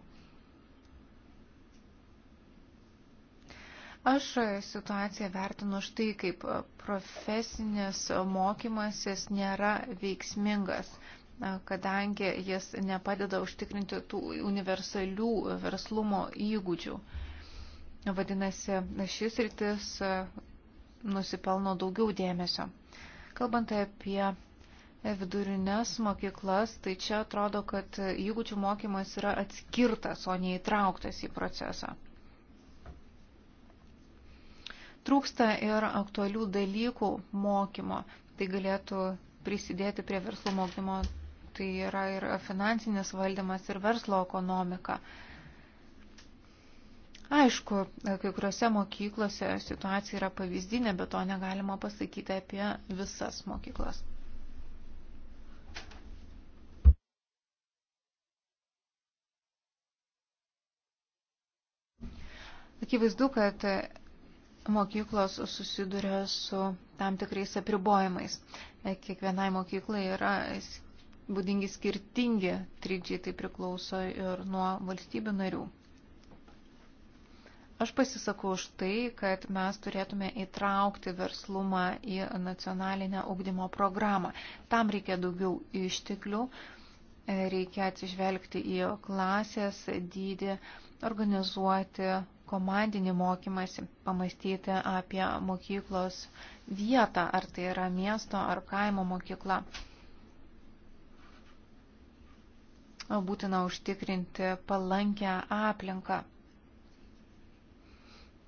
Aš situaciją vertinu štai kaip e, profesinis mokymasis nėra veiksmingas, e, kadangi jis nepadeda užtikrinti tų universalių verslumo įgūdžių. Vadinasi, šis rytis e, nusipelno daugiau dėmesio. Kalbant apie vidurinės mokyklas, tai čia atrodo, kad įgūdžių mokymas yra atskirtas, o neįtrauktas į procesą. Trūksta ir aktualių dalykų mokymo. Tai galėtų prisidėti prie verslo mokymo. Tai yra ir finansinis valdymas, ir verslo ekonomika. Aišku, kai kuriuose mokyklose situacija yra pavyzdinė, bet to negalima pasakyti apie visas mokyklas. Akivaizdu, kad mokyklos susiduria su tam tikrais apribojimais. Kiekvienai mokyklai yra būdingi skirtingi trikdžiai, tai priklauso ir nuo valstybių narių. Aš pasisakau už tai, kad mes turėtume įtraukti verslumą į nacionalinę ugdymo programą. Tam reikia daugiau išteklių, reikia atsižvelgti į klasės dydį, organizuoti komandinį mokymąsi, pamastyti apie mokyklos vietą, ar tai yra miesto ar kaimo mokykla. Būtina užtikrinti palankę aplinką.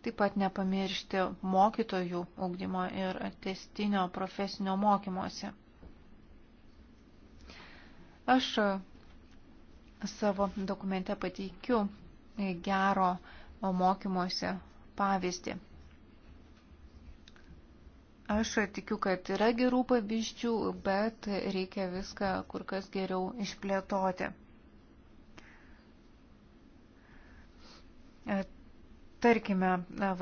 Taip pat nepamiršti mokytojų ugdymo ir testinio profesinio mokymosi. Aš savo dokumente pateikiu gero mokymuose pavyzdį. Aš tikiu, kad yra gerų pavyzdžių, bet reikia viską kur kas geriau išplėtoti. E, tarkime,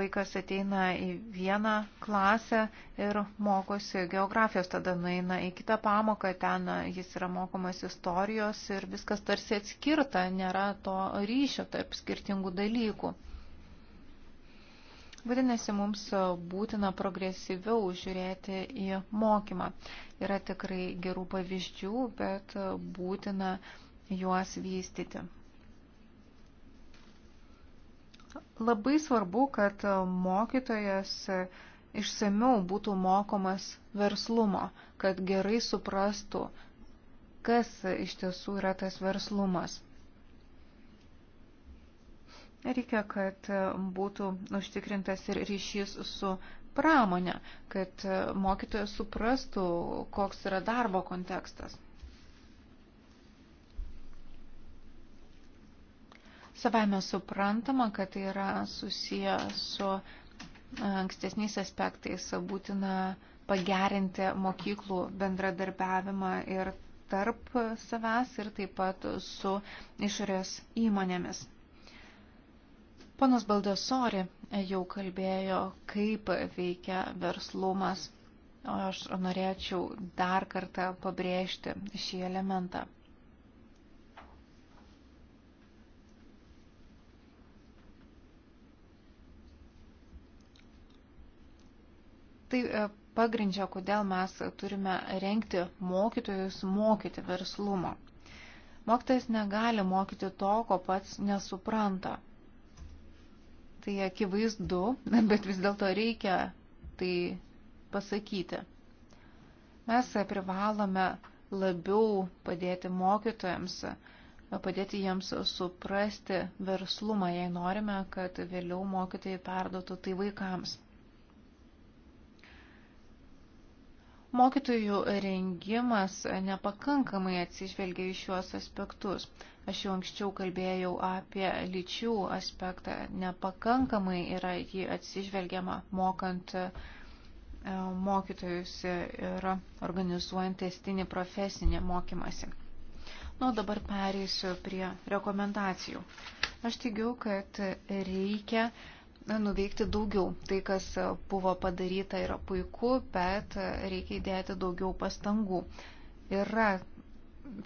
vaikas ateina į vieną klasę ir mokosi geografijos, tada nueina į kitą pamoką, ten jis yra mokomas istorijos ir viskas tarsi atskirta, nėra to ryšio tarp skirtingų dalykų. Vadinasi, mums e, būtina progresyviau žiūrėti į mokymą. Yra tikrai gerų pavyzdžių, bet e, būtina juos vystyti. Labai svarbu, kad e, mokytojas išsamiau būtų mokomas verslumo, kad gerai suprastų, kas iš tiesų yra tas verslumas. Reikia, kad būtų užtikrintas ir ryšys su pramonė, kad mokytojas suprastų, koks yra darbo kontekstas. Savame suprantama, kad tai yra susiję su e, ankstesniais aspektais, būtina pagerinti mokyklų bendradarbiavimą ir tarp savęs ir taip pat su išorės įmonėmis. Ponas Baldesori jau kalbėjo, kaip veikia verslumas. O aš norėčiau dar kartą pabrėžti šį elementą. Tai e, pagrindžia, kodėl mes turime renkti mokytojus mokyti verslumo. Mokytojas negali mokyti to, ko pats nesupranta. Tai akivaizdu, bet vis dėlto reikia tai pasakyti. Mes privalome labiau padėti mokytojams, padėti jiems suprasti verslumą, jei norime, kad vėliau mokytojai perdotų tai vaikams. Mokytojų rengimas nepakankamai atsižvelgia į šiuos aspektus. Aš jau anksčiau kalbėjau apie lyčių aspektą. Nepakankamai yra jį atsižvelgiama mokant e, mokytojus ir organizuojant testinį profesinį mokymasi. Na, nu, dabar pereisiu prie rekomendacijų. Aš teigiu, kad reikia nuveikti daugiau. Tai, kas buvo padaryta, yra puiku, bet reikia įdėti daugiau pastangų. Yra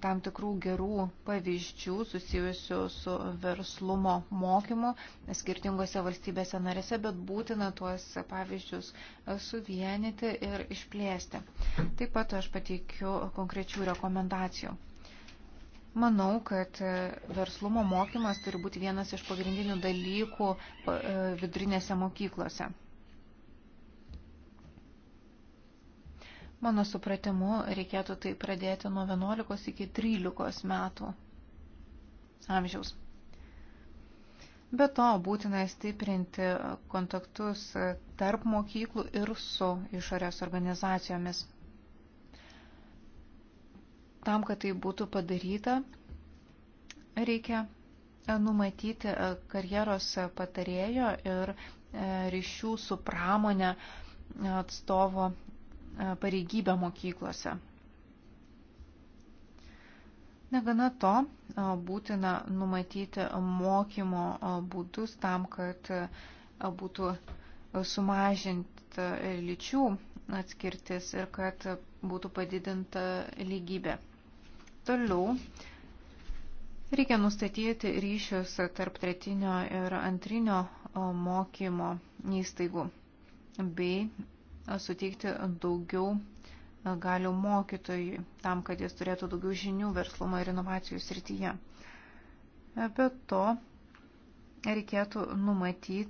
tam tikrų gerų pavyzdžių susijusių su verslumo mokymu skirtingose valstybėse narėse, bet būtina tuos pavyzdžius suvienyti ir išplėsti. Taip pat aš pateikiu konkrečių rekomendacijų. Manau, kad e, verslumo mokymas turi būti vienas iš pagrindinių dalykų e, vidurinėse mokyklose. Mano supratimu, reikėtų tai pradėti nuo 11 iki 13 metų amžiaus. Be to, būtina stiprinti kontaktus tarp mokyklų ir su išorės organizacijomis. Tam, kad tai būtų padaryta, reikia e, numatyti e, karjeros patarėjo ir e, ryšių su pramonė atstovo pareigybę mokyklose. Negana to, būtina numatyti mokymo būdus tam, kad būtų sumažinti lyčių atskirtis ir kad būtų padidinta lygybė. Toliau reikia nustatyti ryšius tarp tretinio ir antrinio mokymo įstaigų bei suteikti daugiau galių mokytojui, tam, kad jis turėtų daugiau žinių verslumo ir inovacijų srityje. Be to, reikėtų numatyti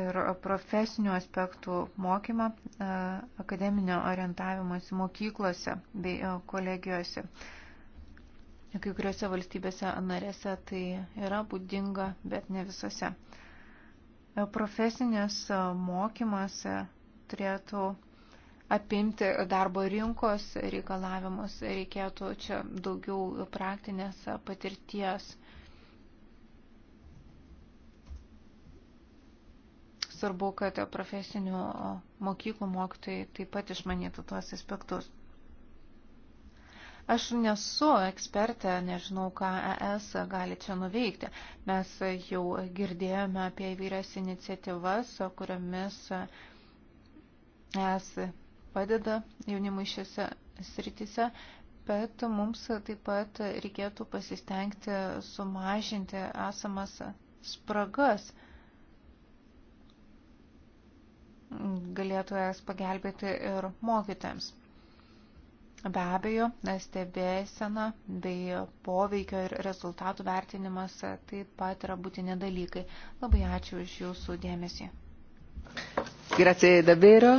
ir profesinių aspektų mokymą, e, akademinio orientavimuose mokyklose bei e, kolegijose. Kai kuriuose valstybėse narėse tai yra būdinga, bet ne visose. E, Profesinės mokymas turėtų apimti darbo rinkos reikalavimus, reikėtų čia daugiau praktinės patirties Svarbu, kad profesinių mokyklų mokytojai taip pat išmanytų tuos aspektus. Aš nesu ekspertė, nežinau, ką ES gali čia nuveikti. Mes jau girdėjome apie įvairias iniciatyvas, kuriomis ES padeda jaunimui šiose sritise, bet mums taip pat reikėtų pasistengti sumažinti esamas spragas galėtų es pagelbėti ir mokytėms. Be abejo, stebėsena bei poveikio ir rezultatų vertinimas taip pat yra būtini dalykai. Labai ačiū už jūsų dėmesį. Grazie davvero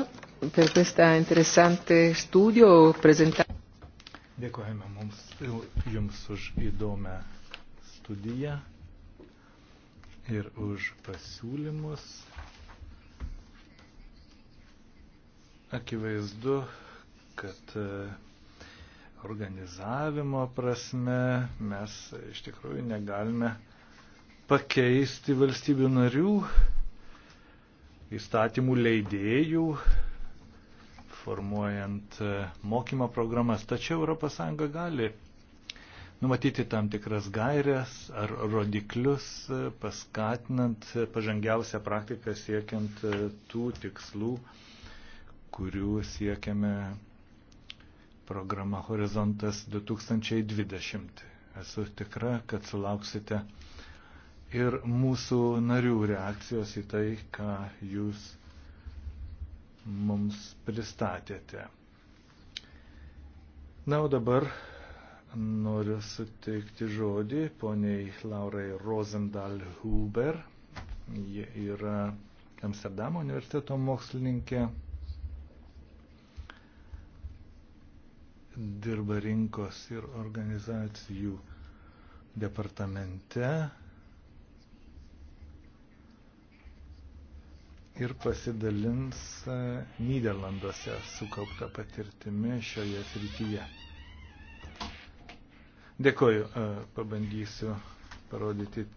per questa interessante studio presentato. Dėkojame mums, jums už įdomią studiją ir už pasiūlymus. akivaizdu, kad e, organizavimo prasme mes iš tikrųjų negalime pakeisti valstybių narių, įstatymų leidėjų, formuojant e, mokymo programas. Tačiau ES gali numatyti tam tikras gairias ar rodiklius, e, paskatinant pažangiausią praktiką siekiant tų tikslų, kurių siekiame programa Horizontas 2020. Esu tikra, kad sulauksite ir mūsų narių reakcijos į tai, ką jūs mums pristatėte. Na, o dabar noriu suteikti žodį poniai Laurai Rosendal Huber. Ji yra Amsterdamo universiteto mokslininkė, dirba rinkos ir organizacijų departamente ir pasidalins e, Niderlanduose sukauptą patirtimi šioje srityje. Dėkoju, e, pabandysiu parodyti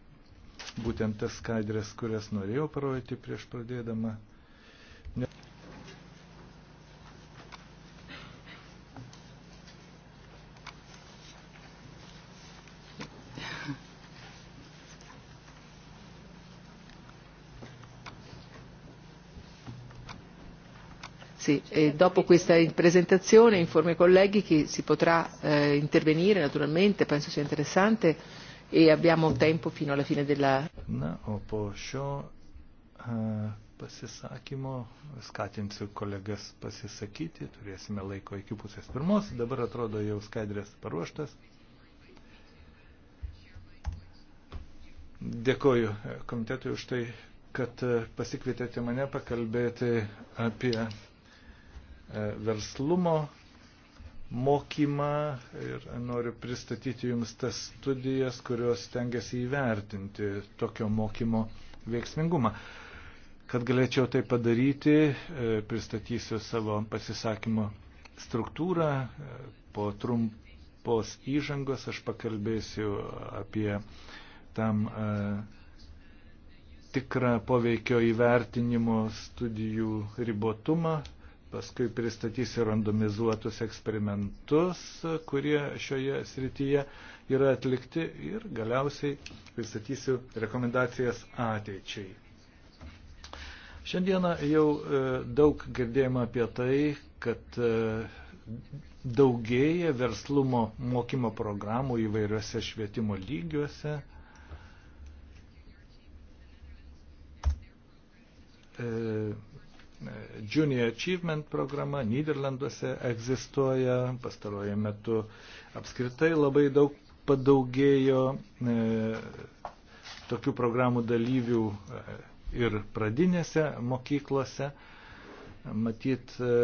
būtent tas skaidrės, kurias norėjau parodyti prieš pradėdama. Grazie. E dopo questa presentazione informo i colleghi che si potrà eh, intervenire naturalmente, penso sia interessante e abbiamo tempo fino alla fine della. Na, o po šio e, pasisakymo skatinsiu kolegas pasisakyti, turėsime laiko iki pusės pirmos, dabar atrodo jau skaidrės paruoštas. Dėkoju e, komitetui už tai, kad e, pasikvietėte mane pakalbėti apie E, verslumo mokymą ir noriu pristatyti Jums tas studijas, kurios tengiasi įvertinti tokio mokymo veiksmingumą. Kad galėčiau tai padaryti, e, pristatysiu savo pasisakymo struktūrą. E, po trumpos įžangos aš pakalbėsiu apie tam tikrą poveikio įvertinimo studijų ribotumą, paskui pristatysiu randomizuotus eksperimentus, kurie šioje srityje yra atlikti ir galiausiai pristatysiu rekomendacijas ateičiai. Šiandieną jau e, daug girdėjome apie tai, kad e, daugėja verslumo mokymo programų įvairiuose švietimo lygiuose. E, Junior Achievement programa Niderlanduose egzistuoja, pastaruoju metu apskritai labai daug padaugėjo e, tokių programų dalyvių e, ir pradinėse mokyklose. Matyt, e,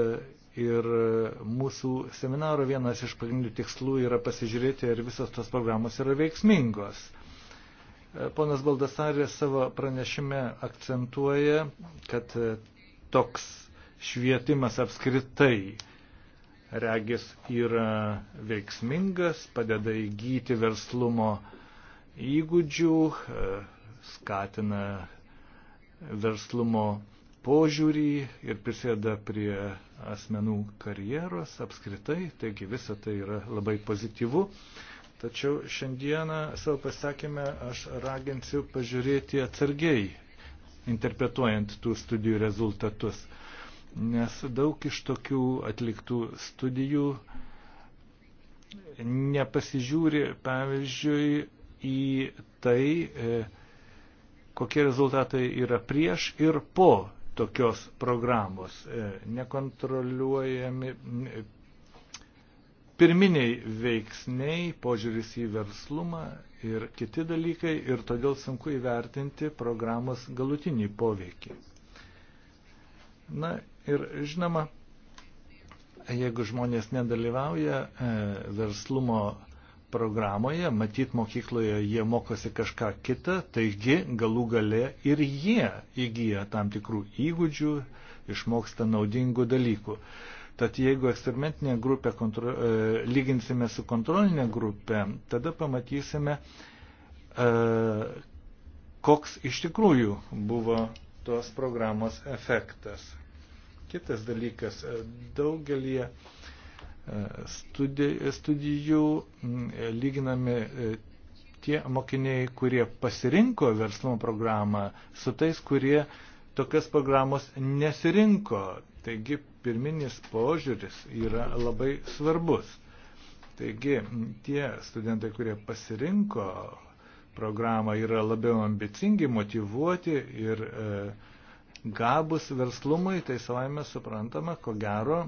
ir mūsų seminaro vienas iš pagrindinių tikslų yra pasižiūrėti, ar visos tos programos yra veiksmingos. E, ponas Baldasarė savo pranešime akcentuoja, kad toks švietimas apskritai regis yra veiksmingas, padeda įgyti verslumo įgūdžių, skatina verslumo požiūrį ir prisėda prie asmenų karjeros apskritai, taigi visa tai yra labai pozityvu. Tačiau šiandieną savo pasakymę aš raginsiu pažiūrėti atsargiai interpretuojant tų studijų rezultatus. Nes daug iš tokių atliktų studijų nepasižiūri, pavyzdžiui, į tai, e, kokie rezultatai yra prieš ir po tokios programos. E, nekontroliuojami pirminiai veiksniai, požiūris į verslumą ir kiti dalykai ir todėl sunku įvertinti programos galutinį poveikį. Na ir žinoma, jeigu žmonės nedalyvauja e, verslumo programoje, matyt mokykloje jie mokosi kažką kitą, taigi galų gale ir jie įgyja tam tikrų įgūdžių, išmoksta naudingų dalykų. E, Tad jeigu eksperimentinę grupę kontro, e, lyginsime su kontrolinė grupė, tada pamatysime, e, koks iš tikrųjų buvo tos programos efektas. Kitas dalykas, e, daugelį studijų lyginami tie mokiniai, kurie pasirinko verslumo programą, su tais, kurie tokias programos nesirinko. Taigi pirminis požiūris yra labai svarbus. Taigi tie studentai, kurie pasirinko programą, yra labiau ambicingi, motivuoti ir e, gabus verslumui, tai savame suprantama, ko gero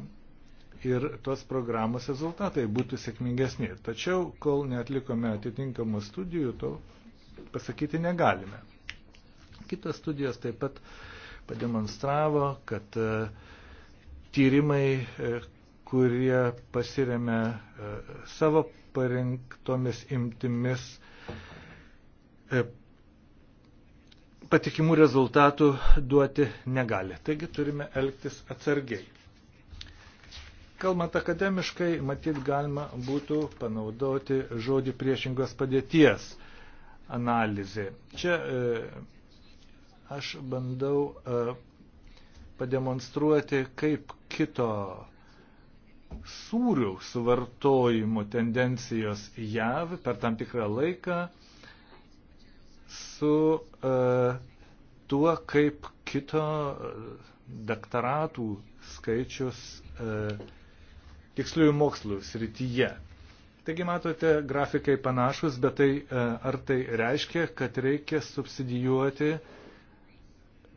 ir tos programos rezultatai būtų sėkmingesni. Tačiau, kol netlikome atitinkamų studijų, to pasakyti negalime. Kitos studijos taip pat pademonstravo, kad e, tyrimai, e, kurie pasiremia e, savo parinktomis imtimis e, patikimų rezultatų duoti negali. Taigi turime elgtis atsargiai. Kalbant akademiškai, matyt, galima būtų panaudoti žodį priešingos padėties analizė. Čia e, aš bandau e, pademonstruoti, kaip kito sūrių suvartojimo tendencijos JAV per tam tikrą laiką su e, tuo, kaip kito e, doktoratų skaičius e, tiksliųjų mokslų srityje. Taigi matote, grafikai panašus, bet tai, e, ar tai reiškia, kad reikia subsidijuoti e,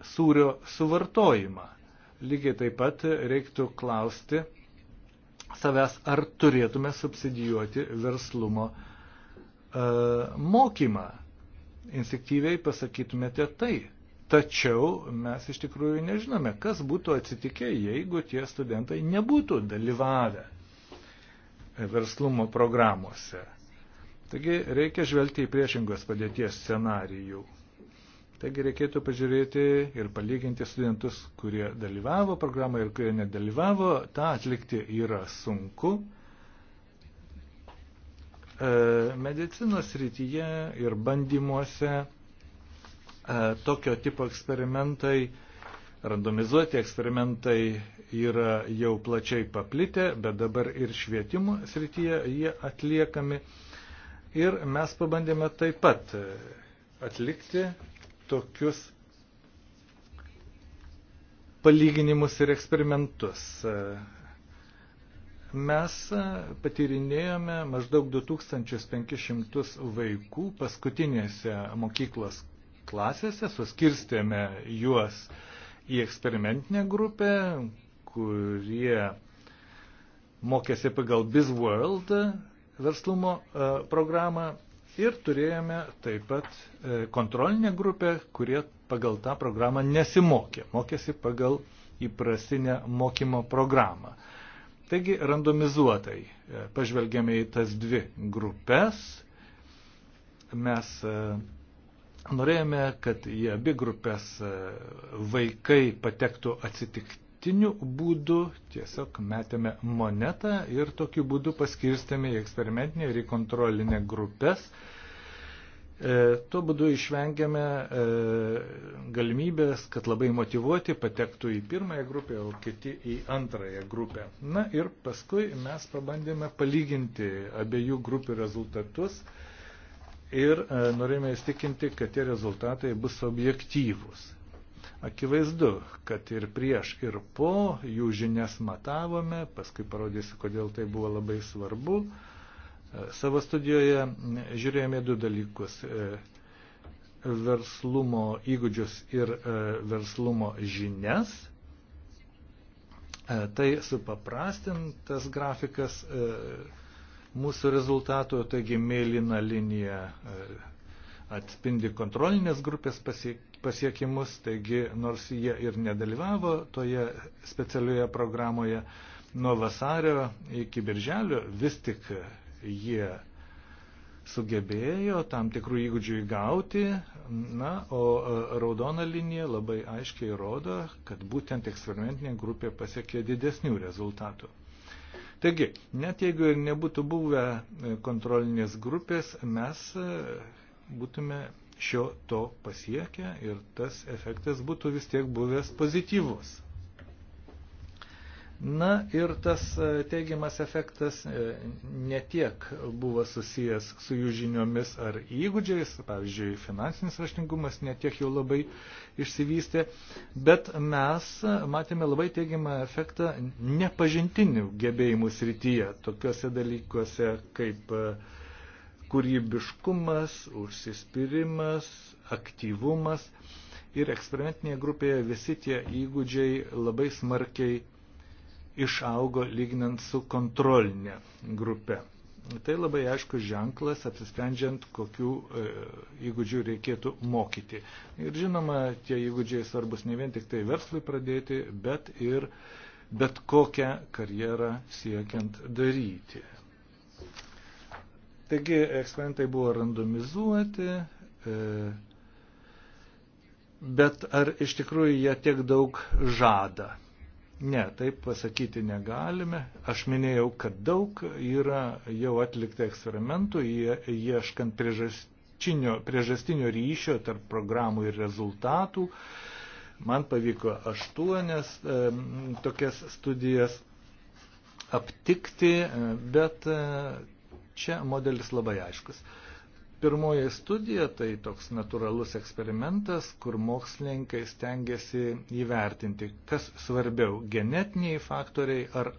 sūrio suvartojimą. Lygiai taip pat reiktų klausti savęs, ar turėtume subsidijuoti verslumo e, mokymą. Instinktyviai pasakytumėte tai. Tačiau mes iš tikrųjų nežinome, kas būtų atsitikę, jeigu tie studentai nebūtų dalyvavę verslumo programuose. Taigi reikia žvelgti į priešingos padėties scenarijų. Taigi reikėtų pažiūrėti ir palyginti studentus, kurie dalyvavo programoje ir kurie nedalyvavo. Ta atlikti yra sunku. E, medicinos rytyje ir bandymuose e, tokio tipo eksperimentai, randomizuoti eksperimentai yra jau plačiai paplitę, bet dabar ir švietimo srityje jie atliekami. Ir mes pabandėme taip pat e, atlikti tokius palyginimus ir eksperimentus. Mes patyrinėjome maždaug 2500 vaikų paskutinėse mokyklos klasėse, suskirstėme juos į eksperimentinę grupę, kurie mokėsi pagal BizWorld verslumo e, programą Ir turėjome taip pat e, kontrolinę grupę, kurie pagal tą programą nesimokė, mokėsi pagal įprastinę mokymo programą. Taigi randomizuotai e, pažvelgėme į tas dvi grupės. Mes e, norėjome, kad į abi grupės vaikai patektų atsitikti vienkartiniu būdu tiesiog metėme monetą ir tokiu būdu paskirstėme į eksperimentinę ir į kontrolinę grupės. E, tuo būdu išvengėme e, galimybės, kad labai motivuoti patektų į pirmąją grupę, o kiti į antrąją grupę. Na ir paskui mes pabandėme palyginti abiejų grupių rezultatus ir e, norėjome įstikinti, kad tie rezultatai bus objektyvūs. Akivaizdu, kad ir prieš, ir po jų žinias matavome, paskui parodysiu, kodėl tai buvo labai svarbu. E, savo studijoje žiūrėjome du dalykus e, - verslumo įgūdžius ir e, verslumo žinias. Tai supaprastintas grafikas mūsų rezultatų, taigi mėlyna linija atspindi kontrolinės grupės pasiekimą pasiekimus, taigi nors jie ir nedalyvavo toje specialioje programoje, nuo vasario iki birželio vis tik jie sugebėjo tam tikrų įgūdžių įgauti, na, o e, raudona linija labai aiškiai rodo, kad būtent eksperimentinė grupė pasiekė didesnių rezultatų. Taigi, net jeigu ir nebūtų buvę kontrolinės grupės, mes e, būtume šio to pasiekia ir tas efektas būtų vis tiek buvęs pozityvus. Na ir tas e, teigiamas efektas e, ne tiek buvo susijęs su jų žiniomis ar įgūdžiais, pavyzdžiui, finansinis raštingumas ne tiek jau labai išsivystė, bet mes matėme labai teigiamą efektą nepažintinių gebėjimų srityje, tokiuose dalykuose kaip uh, kūrybiškumas, užsispyrimas, aktyvumas. Ir eksperimentinėje grupėje visi tie įgūdžiai labai smarkiai išaugo lyginant su kontrolinė grupė. Tai labai aiškus ženklas, apsisprendžiant, kokių e, įgūdžių reikėtų mokyti. Ir žinoma, tie įgūdžiai svarbus ne vien tik tai verslui pradėti, bet ir bet kokią karjerą siekiant daryti. Taigi eksperimentai buvo randomizuoti, e, bet ar iš tikrųjų jie tiek daug žada? Ne, taip pasakyti negalime. Aš minėjau, kad daug yra jau atlikta eksperimentų, ieškant priežastinio, priežastinio ryšio tarp programų ir rezultatų. Man pavyko aštuonias e, tokias studijas aptikti, e, bet e, Čia modelis labai aiškus. Pirmoji studija tai toks natūralus eksperimentas, kur mokslininkai stengiasi įvertinti, kas svarbiau - genetiniai faktoriai ar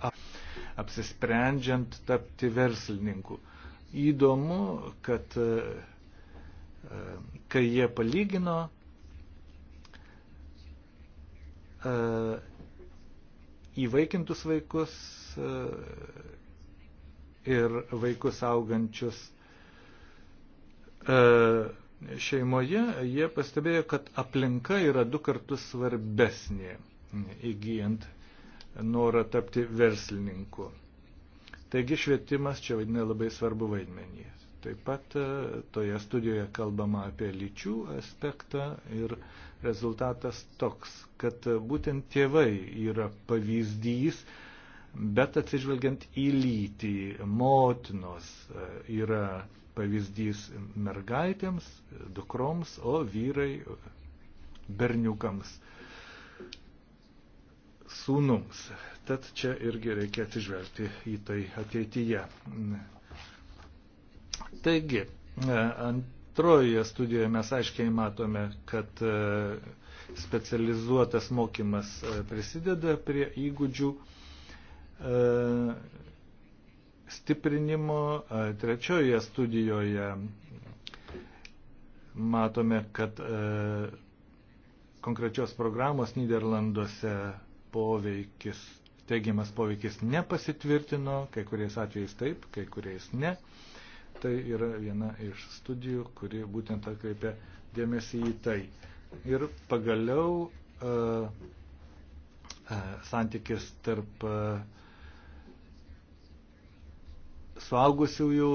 apsisprendžiant tapti verslininku. Įdomu, kad e, e, kai jie palygino e, įvaikintus vaikus ir vaikus augančius e, šeimoje, jie pastebėjo, kad aplinka yra du kartus svarbesnė įgyjant norą tapti verslininku. Taigi švietimas čia vaidina labai svarbu vaidmenį. Taip pat e, toje studijoje kalbama apie lyčių aspektą ir rezultatas toks, kad e, būtent tėvai yra pavyzdys, bet atsižvelgiant į lytį, motinos e, yra pavyzdys mergaitėms, dukroms, o vyrai berniukams, sūnums. Tad čia irgi reikia atsižvelgti į tai ateityje. Taigi, e, antrojoje studijoje mes aiškiai matome, kad e, specializuotas mokymas prisideda prie įgūdžių E, stiprinimo. E, trečioje studijoje matome, kad e, konkrečios programos Niderlanduose poveikis, teigiamas poveikis nepasitvirtino, kai kuriais atvejais taip, kai kuriais ne. Tai yra viena iš studijų, kuri būtent atkreipia dėmesį į tai. Ir pagaliau santykis tarp uh, suaugusiųjų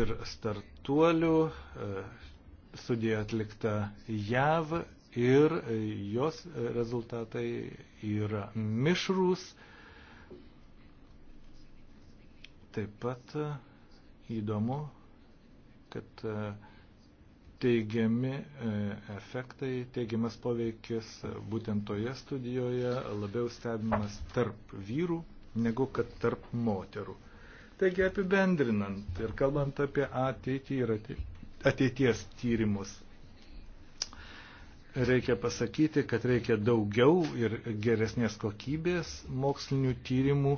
ir startuolių. E, Studija atlikta JAV ir e, jos rezultatai yra mišrūs. Taip pat e, įdomu, kad teigiami efektai, teigiamas poveikis būtent toje studijoje labiau stebimas tarp vyrų negu kad tarp moterų. Taigi apibendrinant ir kalbant apie ateitį ir ateities tyrimus, reikia pasakyti, kad reikia daugiau ir geresnės kokybės mokslinių tyrimų,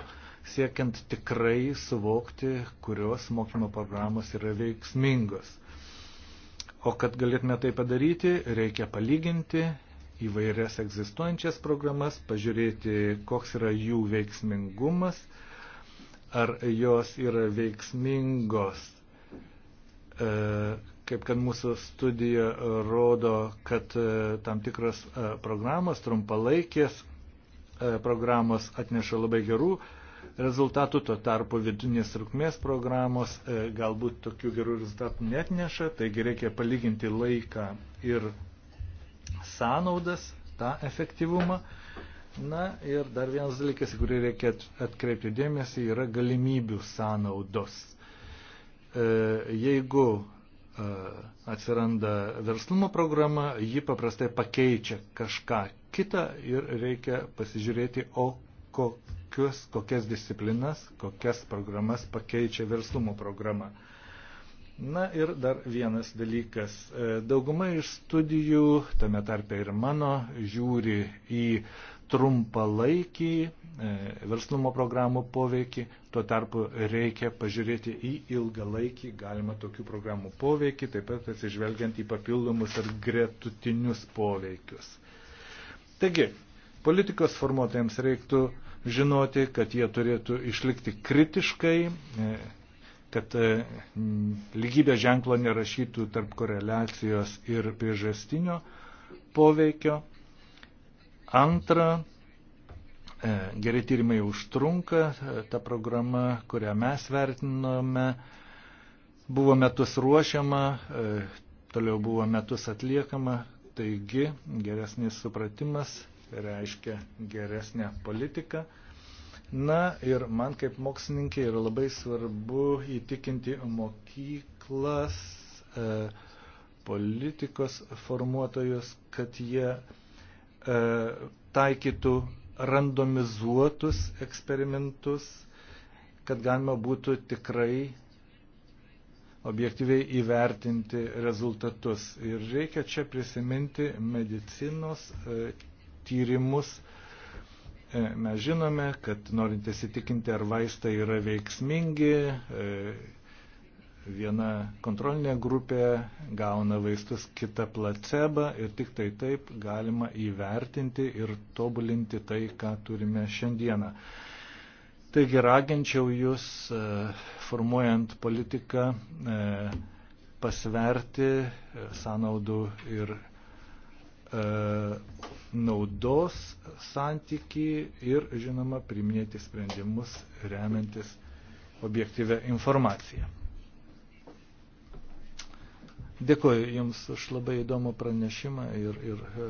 siekiant tikrai suvokti, kurios mokymo programos yra veiksmingos. O kad galėtume tai padaryti, reikia palyginti įvairias egzistuojančias programas, pažiūrėti, koks yra jų veiksmingumas, ar jos yra veiksmingos. E, kaip kad mūsų studija rodo, kad e, tam tikros e, programos, trumpalaikės programos atneša labai gerų rezultatų, tuo tarpu vidutinės trukmės programos galbūt tokių gerų rezultatų net neša, taigi reikia palyginti laiką ir sąnaudas, tą efektyvumą. Mhm Na ir dar vienas dalykas, į kurį reikia atkreipti dėmesį, yra galimybių sąnaudos. E, jeigu e, atsiranda verslumo programa, ji paprastai pakeičia kažką kitą ir reikia pasižiūrėti, o kokius, kokias disciplinas, kokias programas pakeičia verslumo programa. Na ir dar vienas dalykas. E, dauguma iš studijų, tame tarpe ir mano, žiūri į trumpalaikį e, verslumo programų poveikį, tuo tarpu reikia pažiūrėti į ilgalaikį galima tokių programų poveikį, taip pat atsižvelgiant į papildomus ar gretutinius poveikius. Taigi, politikos formuotojams reiktų žinoti, kad jie turėtų išlikti kritiškai, e, kad e, lygybė ženklo nerašytų tarp koreliacijos ir priežastinio poveikio Antra, e, geri tyrimai užtrunka, e, ta programa, kurią mes vertinome, buvo metus ruošiama, e, toliau buvo metus atliekama, taigi geresnis supratimas reiškia geresnę politiką. Na ir man kaip mokslininkė yra labai svarbu įtikinti mokyklas, politikos formuotojus, kad jie E, taikytų randomizuotus eksperimentus, kad galima būtų tikrai objektyviai įvertinti rezultatus. Ir reikia čia prisiminti medicinos e, tyrimus. E, mes žinome, kad norint įsitikinti, ar vaistai yra veiksmingi, Viena kontrolinė grupė gauna vaistus, kita placebą ir tik tai taip galima įvertinti ir tobulinti tai, ką turime šiandieną. Taigi raginčiau jūs, e, formuojant politiką, e, pasverti e, sąnaudų ir naudos santyki ir, žinoma, priminėti sprendimus remiantis objektyvę informaciją. Dėkuoju Jums už labai įdomų pranešimą ir, ir e,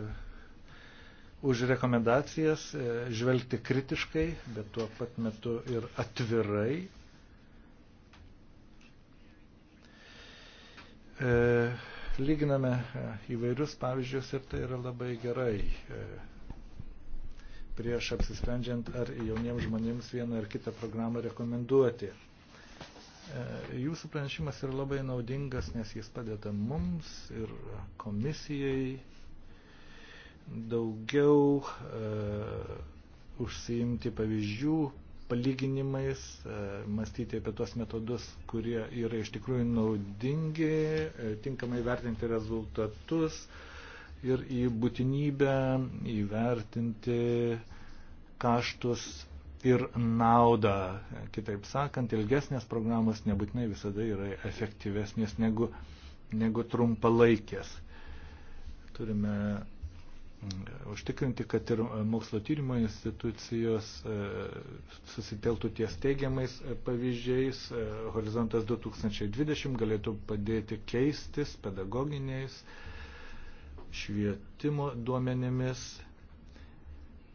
už rekomendacijas e, žvelgti kritiškai, bet tuo pat metu ir atvirai. E, lyginame įvairius pavyzdžius ir tai yra labai gerai prieš apsisprendžiant ar jauniems žmonėms vieną ar kitą programą rekomenduoti. E, jūsų pranešimas yra labai naudingas, nes jis padeda mums ir komisijai daugiau e, užsiimti pavyzdžių, palyginimais, e, mąstyti apie tos metodus, kurie yra iš tikrųjų naudingi, e, tinkamai vertinti rezultatus ir į būtinybę įvertinti kaštus ir naudą. Kitaip sakant, ilgesnės programos nebūtinai visada yra efektyvesnės negu, negu trumpalaikės. Turime mm, užtikrinti, kad ir mokslo tyrimo institucijos e, susiteltų ties teigiamais e, pavyzdžiais. E, Horizontas 2020 galėtų padėti keistis pedagoginiais švietimo duomenėmis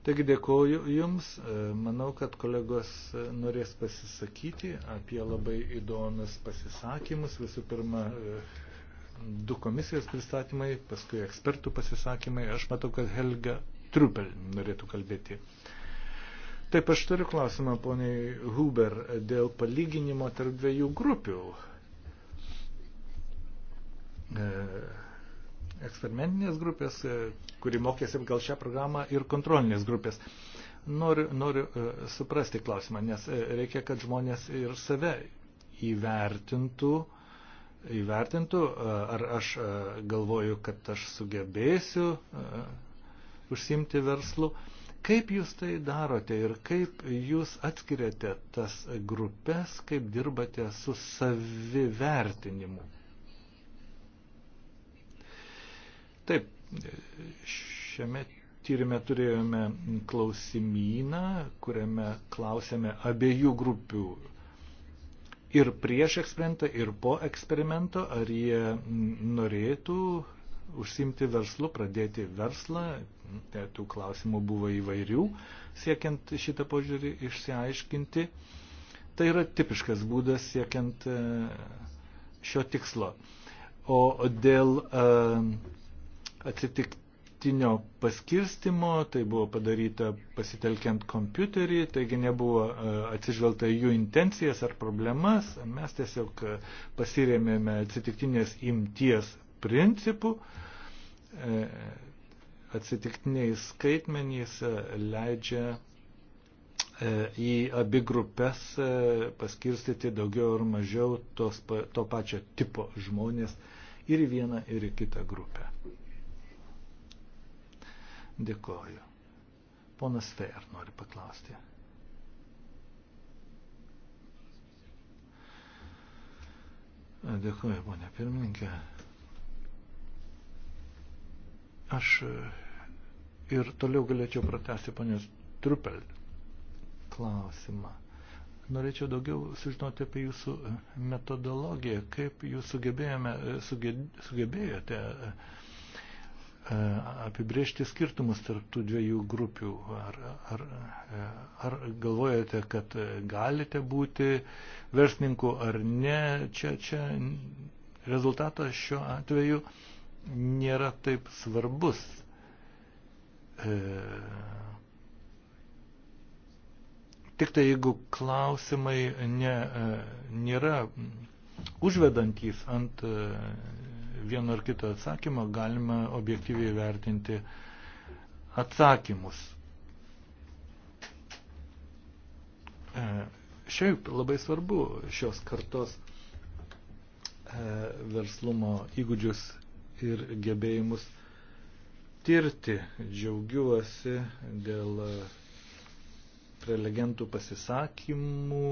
Taigi dėkoju Jums, e, manau, kad kolegos e, norės pasisakyti apie labai įdomius pasisakymus. Visų pirma, e, du komisijos pristatymai, paskui ekspertų pasisakymai. Aš matau, kad Helga Trupel norėtų kalbėti. Taip, aš turiu klausimą, poniai Huber, dėl palyginimo tarp dviejų grupių. E, eksperimentinės grupės, e, kuri mokėsi gal šią programą, ir kontrolinės grupės. Noriu, noriu e, suprasti klausimą, nes e, reikia, kad žmonės ir save įvertintų, įvertintų ar aš galvoju, kad aš sugebėsiu užsimti verslu. Kaip jūs tai darote ir kaip jūs atskiriate tas grupės, kaip dirbate su savivertinimu? Taip, šiame tyrimė turėjome klausimyną, kuriame klausėme abiejų grupių ir prieš eksperimentą, ir po eksperimento, ar jie norėtų užsimti verslu, pradėti verslą. Tų klausimų buvo įvairių, siekiant šitą požiūrį išsiaiškinti. Tai yra tipiškas būdas siekiant e, šio tikslo. O dėl e, atsitiktinio paskirstimo, tai buvo padaryta pasitelkiant kompiuterį, taigi nebuvo e, atsižvelgta į jų intencijas ar problemas, mes tiesiog e, pasirėmėme atsitiktinės imties principų, e, atsitiktiniai skaitmenys leidžia į abi grupės paskirstyti daugiau ar mažiau tos, to pačio tipo žmonės ir į vieną, ir į kitą grupę. Dėkoju. Ponas Fer nori paklausti. Dėkuoju, ponė pirmininkė. Aš ir toliau galėčiau pratesti ponios Trupel klausimą. Norėčiau daugiau sužinoti apie jūsų metodologiją, kaip jūs sugebėjome, suge, sugebėjote uh, E, apibriežti skirtumus tarp tų dviejų grupių. Ar, ar, e, ar galvojate, kad galite būti verslininku ar ne? Čia, čia rezultatas šiuo atveju nėra taip svarbus. E, tik tai jeigu klausimai ne, e, nėra užvedantys ant vieną ar kitą atsakymą, galima objektyviai vertinti atsakymus. E, šiaip labai svarbu šios kartos e, verslumo įgūdžius ir gebėjimus tirti. Džiaugiuosi dėl e, prelegentų pasisakymų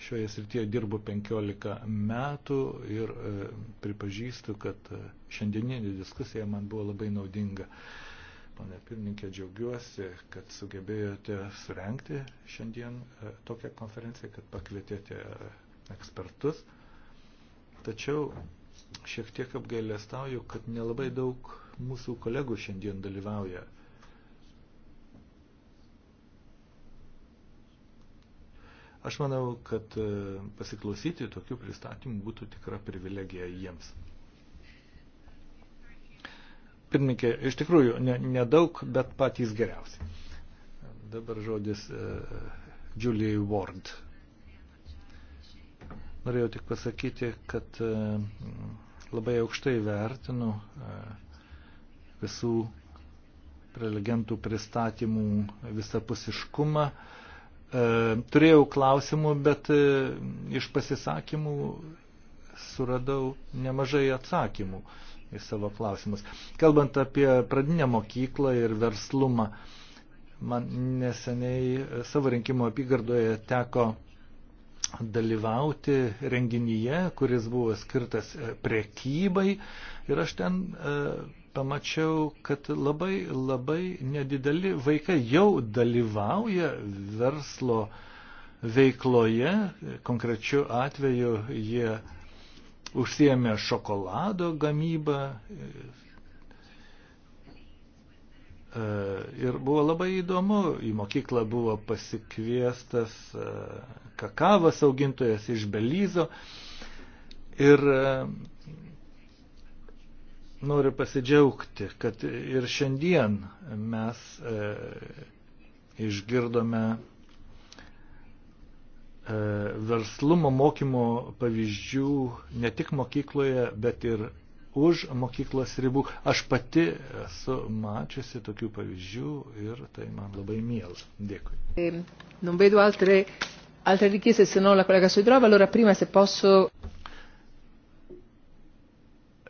Šioje srityje dirbu 15 metų ir e, pripažįstu, kad e, šiandieninė diskusija man buvo labai naudinga. Pane pirmininkė, džiaugiuosi, kad sugebėjote surenkti šiandien e, tokią konferenciją, kad pakvietėte ekspertus. Tačiau šiek tiek apgailestauju, kad nelabai daug mūsų kolegų šiandien dalyvauja Aš manau, kad e, pasiklausyti tokių pristatymų būtų tikra privilegija jiems. Pirmininkė, iš tikrųjų, nedaug, ne bet patys geriausi. Dabar žodis uh, Julie Ward. Norėjau tik pasakyti, kad uh, labai aukštai vertinu uh, visų prelegentų pristatymų visapusiškumą. Uh, E, turėjau klausimų, bet e, iš pasisakymų suradau nemažai atsakymų į savo klausimus. Kalbant apie pradinę mokyklą ir verslumą, man neseniai savo rinkimo apygardoje teko dalyvauti renginyje, kuris buvo skirtas prekybai ir aš ten e, pamačiau, kad labai labai nedideli vaikai jau dalyvauja verslo veikloje. Konkrečiu atveju jie užsiemė šokolado gamybą. E, ir buvo labai įdomu, į mokyklą buvo pasikviestas e, kakavas augintojas iš Belyzo. Ir e, noriu pasidžiaugti, kad ir šiandien mes e, išgirdome e, verslumo mokymo pavyzdžių ne tik mokykloje, bet ir už mokyklos ribų. Aš pati esu mačiusi tokių pavyzdžių ir tai man labai miela. Dėkui. E, non vedo altre, altre richieste se non la collega Soidrova, allora prima se posso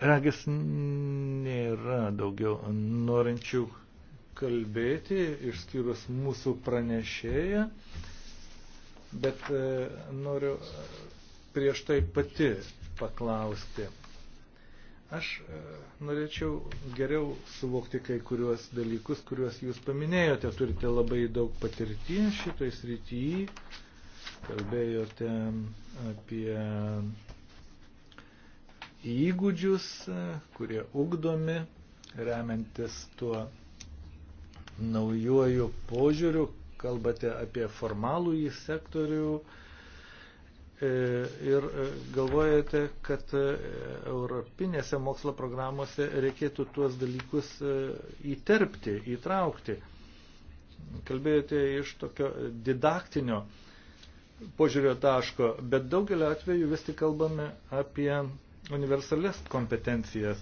Regis nėra daugiau norinčių kalbėti, išskyrus mūsų pranešėją, bet e, noriu e, prieš tai pati paklausti. Aš e, norėčiau geriau suvokti kai kuriuos dalykus, kuriuos jūs paminėjote. Turite labai daug patirties šitoj srityje. Kalbėjote apie įgūdžius, e, kurie ugdomi, remiantis tuo naujuoju požiūriu, kalbate apie formalų į sektorių e, ir e, galvojate, kad europinėse mokslo programuose reikėtų tuos dalykus įterpti, įtraukti. Kalbėjote iš tokio didaktinio požiūrio taško, bet daugelio atveju vis tik kalbame apie universales kompetencijas.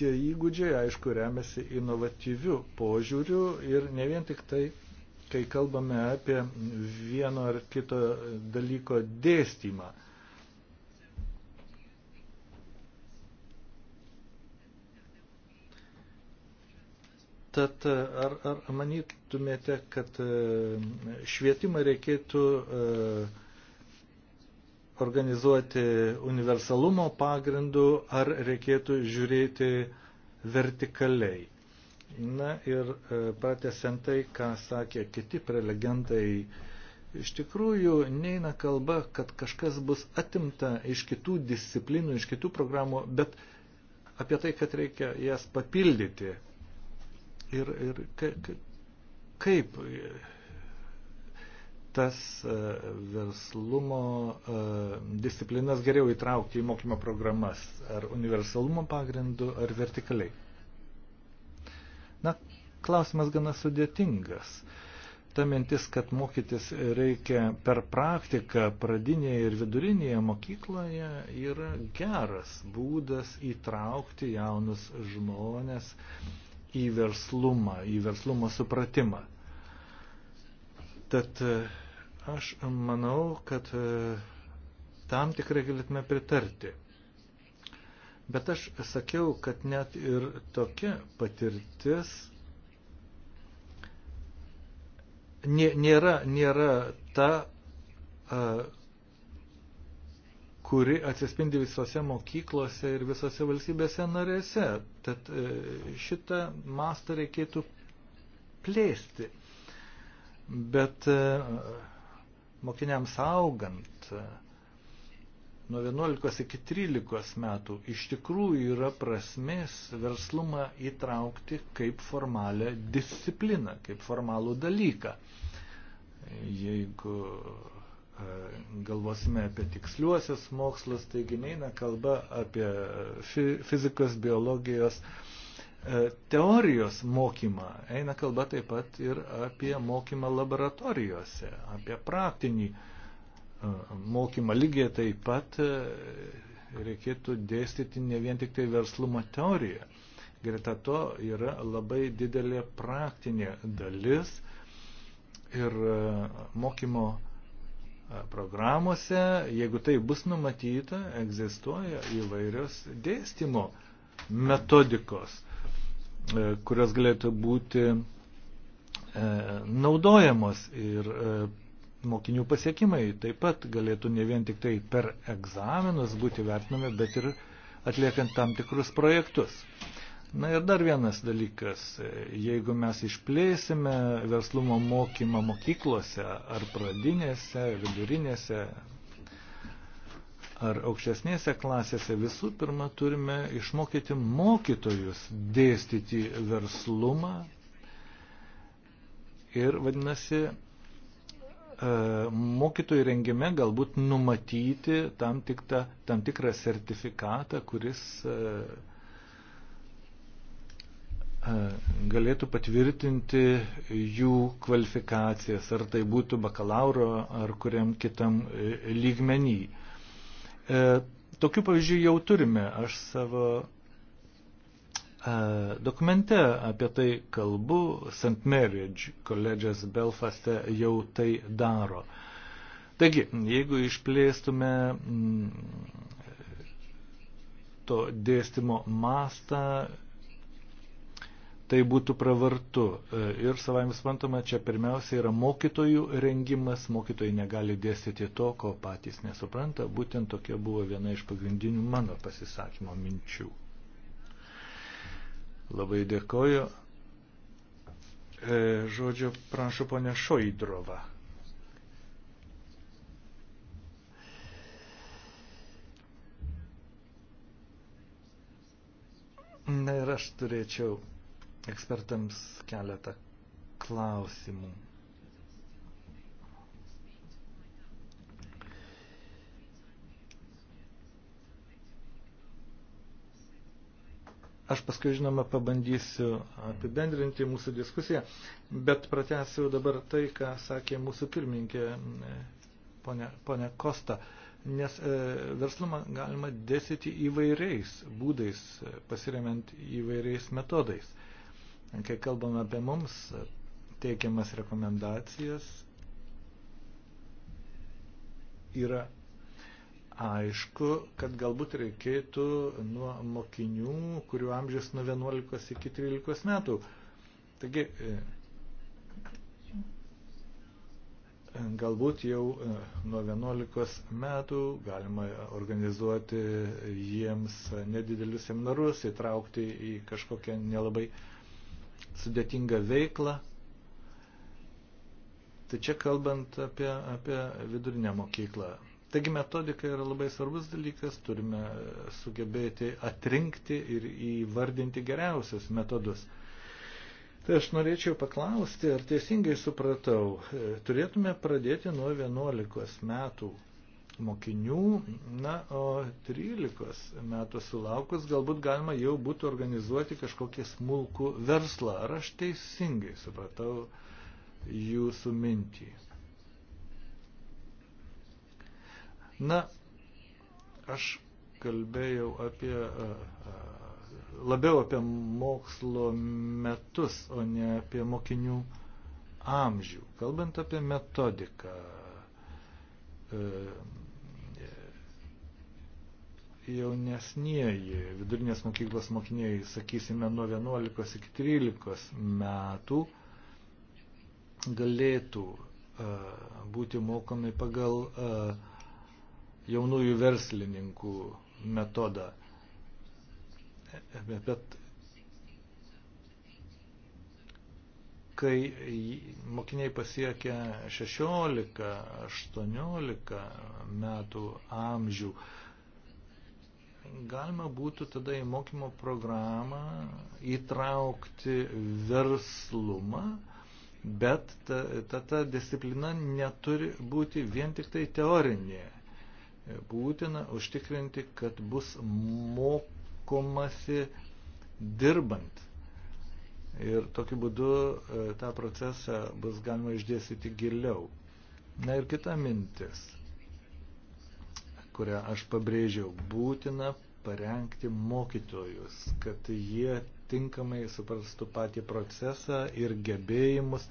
Tie įgūdžiai, aišku, remiasi inovatyviu požiūriu ir ne vien tik tai, kai kalbame apie vieno ar kito dalyko dėstymą. Tad ar, ar manytumėte, kad e, švietimą reikėtų uh, organizuoti universalumo pagrindu, ar reikėtų žiūrėti vertikaliai. Na ir e, pratesiant tai, ką sakė kiti prelegentai, iš tikrųjų neina kalba, kad kažkas bus atimta iš kitų disciplinų, iš kitų programų, bet apie tai, kad reikia jas papildyti. Ir, ir kaip tas e, verslumo e, disciplinas geriau įtraukti į mokymo programas? Ar universalumo pagrindu, ar vertikaliai? Na, klausimas gana sudėtingas. Ta mintis, kad mokytis reikia per praktiką pradinėje ir vidurinėje mokykloje, yra geras būdas įtraukti jaunus žmonės į verslumą, į verslumo supratimą. Tad e, aš manau, kad e, tam tikrai galėtume pritarti. Bet aš sakiau, kad net ir tokia patirtis nėra, nėra ta, e, kuri atsispindi visose mokyklose ir visose valstybėse narėse. Tad šitą mastą reikėtų plėsti. Bet e, mokiniams augant e, nuo 11 iki 13 metų iš tikrųjų yra prasmės verslumą įtraukti kaip formalią discipliną, kaip formalų dalyką. Jeigu e, galvosime apie tiksliuosius mokslus, taigi neina kalba apie fizikos, biologijos, E, teorijos mokymą. Eina kalba taip pat ir apie mokymą laboratorijose, apie praktinį e, mokymą. Lygiai taip pat e, reikėtų dėstyti ne vien tik tai verslumo teoriją. Greta to yra labai didelė praktinė dalis ir mokymo programuose, jeigu tai bus numatyta, egzistuoja įvairios dėstymo metodikos. E, kurios galėtų būti e, naudojamos ir e, mokinių pasiekimai taip pat galėtų ne vien tik tai per egzaminus būti vertinami, bet ir atliekant tam tikrus projektus. Na ir dar vienas dalykas, jeigu mes išplėsime verslumo mokymą mokyklose ar pradinėse, vidurinėse, ar aukštesnėse klasėse, visų pirma turime išmokyti mokytojus dėstyti verslumą ir vadinasi, e, mokytojų rengime galbūt numatyti tam, tiktą, tam tikrą sertifikatą, kuris e, e, galėtų patvirtinti jų kvalifikacijas, ar tai būtų bakalauro ar kuriam kitam lygmenyje. E, tokių pavyzdžių jau turime. Aš savo e, dokumente apie tai kalbu. St. Marriage koledžas Belfaste jau tai daro. Taigi, jeigu išplėstume m, mm, to dėstymo mastą, tai būtų pravartu. E, ir savaime suprantama, čia pirmiausia yra mokytojų rengimas, mokytojai negali dėstyti to, ko patys nesupranta. Būtent tokia buvo viena iš pagrindinių mano pasisakymo minčių. Labai dėkoju. E, žodžio prašau ponia Šoidrova. Na ir aš turėčiau ekspertams keletą klausimų. Aš paskui, žinoma, pabandysiu apibendrinti mūsų diskusiją, bet pratęsiu dabar tai, ką sakė mūsų pirmininkė ponė, e, ponė Kosta nes e, verslumą galima dėsyti įvairiais būdais, e, pasiremiant įvairiais metodais. E, Kai kalbame apie mums teikiamas rekomendacijas, yra aišku, kad galbūt reikėtų nuo mokinių, kurių amžius nuo 11 iki 13 metų. Taigi, e, galbūt jau e, nuo 11 metų galima organizuoti jiems nedidelius seminarus, įtraukti į kažkokią nelabai uh, sudėtingą veiklą. Tai čia kalbant apie, apie vidurinę mokyklą. Taigi metodika yra labai svarbus dalykas, turime sugebėti atrinkti ir įvardinti geriausius metodus. Tai aš norėčiau paklausti, ar teisingai supratau, turėtume pradėti nuo 11 metų mokinių, na, o 13 metų sulaukus galbūt galima jau būtų organizuoti kažkokį smulkų verslą. Ar aš teisingai supratau jūsų mintį? Na, aš kalbėjau apie labiau apie mokslo metus, o ne apie mokinių amžių. Kalbant apie metodiką, e, jaunesnieji, vidurinės mokyklos mokiniai, sakysime, nuo 11 iki 13 metų galėtų e, būti mokomi pagal e, jaunųjų verslininkų metodą. E, bet kai mokiniai pasiekia 16-18 metų amžių, galima būtų tada į mokymo programą įtraukti verslumą, bet ta, ta, ta disciplina neturi būti vien tik tai teorinė. Būtina užtikrinti, kad bus mokomasi dirbant. Ir tokiu būdu e, tą procesą bus galima išdėstyti giliau. Na ir kita mintis – kurią aš pabrėžiau, būtina parengti mokytojus, kad jie tinkamai suprastų patį procesą ir gebėjimus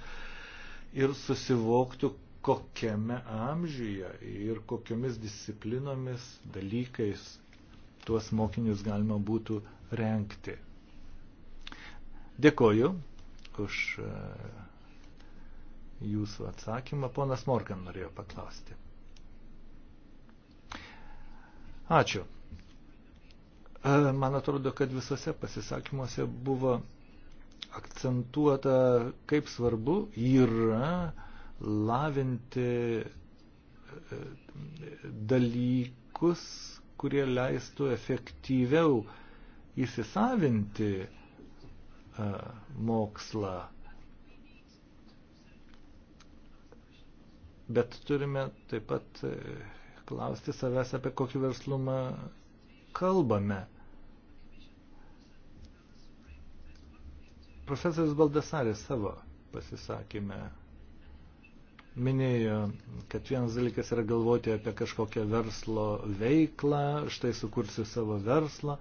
ir susivoktų, kokiame amžiuje ir kokiomis disciplinomis, dalykais tuos mokinius galima būtų renkti. Dėkoju už e, jūsų atsakymą. Ponas Morgan norėjo paklausti. Ačiū. E, man atrodo, kad visose pasisakymuose buvo akcentuota, kaip svarbu yra lavinti e, dalykus, kurie leistų efektyviau įsisavinti e, mokslą. Bet turime taip pat klausti savęs, apie kokį verslumą kalbame. Profesorius Baldasaris savo pasisakymę minėjo, kad vienas dalykas yra galvoti apie kažkokią verslo veiklą, štai sukursiu savo verslą.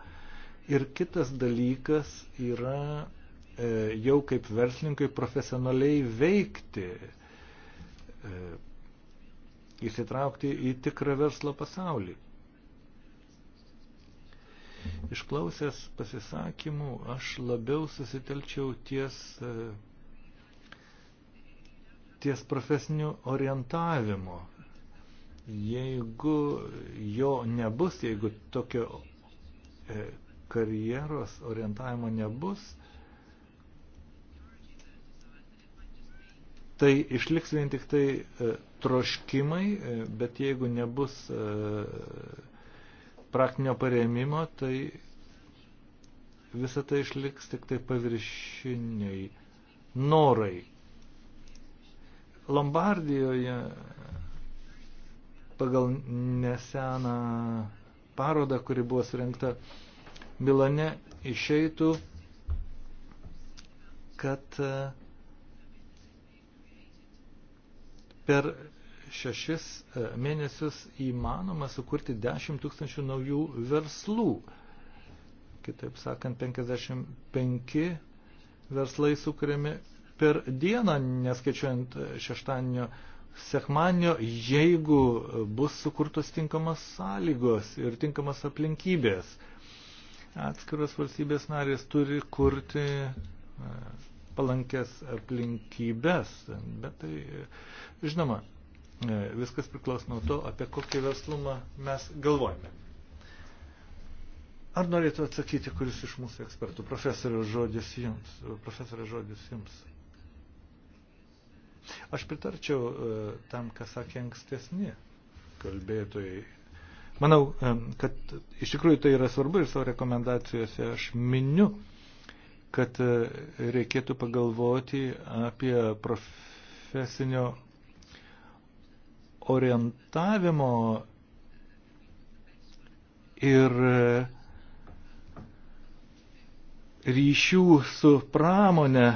Ir kitas dalykas yra e, jau kaip verslininkui profesionaliai veikti, e, įsitraukti į tikrą verslo pasaulį. Išklausęs pasisakymų, aš labiau susitelčiau ties, e, ties profesiniu orientavimu. Jeigu jo nebus, jeigu tokio e, karjeros orientavimo nebus, tai išliks vien tik tai e, troškimai, e, bet jeigu nebus e, praktinio paremimo, tai visą tai išliks tik tai paviršiniai norai. Lombardijoje pagal neseną parodą, kuri buvo surinkta Milane, išeitų, kad uh, per šešis e, mėnesius įmanoma sukurti 10 tūkstančių naujų verslų. Kitaip sakant, 55 verslai sukūrėme per dieną, neskaičiuojant šeštadienio sekmanio, jeigu bus sukurtos tinkamas sąlygos ir tinkamas aplinkybės. Atskiros valstybės narės turi kurti e, palankės aplinkybės. Bet tai, žinoma, viskas priklauso nuo to, apie kokį verslumą mes galvojame. Ar norėtų atsakyti, kuris iš mūsų ekspertų? Profesorius žodis jums. Profesorius žodis jums. Aš pritarčiau e, tam, ką sakė ankstesni kalbėtojai. Manau, e, kad iš tikrųjų tai yra svarbu ir savo rekomendacijose aš miniu kad e, reikėtų pagalvoti apie profesinio orientavimo ir e, ryšių su pramonė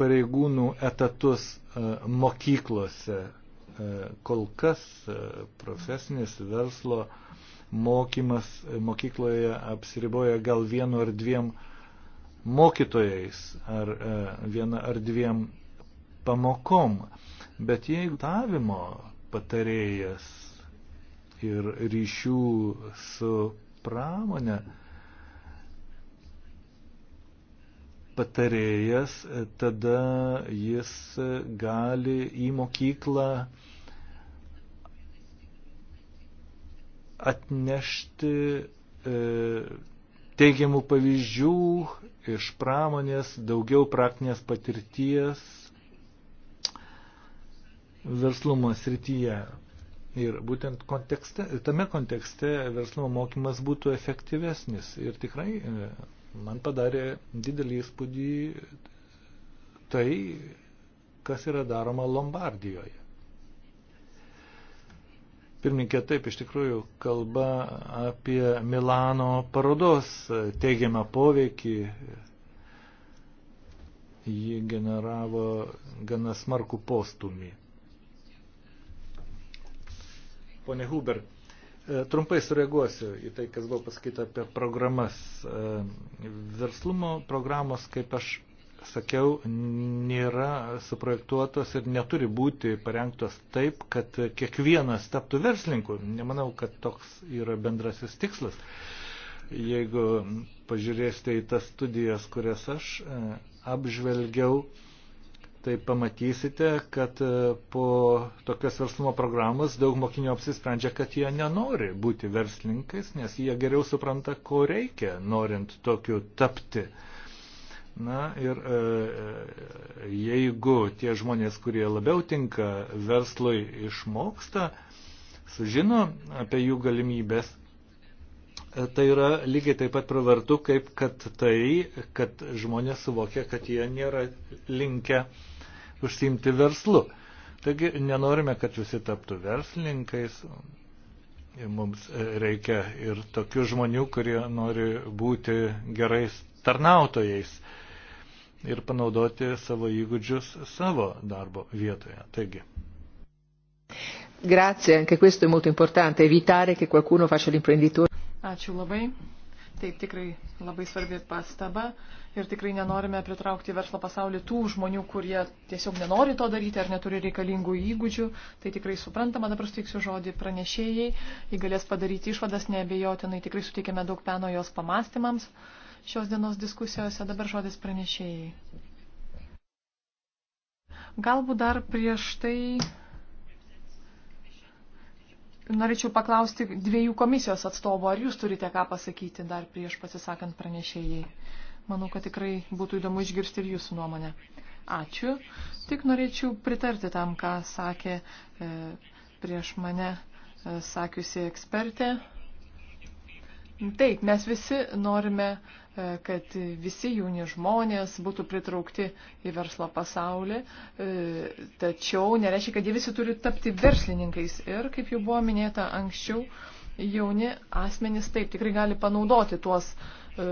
pareigūnų etatus e, mokyklose. Kol kas profesinis verslo mokymas mokykloje apsiriboja gal vienu ar dviem mokytojais ar e, viena ar dviem pamokom. Bet jeigu tavimo patarėjas ir ryšių su pramonė patarėjas, e, tada jis gali į mokyklą atnešti e, teigiamų pavyzdžių iš pramonės, daugiau praktinės patirties verslumo srityje. Ir būtent kontekste, tame kontekste verslumo mokymas būtų efektyvesnis. Ir tikrai e, man padarė didelį įspūdį tai, kas yra daroma Lombardijoje. Pirminkė, taip, iš tikrųjų, kalba apie Milano parodos teigiamą poveikį. Ji generavo gana smarkų postumį. Pone Huber, e, Trumpai sureaguosiu į tai, kas buvo pasakyta apie programas. E, verslumo programos, kaip aš sakiau, nėra suprojektuotos ir neturi būti parengtos taip, kad kiekvienas taptų verslininku. Nemanau, kad toks yra bendrasis tikslas. Jeigu pažiūrėsite į tas studijas, kurias aš e, apžvelgiau, tai pamatysite, kad e, po tokios verslumo programos daug mokinių apsisprendžia, kad jie nenori būti verslininkais, nes jie geriau supranta, ko reikia, norint tokiu tapti. Uh, Na ir e, e, jeigu tie žmonės, kurie labiau tinka verslui, išmoksta, sužino apie jų galimybės, e, tai yra lygiai taip pat pravartu, kaip kad tai, kad žmonės suvokia, kad jie nėra linkę užsiimti verslu. Taigi nenorime, kad visi taptų verslininkais. Mums reikia ir tokių žmonių, kurie nori būti gerais tarnautojais ir panaudoti savo įgūdžius savo darbo vietoje. Taigi. Grazie, anche questo è molto importante, evitare che qualcuno faccia l'imprenditore. Ačiū labai. Taip tikrai labai svarbi pastaba ir tikrai nenorime pritraukti verslo pasaulį tų žmonių, kurie tiesiog nenori to daryti ar neturi reikalingų įgūdžių. Tai tikrai suprantama, dabar suteiksiu žodį pranešėjai, jį galės padaryti išvadas, neabejotinai tikrai suteikėme daug peno jos pamastymams šios dienos diskusijose. Dabar žodis pranešėjai. Galbūt dar prieš tai norėčiau paklausti dviejų komisijos atstovų, ar jūs turite ką pasakyti dar prieš pasisakant pranešėjai. Manau, kad tikrai būtų įdomu išgirsti ir jūsų nuomonę. Ačiū. Tik norėčiau pritarti tam, ką sakė e, prieš mane e, sakiusi ekspertė. Taip, mes visi norime E, kad visi jauni žmonės būtų pritraukti į verslo pasaulį, e, tačiau nereiškia, kad jie visi turi tapti verslininkais. Ir, kaip jau buvo minėta anksčiau, jauni asmenys taip tikrai gali panaudoti tuos e,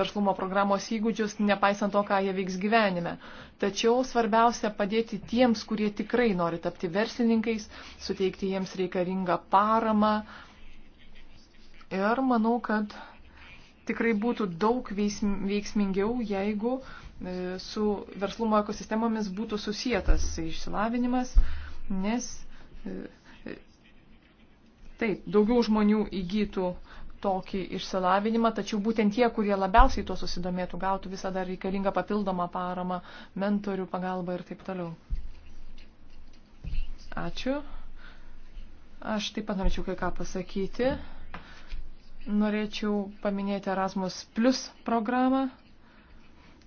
verslumo programos įgūdžius, nepaisant to, ką jie veiks gyvenime. Tačiau svarbiausia padėti tiems, kurie tikrai nori tapti verslininkais, suteikti jiems reikalingą paramą. Ir manau, kad tikrai būtų daug veiksmingiau, jeigu e, su verslumo ekosistemomis būtų susijęs išsilavinimas, nes e, e, taip, daugiau žmonių įgytų tokį išsilavinimą, tačiau būtent tie, kurie labiausiai tuo susidomėtų, gautų visada reikalingą papildomą paramą, mentorių pagalbą ir taip toliau. Ačiū. Aš taip pat norėčiau kai ką pasakyti. Norėčiau paminėti Erasmus Plus programą.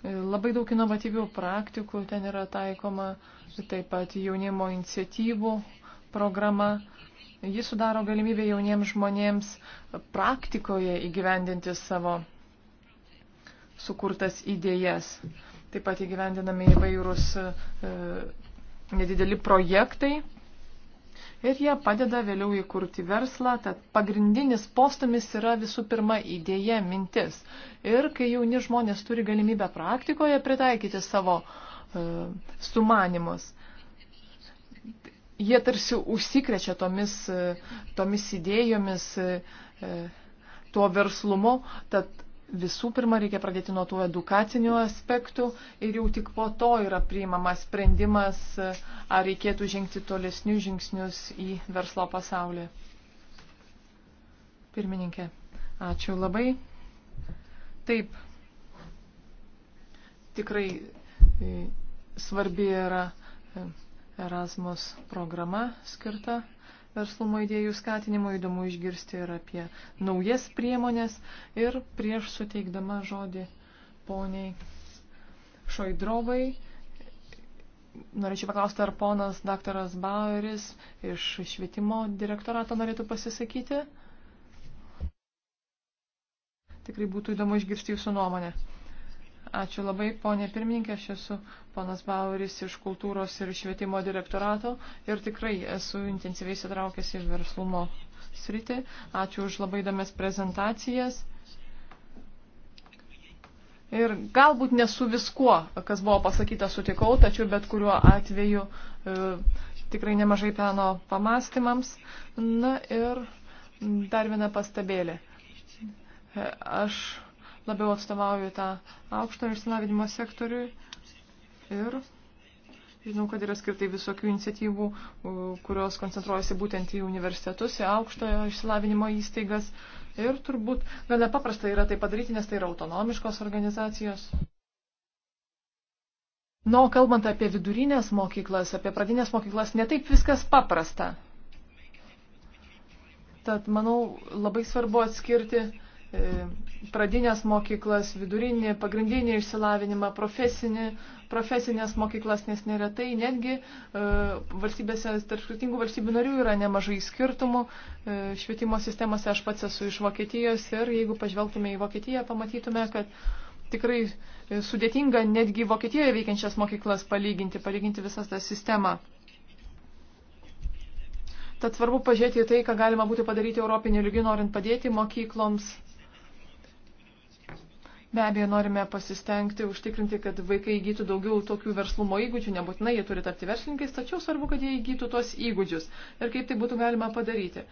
Labai daug inovatyvių praktikų ten yra taikoma, taip pat jaunimo iniciatyvų programa. Jis sudaro galimybę jauniems žmonėms praktikoje įgyvendinti savo sukurtas idėjas. Taip pat įgyvendinami įvairūs e, nedideli projektai, ir jie padeda vėliau įkurti verslą, tad pagrindinis postumis yra visų pirma idėja, mintis. Ir kai jauni žmonės turi galimybę praktikoje pritaikyti savo e, sumanimus, jie tarsi užsikrečia tomis, e, tomis idėjomis, e, e tuo verslumu, tad visų pirma reikia pradėti nuo tų edukacinių aspektų ir jau tik po to yra priimamas sprendimas, ar reikėtų žengti tolesnius žingsnius į verslo pasaulį. Pirmininkė, ačiū labai. Taip, tikrai e, svarbi yra e, Erasmus programa skirta verslumo idėjų skatinimo. Įdomu išgirsti ir apie naujas priemonės. Ir prieš suteikdama žodį poniai Šoidrovai, norėčiau paklausti, ar ponas daktaras Baueris iš švietimo direktorato norėtų pasisakyti. Tikrai būtų įdomu išgirsti jūsų nuomonę. Ačiū labai, ponė pirmininkė, aš esu ponas Baueris iš kultūros ir švietimo direktorato ir tikrai esu intensyviai įsitraukęs į verslumo sritį. Ačiū už labai įdomias prezentacijas. Ir galbūt nesu viskuo, kas buvo pasakyta, sutikau, tačiau bet kuriuo atveju e, tikrai nemažai peno pamastymams. Na ir dar viena pastabėlė. E, aš labiau atstovauju tą aukšto išsilavinimo sektorių ir žinau, kad yra skirtai visokių iniciatyvų, kurios koncentruojasi būtent į universitetus, į aukštojo išsilavinimo įstaigas ir turbūt gana paprasta yra tai padaryti, nes tai yra autonomiškos organizacijos. Na, o kalbant apie vidurinės mokyklas, apie pradinės mokyklas, netaip viskas paprasta. Tad, manau, labai svarbu atskirti E, pradinės mokyklas, vidurinį, pagrindinį išsilavinimą, profesinį, profesinės mokyklas, nes neretai netgi e, valstybėse, tarp skirtingų valstybių narių yra nemažai skirtumų. E, švietimo sistemose aš pats esu iš Vokietijos ir jeigu pažvelgtume į Vokietiją, pamatytume, kad tikrai sudėtinga netgi Vokietijoje veikiančias mokyklas palyginti, palyginti visą tą sistemą. Tad svarbu pažiūrėti į tai, ką galima būtų padaryti Europinį lygių, norint padėti mokykloms Be abejo, norime pasistengti užtikrinti, kad vaikai įgytų daugiau tokių verslumo įgūdžių, nebūtinai jie turi tapti verslininkais, tačiau svarbu, kad jie įgytų tuos įgūdžius ir kaip tai būtų galima padaryti.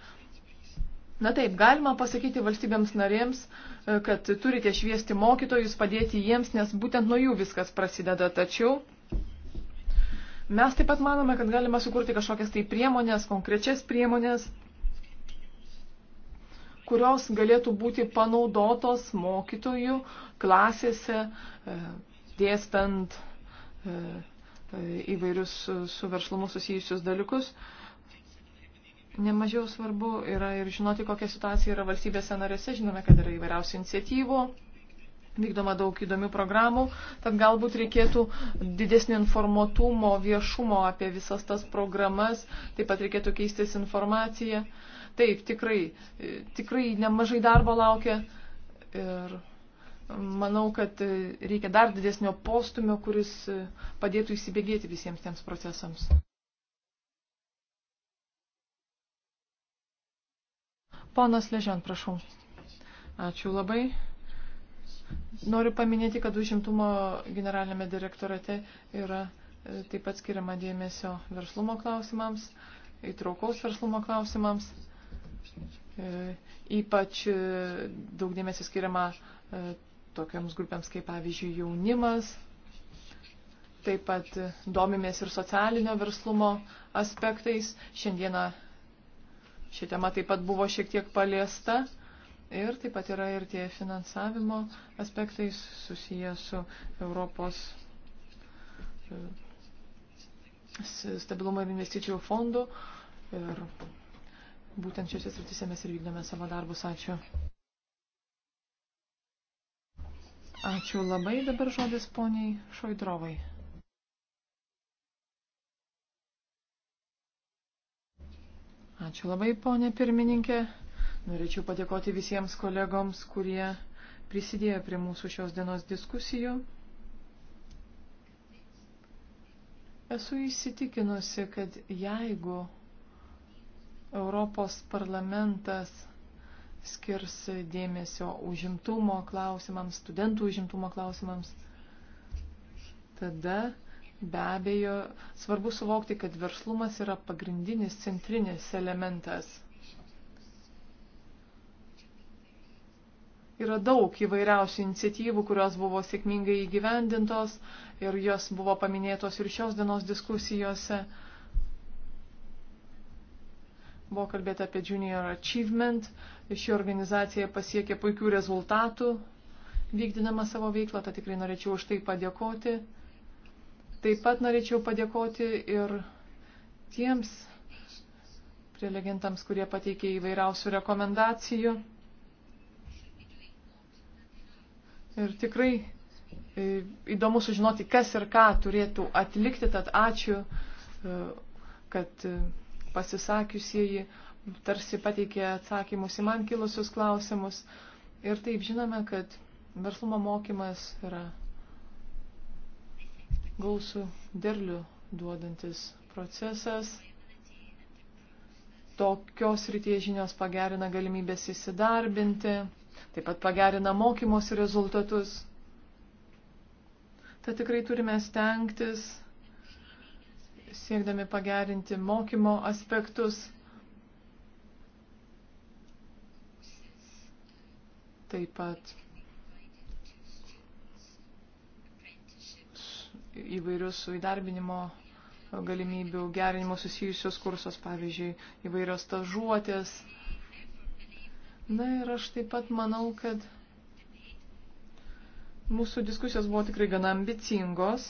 Na taip, galima pasakyti valstybėms narėms, e, kad turite šviesti mokytojus, padėti jiems, nes būtent nuo jų viskas prasideda, tačiau mes taip pat manome, kad galima sukurti kažkokias tai priemonės, konkrečias priemonės, kurios galėtų būti panaudotos mokytojų klasėse, e, dėstant e, e, įvairius su verslumu susijusius dalykus. Nemažiau svarbu yra ir žinoti, kokia situacija yra valstybėse narėse. Žinome, kad yra įvairiausių iniciatyvų, vykdoma daug įdomių programų, tad galbūt reikėtų didesnio informuotumo, viešumo apie visas tas programas, taip pat reikėtų keistis informaciją. Uh, Taip, tikrai, e, tikrai nemažai darbo laukia ir manau, kad e, reikia dar didesnio postumio, kuris e, padėtų įsibėgėti visiems tiems procesams. Ponas Ležian, prašau. Ačiū labai. Noriu paminėti, kad užimtumo generalinėme direktorate yra taip pat skiriama dėmesio verslumo klausimams, įtraukaus verslumo klausimams. E, ypač e, daug dėmesio skiriama e, tokiams grupėms kaip pavyzdžiui jaunimas. Taip pat domimės ir socialinio verslumo aspektais. Šiandieną ši tema taip pat buvo šiek tiek paliesta. Ir taip pat yra ir tie finansavimo aspektai susiję su Europos stabilumo ir investicijų fondu. Ir Būtent šiose srityse mes ir vykdome savo darbus. Ačiū. Ačiū labai. Dabar žodis poniai Šoidrovai. Ačiū labai, ponė pirmininkė. Norėčiau padėkoti visiems kolegoms, kurie prisidėjo prie mūsų šios dienos diskusijų. Esu įsitikinusi, kad jeigu Europos parlamentas skirs dėmesio užimtumo klausimams, studentų užimtumo klausimams, tada be abejo svarbu suvokti, kad verslumas yra pagrindinis centrinis elementas. Yra daug įvairiausių iniciatyvų, kurios buvo sėkmingai įgyvendintos ir jos buvo paminėtos ir šios dienos diskusijose. Buvo kalbėta apie Junior Achievement. Ši organizacija pasiekė puikių rezultatų vykdinama savo veiklą, tad tikrai norėčiau už tai padėkoti. Taip pat norėčiau padėkoti ir tiems prelegentams, kurie pateikė įvairiausių rekomendacijų. Ir tikrai e, įdomu sužinoti, kas ir ką turėtų atlikti, tad ačiū, e, kad e, pasisakiusieji tarsi pateikė atsakymus į man kilusius klausimus. Ir taip žinome, kad verslumo mokymas yra gausų derlių duodantis procesas. Tokios ryties žinios pagerina galimybės įsidarbinti, taip pat pagerina mokymosi rezultatus. Tad tikrai turime stengtis siekdami pagerinti mokymo aspektus. Taip pat įvairius su įdarbinimo galimybių gerinimo susijusios kursos, pavyzdžiui, įvairios stažuotės. Na ir aš taip pat manau, kad mūsų diskusijos buvo tikrai gana ambicingos.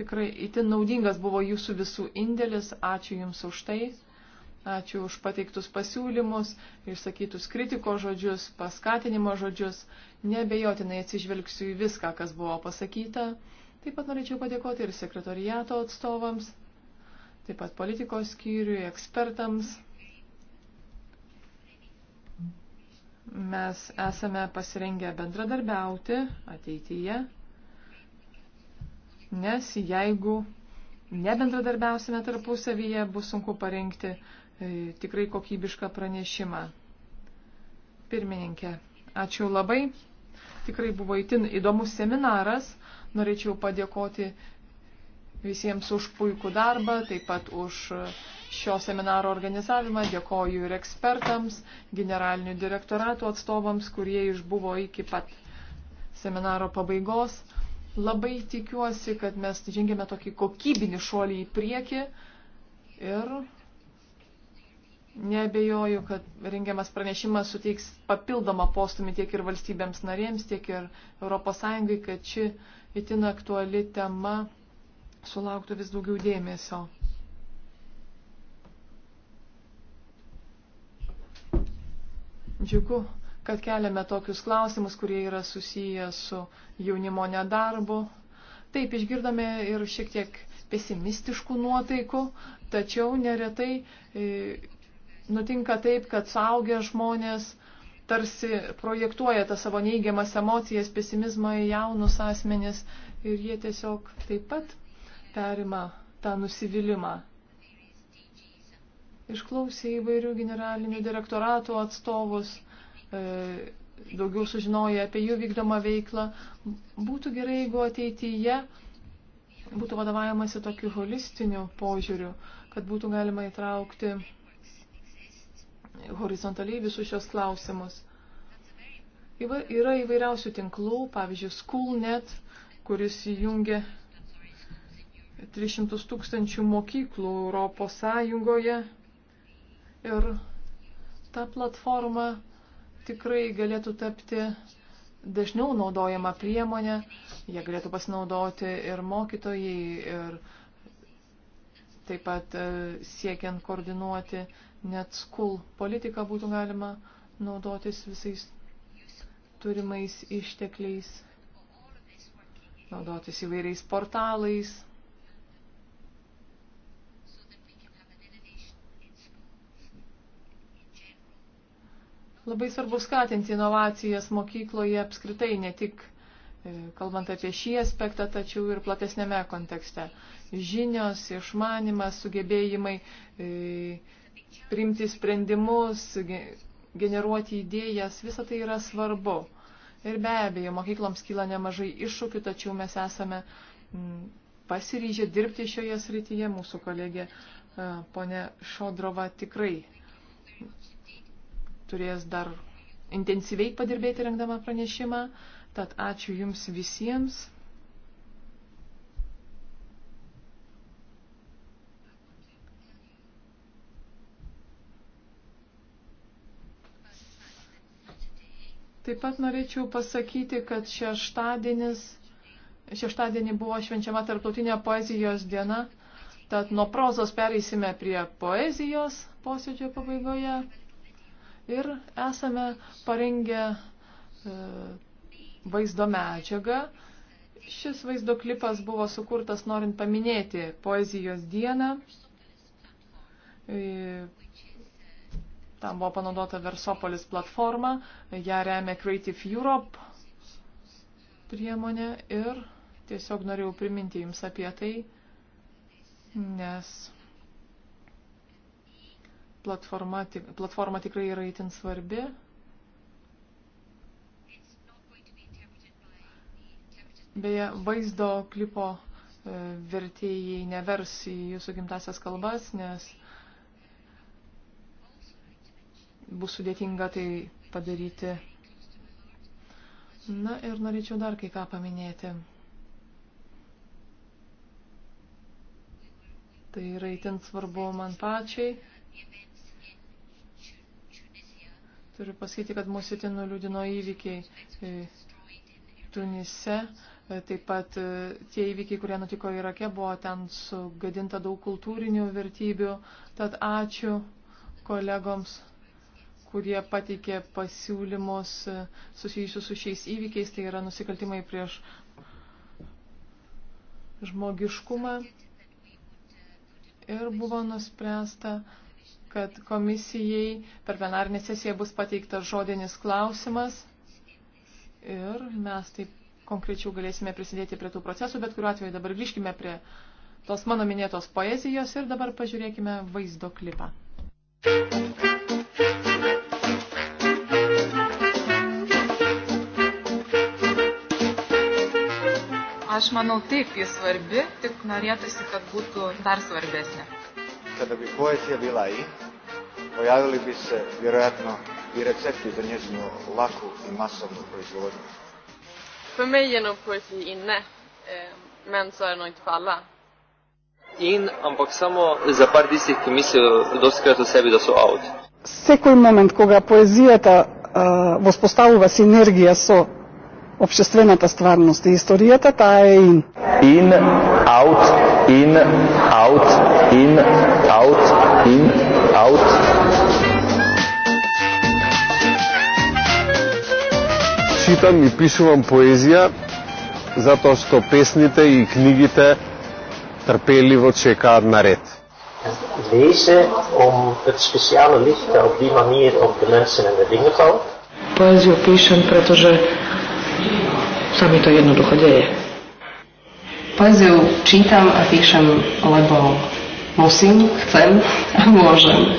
Tikrai itin naudingas buvo jūsų visų indėlis. Ačiū Jums už tai. Ačiū už pateiktus pasiūlymus, išsakytus kritiko žodžius, paskatinimo žodžius. Nebejotinai atsižvelgsiu į viską, kas buvo pasakyta. Taip pat norėčiau padėkoti ir sekretoriato atstovams, taip pat politikos skyriui, ekspertams. Mes esame pasirengę bendradarbiauti ateityje nes jeigu nebendradarbiausime tarpusavyje, bus sunku parengti e, tikrai kokybišką pranešimą. Pirmininkė, ačiū labai. Tikrai buvo įtin įdomus seminaras. Norėčiau padėkoti visiems už puikų darbą, taip pat už šio seminaro organizavimą. Dėkoju ir ekspertams, generalinių direktoratų atstovams, kurie išbuvo iki pat seminaro pabaigos. Labai tikiuosi, kad mes žengėme tokį kokybinį šuolį į priekį ir nebejoju, kad rengiamas pranešimas suteiks papildomą postumį tiek ir valstybėms narėms, tiek ir ES, kad ši itin aktuali tema sulauktų vis daugiau dėmesio. Džiugu, kad keliame tokius klausimus, kurie yra susiję su jaunimo nedarbu. Taip, išgirdome ir šiek tiek pesimistiškų nuotaikų, tačiau neretai e, nutinka taip, kad saugia žmonės tarsi projektuoja tą savo neigiamas emocijas, pesimizmą į jaunus asmenis ir jie tiesiog taip pat perima tą nusivylimą. Išklausė įvairių generalinių direktoratų atstovus E, daugiau sužinoję apie jų vykdomą veiklą. Būtų gerai, jeigu ateityje būtų vadovaujamasi tokiu holistiniu požiūriu, kad būtų galima įtraukti horizontaliai visus šios klausimus. Yra įvairiausių tinklų, pavyzdžiui, SchoolNet, kuris įjungia 300 tūkstančių mokyklų Europos Sąjungoje. Ir ta platforma tikrai galėtų tapti dažniau naudojama priemonė, jie galėtų pasinaudoti ir mokytojai, ir taip pat e, siekiant koordinuoti net skul politiką būtų galima naudotis visais turimais ištekliais, naudotis įvairiais portalais. Labai svarbu skatinti inovacijas mokykloje apskritai, ne tik e, kalbant apie šį aspektą, tačiau ir platesnėme kontekste. Žinios, išmanimas, sugebėjimai e, priimti sprendimus, generuoti idėjas, visa tai yra svarbu. Ir be abejo, mokykloms kyla nemažai iššūkių, tačiau mes esame pasiryžę dirbti šioje srityje. Mūsų kolegė e, ponė Šodrova tikrai turės dar intensyviai padirbėti rengdama pranešimą. Tad ačiū Jums visiems. Taip pat norėčiau pasakyti, kad šeštadienis, šeštadienį buvo švenčiama tarptautinė poezijos diena, tad nuo prozos pereisime prie poezijos posėdžio pabaigoje ir esame parengę e, vaizdo medžiagą. Šis vaizdo klipas buvo sukurtas norint paminėti poezijos dieną. E, tam buvo panaudota Versopolis platforma, ją remia Creative Europe priemonė ir tiesiog norėjau priminti jums apie tai, nes platforma, platforma tikrai yra itin svarbi. Beje, vaizdo klipo e, vertėjai nevers į jūsų gimtasias kalbas, nes bus sudėtinga tai padaryti. Na ir norėčiau dar kai ką paminėti. Tai yra itin svarbu man pačiai. Turiu pasakyti, kad mūsų itin nuliūdino įvykiai e, Tunise. E, taip pat e, tie įvykiai, kurie nutiko Irake, buvo ten sugadinta daug kultūrinių vertybių. Tad ačiū kolegoms, kurie pateikė pasiūlymus susijusius su šiais įvykiais. Tai yra nusikaltimai prieš žmogiškumą. Ir buvo nuspręsta kad komisijai per plenarinę sesiją bus pateiktas žodinis klausimas ir mes taip konkrečiau galėsime prisidėti prie tų procesų, bet kuriuo atveju dabar grįžkime prie tos mano minėtos poezijos ir dabar pažiūrėkime vaizdo klipą. Aš manau, taip, jis svarbi, tik norėtųsi, kad būtų dar svarbesnė kada bi poezija bila i, pojavili bi se vjerojatno i recepti za njezinu laku i masovnu proizvodnju. För mig är nog poesi inne, eh, men så är det nog inte för alla. In, ampak samo za par tistih, ki mislijo dostikrat o sebi, da so out. Sekoj moment, ko ga poezijata uh, eh, vzpostavlja sinergija, so обществената стварност и историјата, таа е in. In, out, in, out, in, out, in, out. Читам и пишувам поезија, затоа што песните и книгите трпеливо чекаат на ред. Lezen om het speciale licht dat op die manier op de mensen en de dingen valt. Poëziju pišem pretože Šta mi to jedno duhodeje? Poeziju čítam a píšem, lebo musím, chcem a môžem.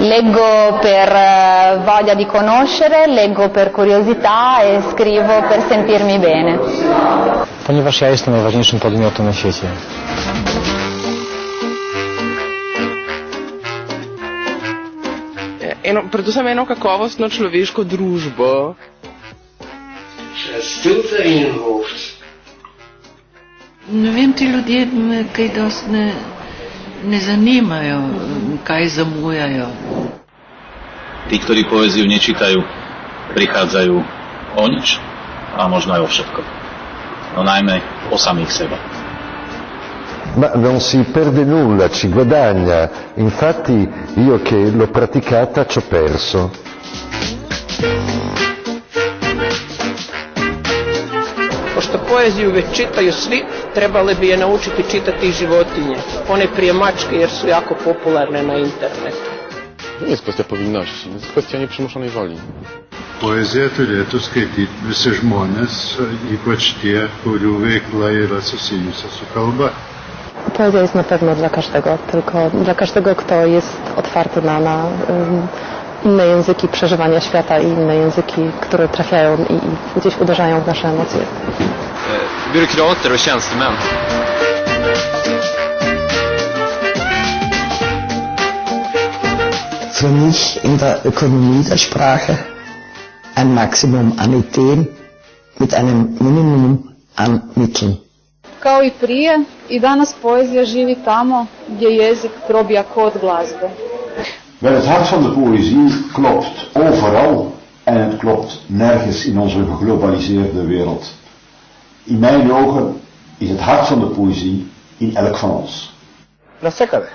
Leggo per eh, voglia di conoscere, leggo per curiosità e scrivo per sentirmi bene. Ponieważ ja jestem najważniejszym podmiotem na świecie. Eno, predvsem eno kakovostno človeško družbo, że z tym Ferienhof. Ne vem, ti ljudje kaj dost ne, ne zanimajo, kaj zamujajo. Tí, ktorí poéziu nečítajú, prichádzajú o nič a možno aj o všetko. No najmä o samých seba. Ma non si perde nulla, ci guadagna. Infatti io che l'ho praticata ci ho perso. poeziju već čitaju svi, trebale bi je naučiti čitati i životinje. One prije mačke jer su jako popularne na internetu. To nie jest kwestia powinności, to jest kwestia nieprzymuszonej woli. Poezija turėtų skaityti visi žmonės, ypač tie, kurių veikla yra susijusi su kalba. Poezja jest na pewno dla każdego, tylko dla każdego, kto jest otwarty na, na inne języki przeżywania świata i inne języki, które trafiają i, i gdzieś uderzają w nasze emocje. Eh, byråkrater och tjänstemän. Für mich in der Ökonomie der Sprache ein Maximum an Ideen mit einem Minimum an Mitteln. Kao i prije, i danas poezija živi tamo gdje jezik probija kod glazbe. Wel, het hart van de poëzie klopt overal en het klopt nergens in onze geglobaliseerde wereld in mijn ogen is het hart van de poëzie in elk van ons. Насекаде.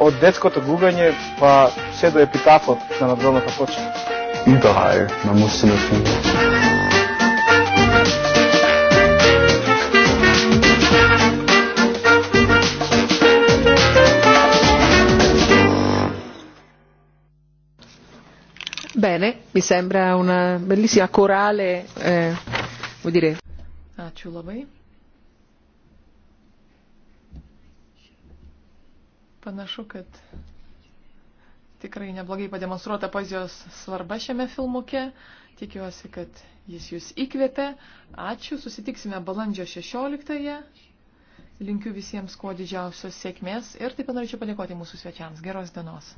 Од детското гугање па се до епитафот на надзорната точка. Überall, man musste nur finden. Bene, mi sembra una bellissima corale, eh, vuol dire. Ačiū labai. Panašu, kad tikrai neblogai pademonstruota poezijos svarba šiame filmuke. Tikiuosi, kad jis jūs įkvėpė. Ačiū, susitiksime balandžio 16-ąją. Linkiu visiems kuo didžiausios sėkmės ir taip pat norėčiau padėkoti mūsų svečiams. Geros dienos.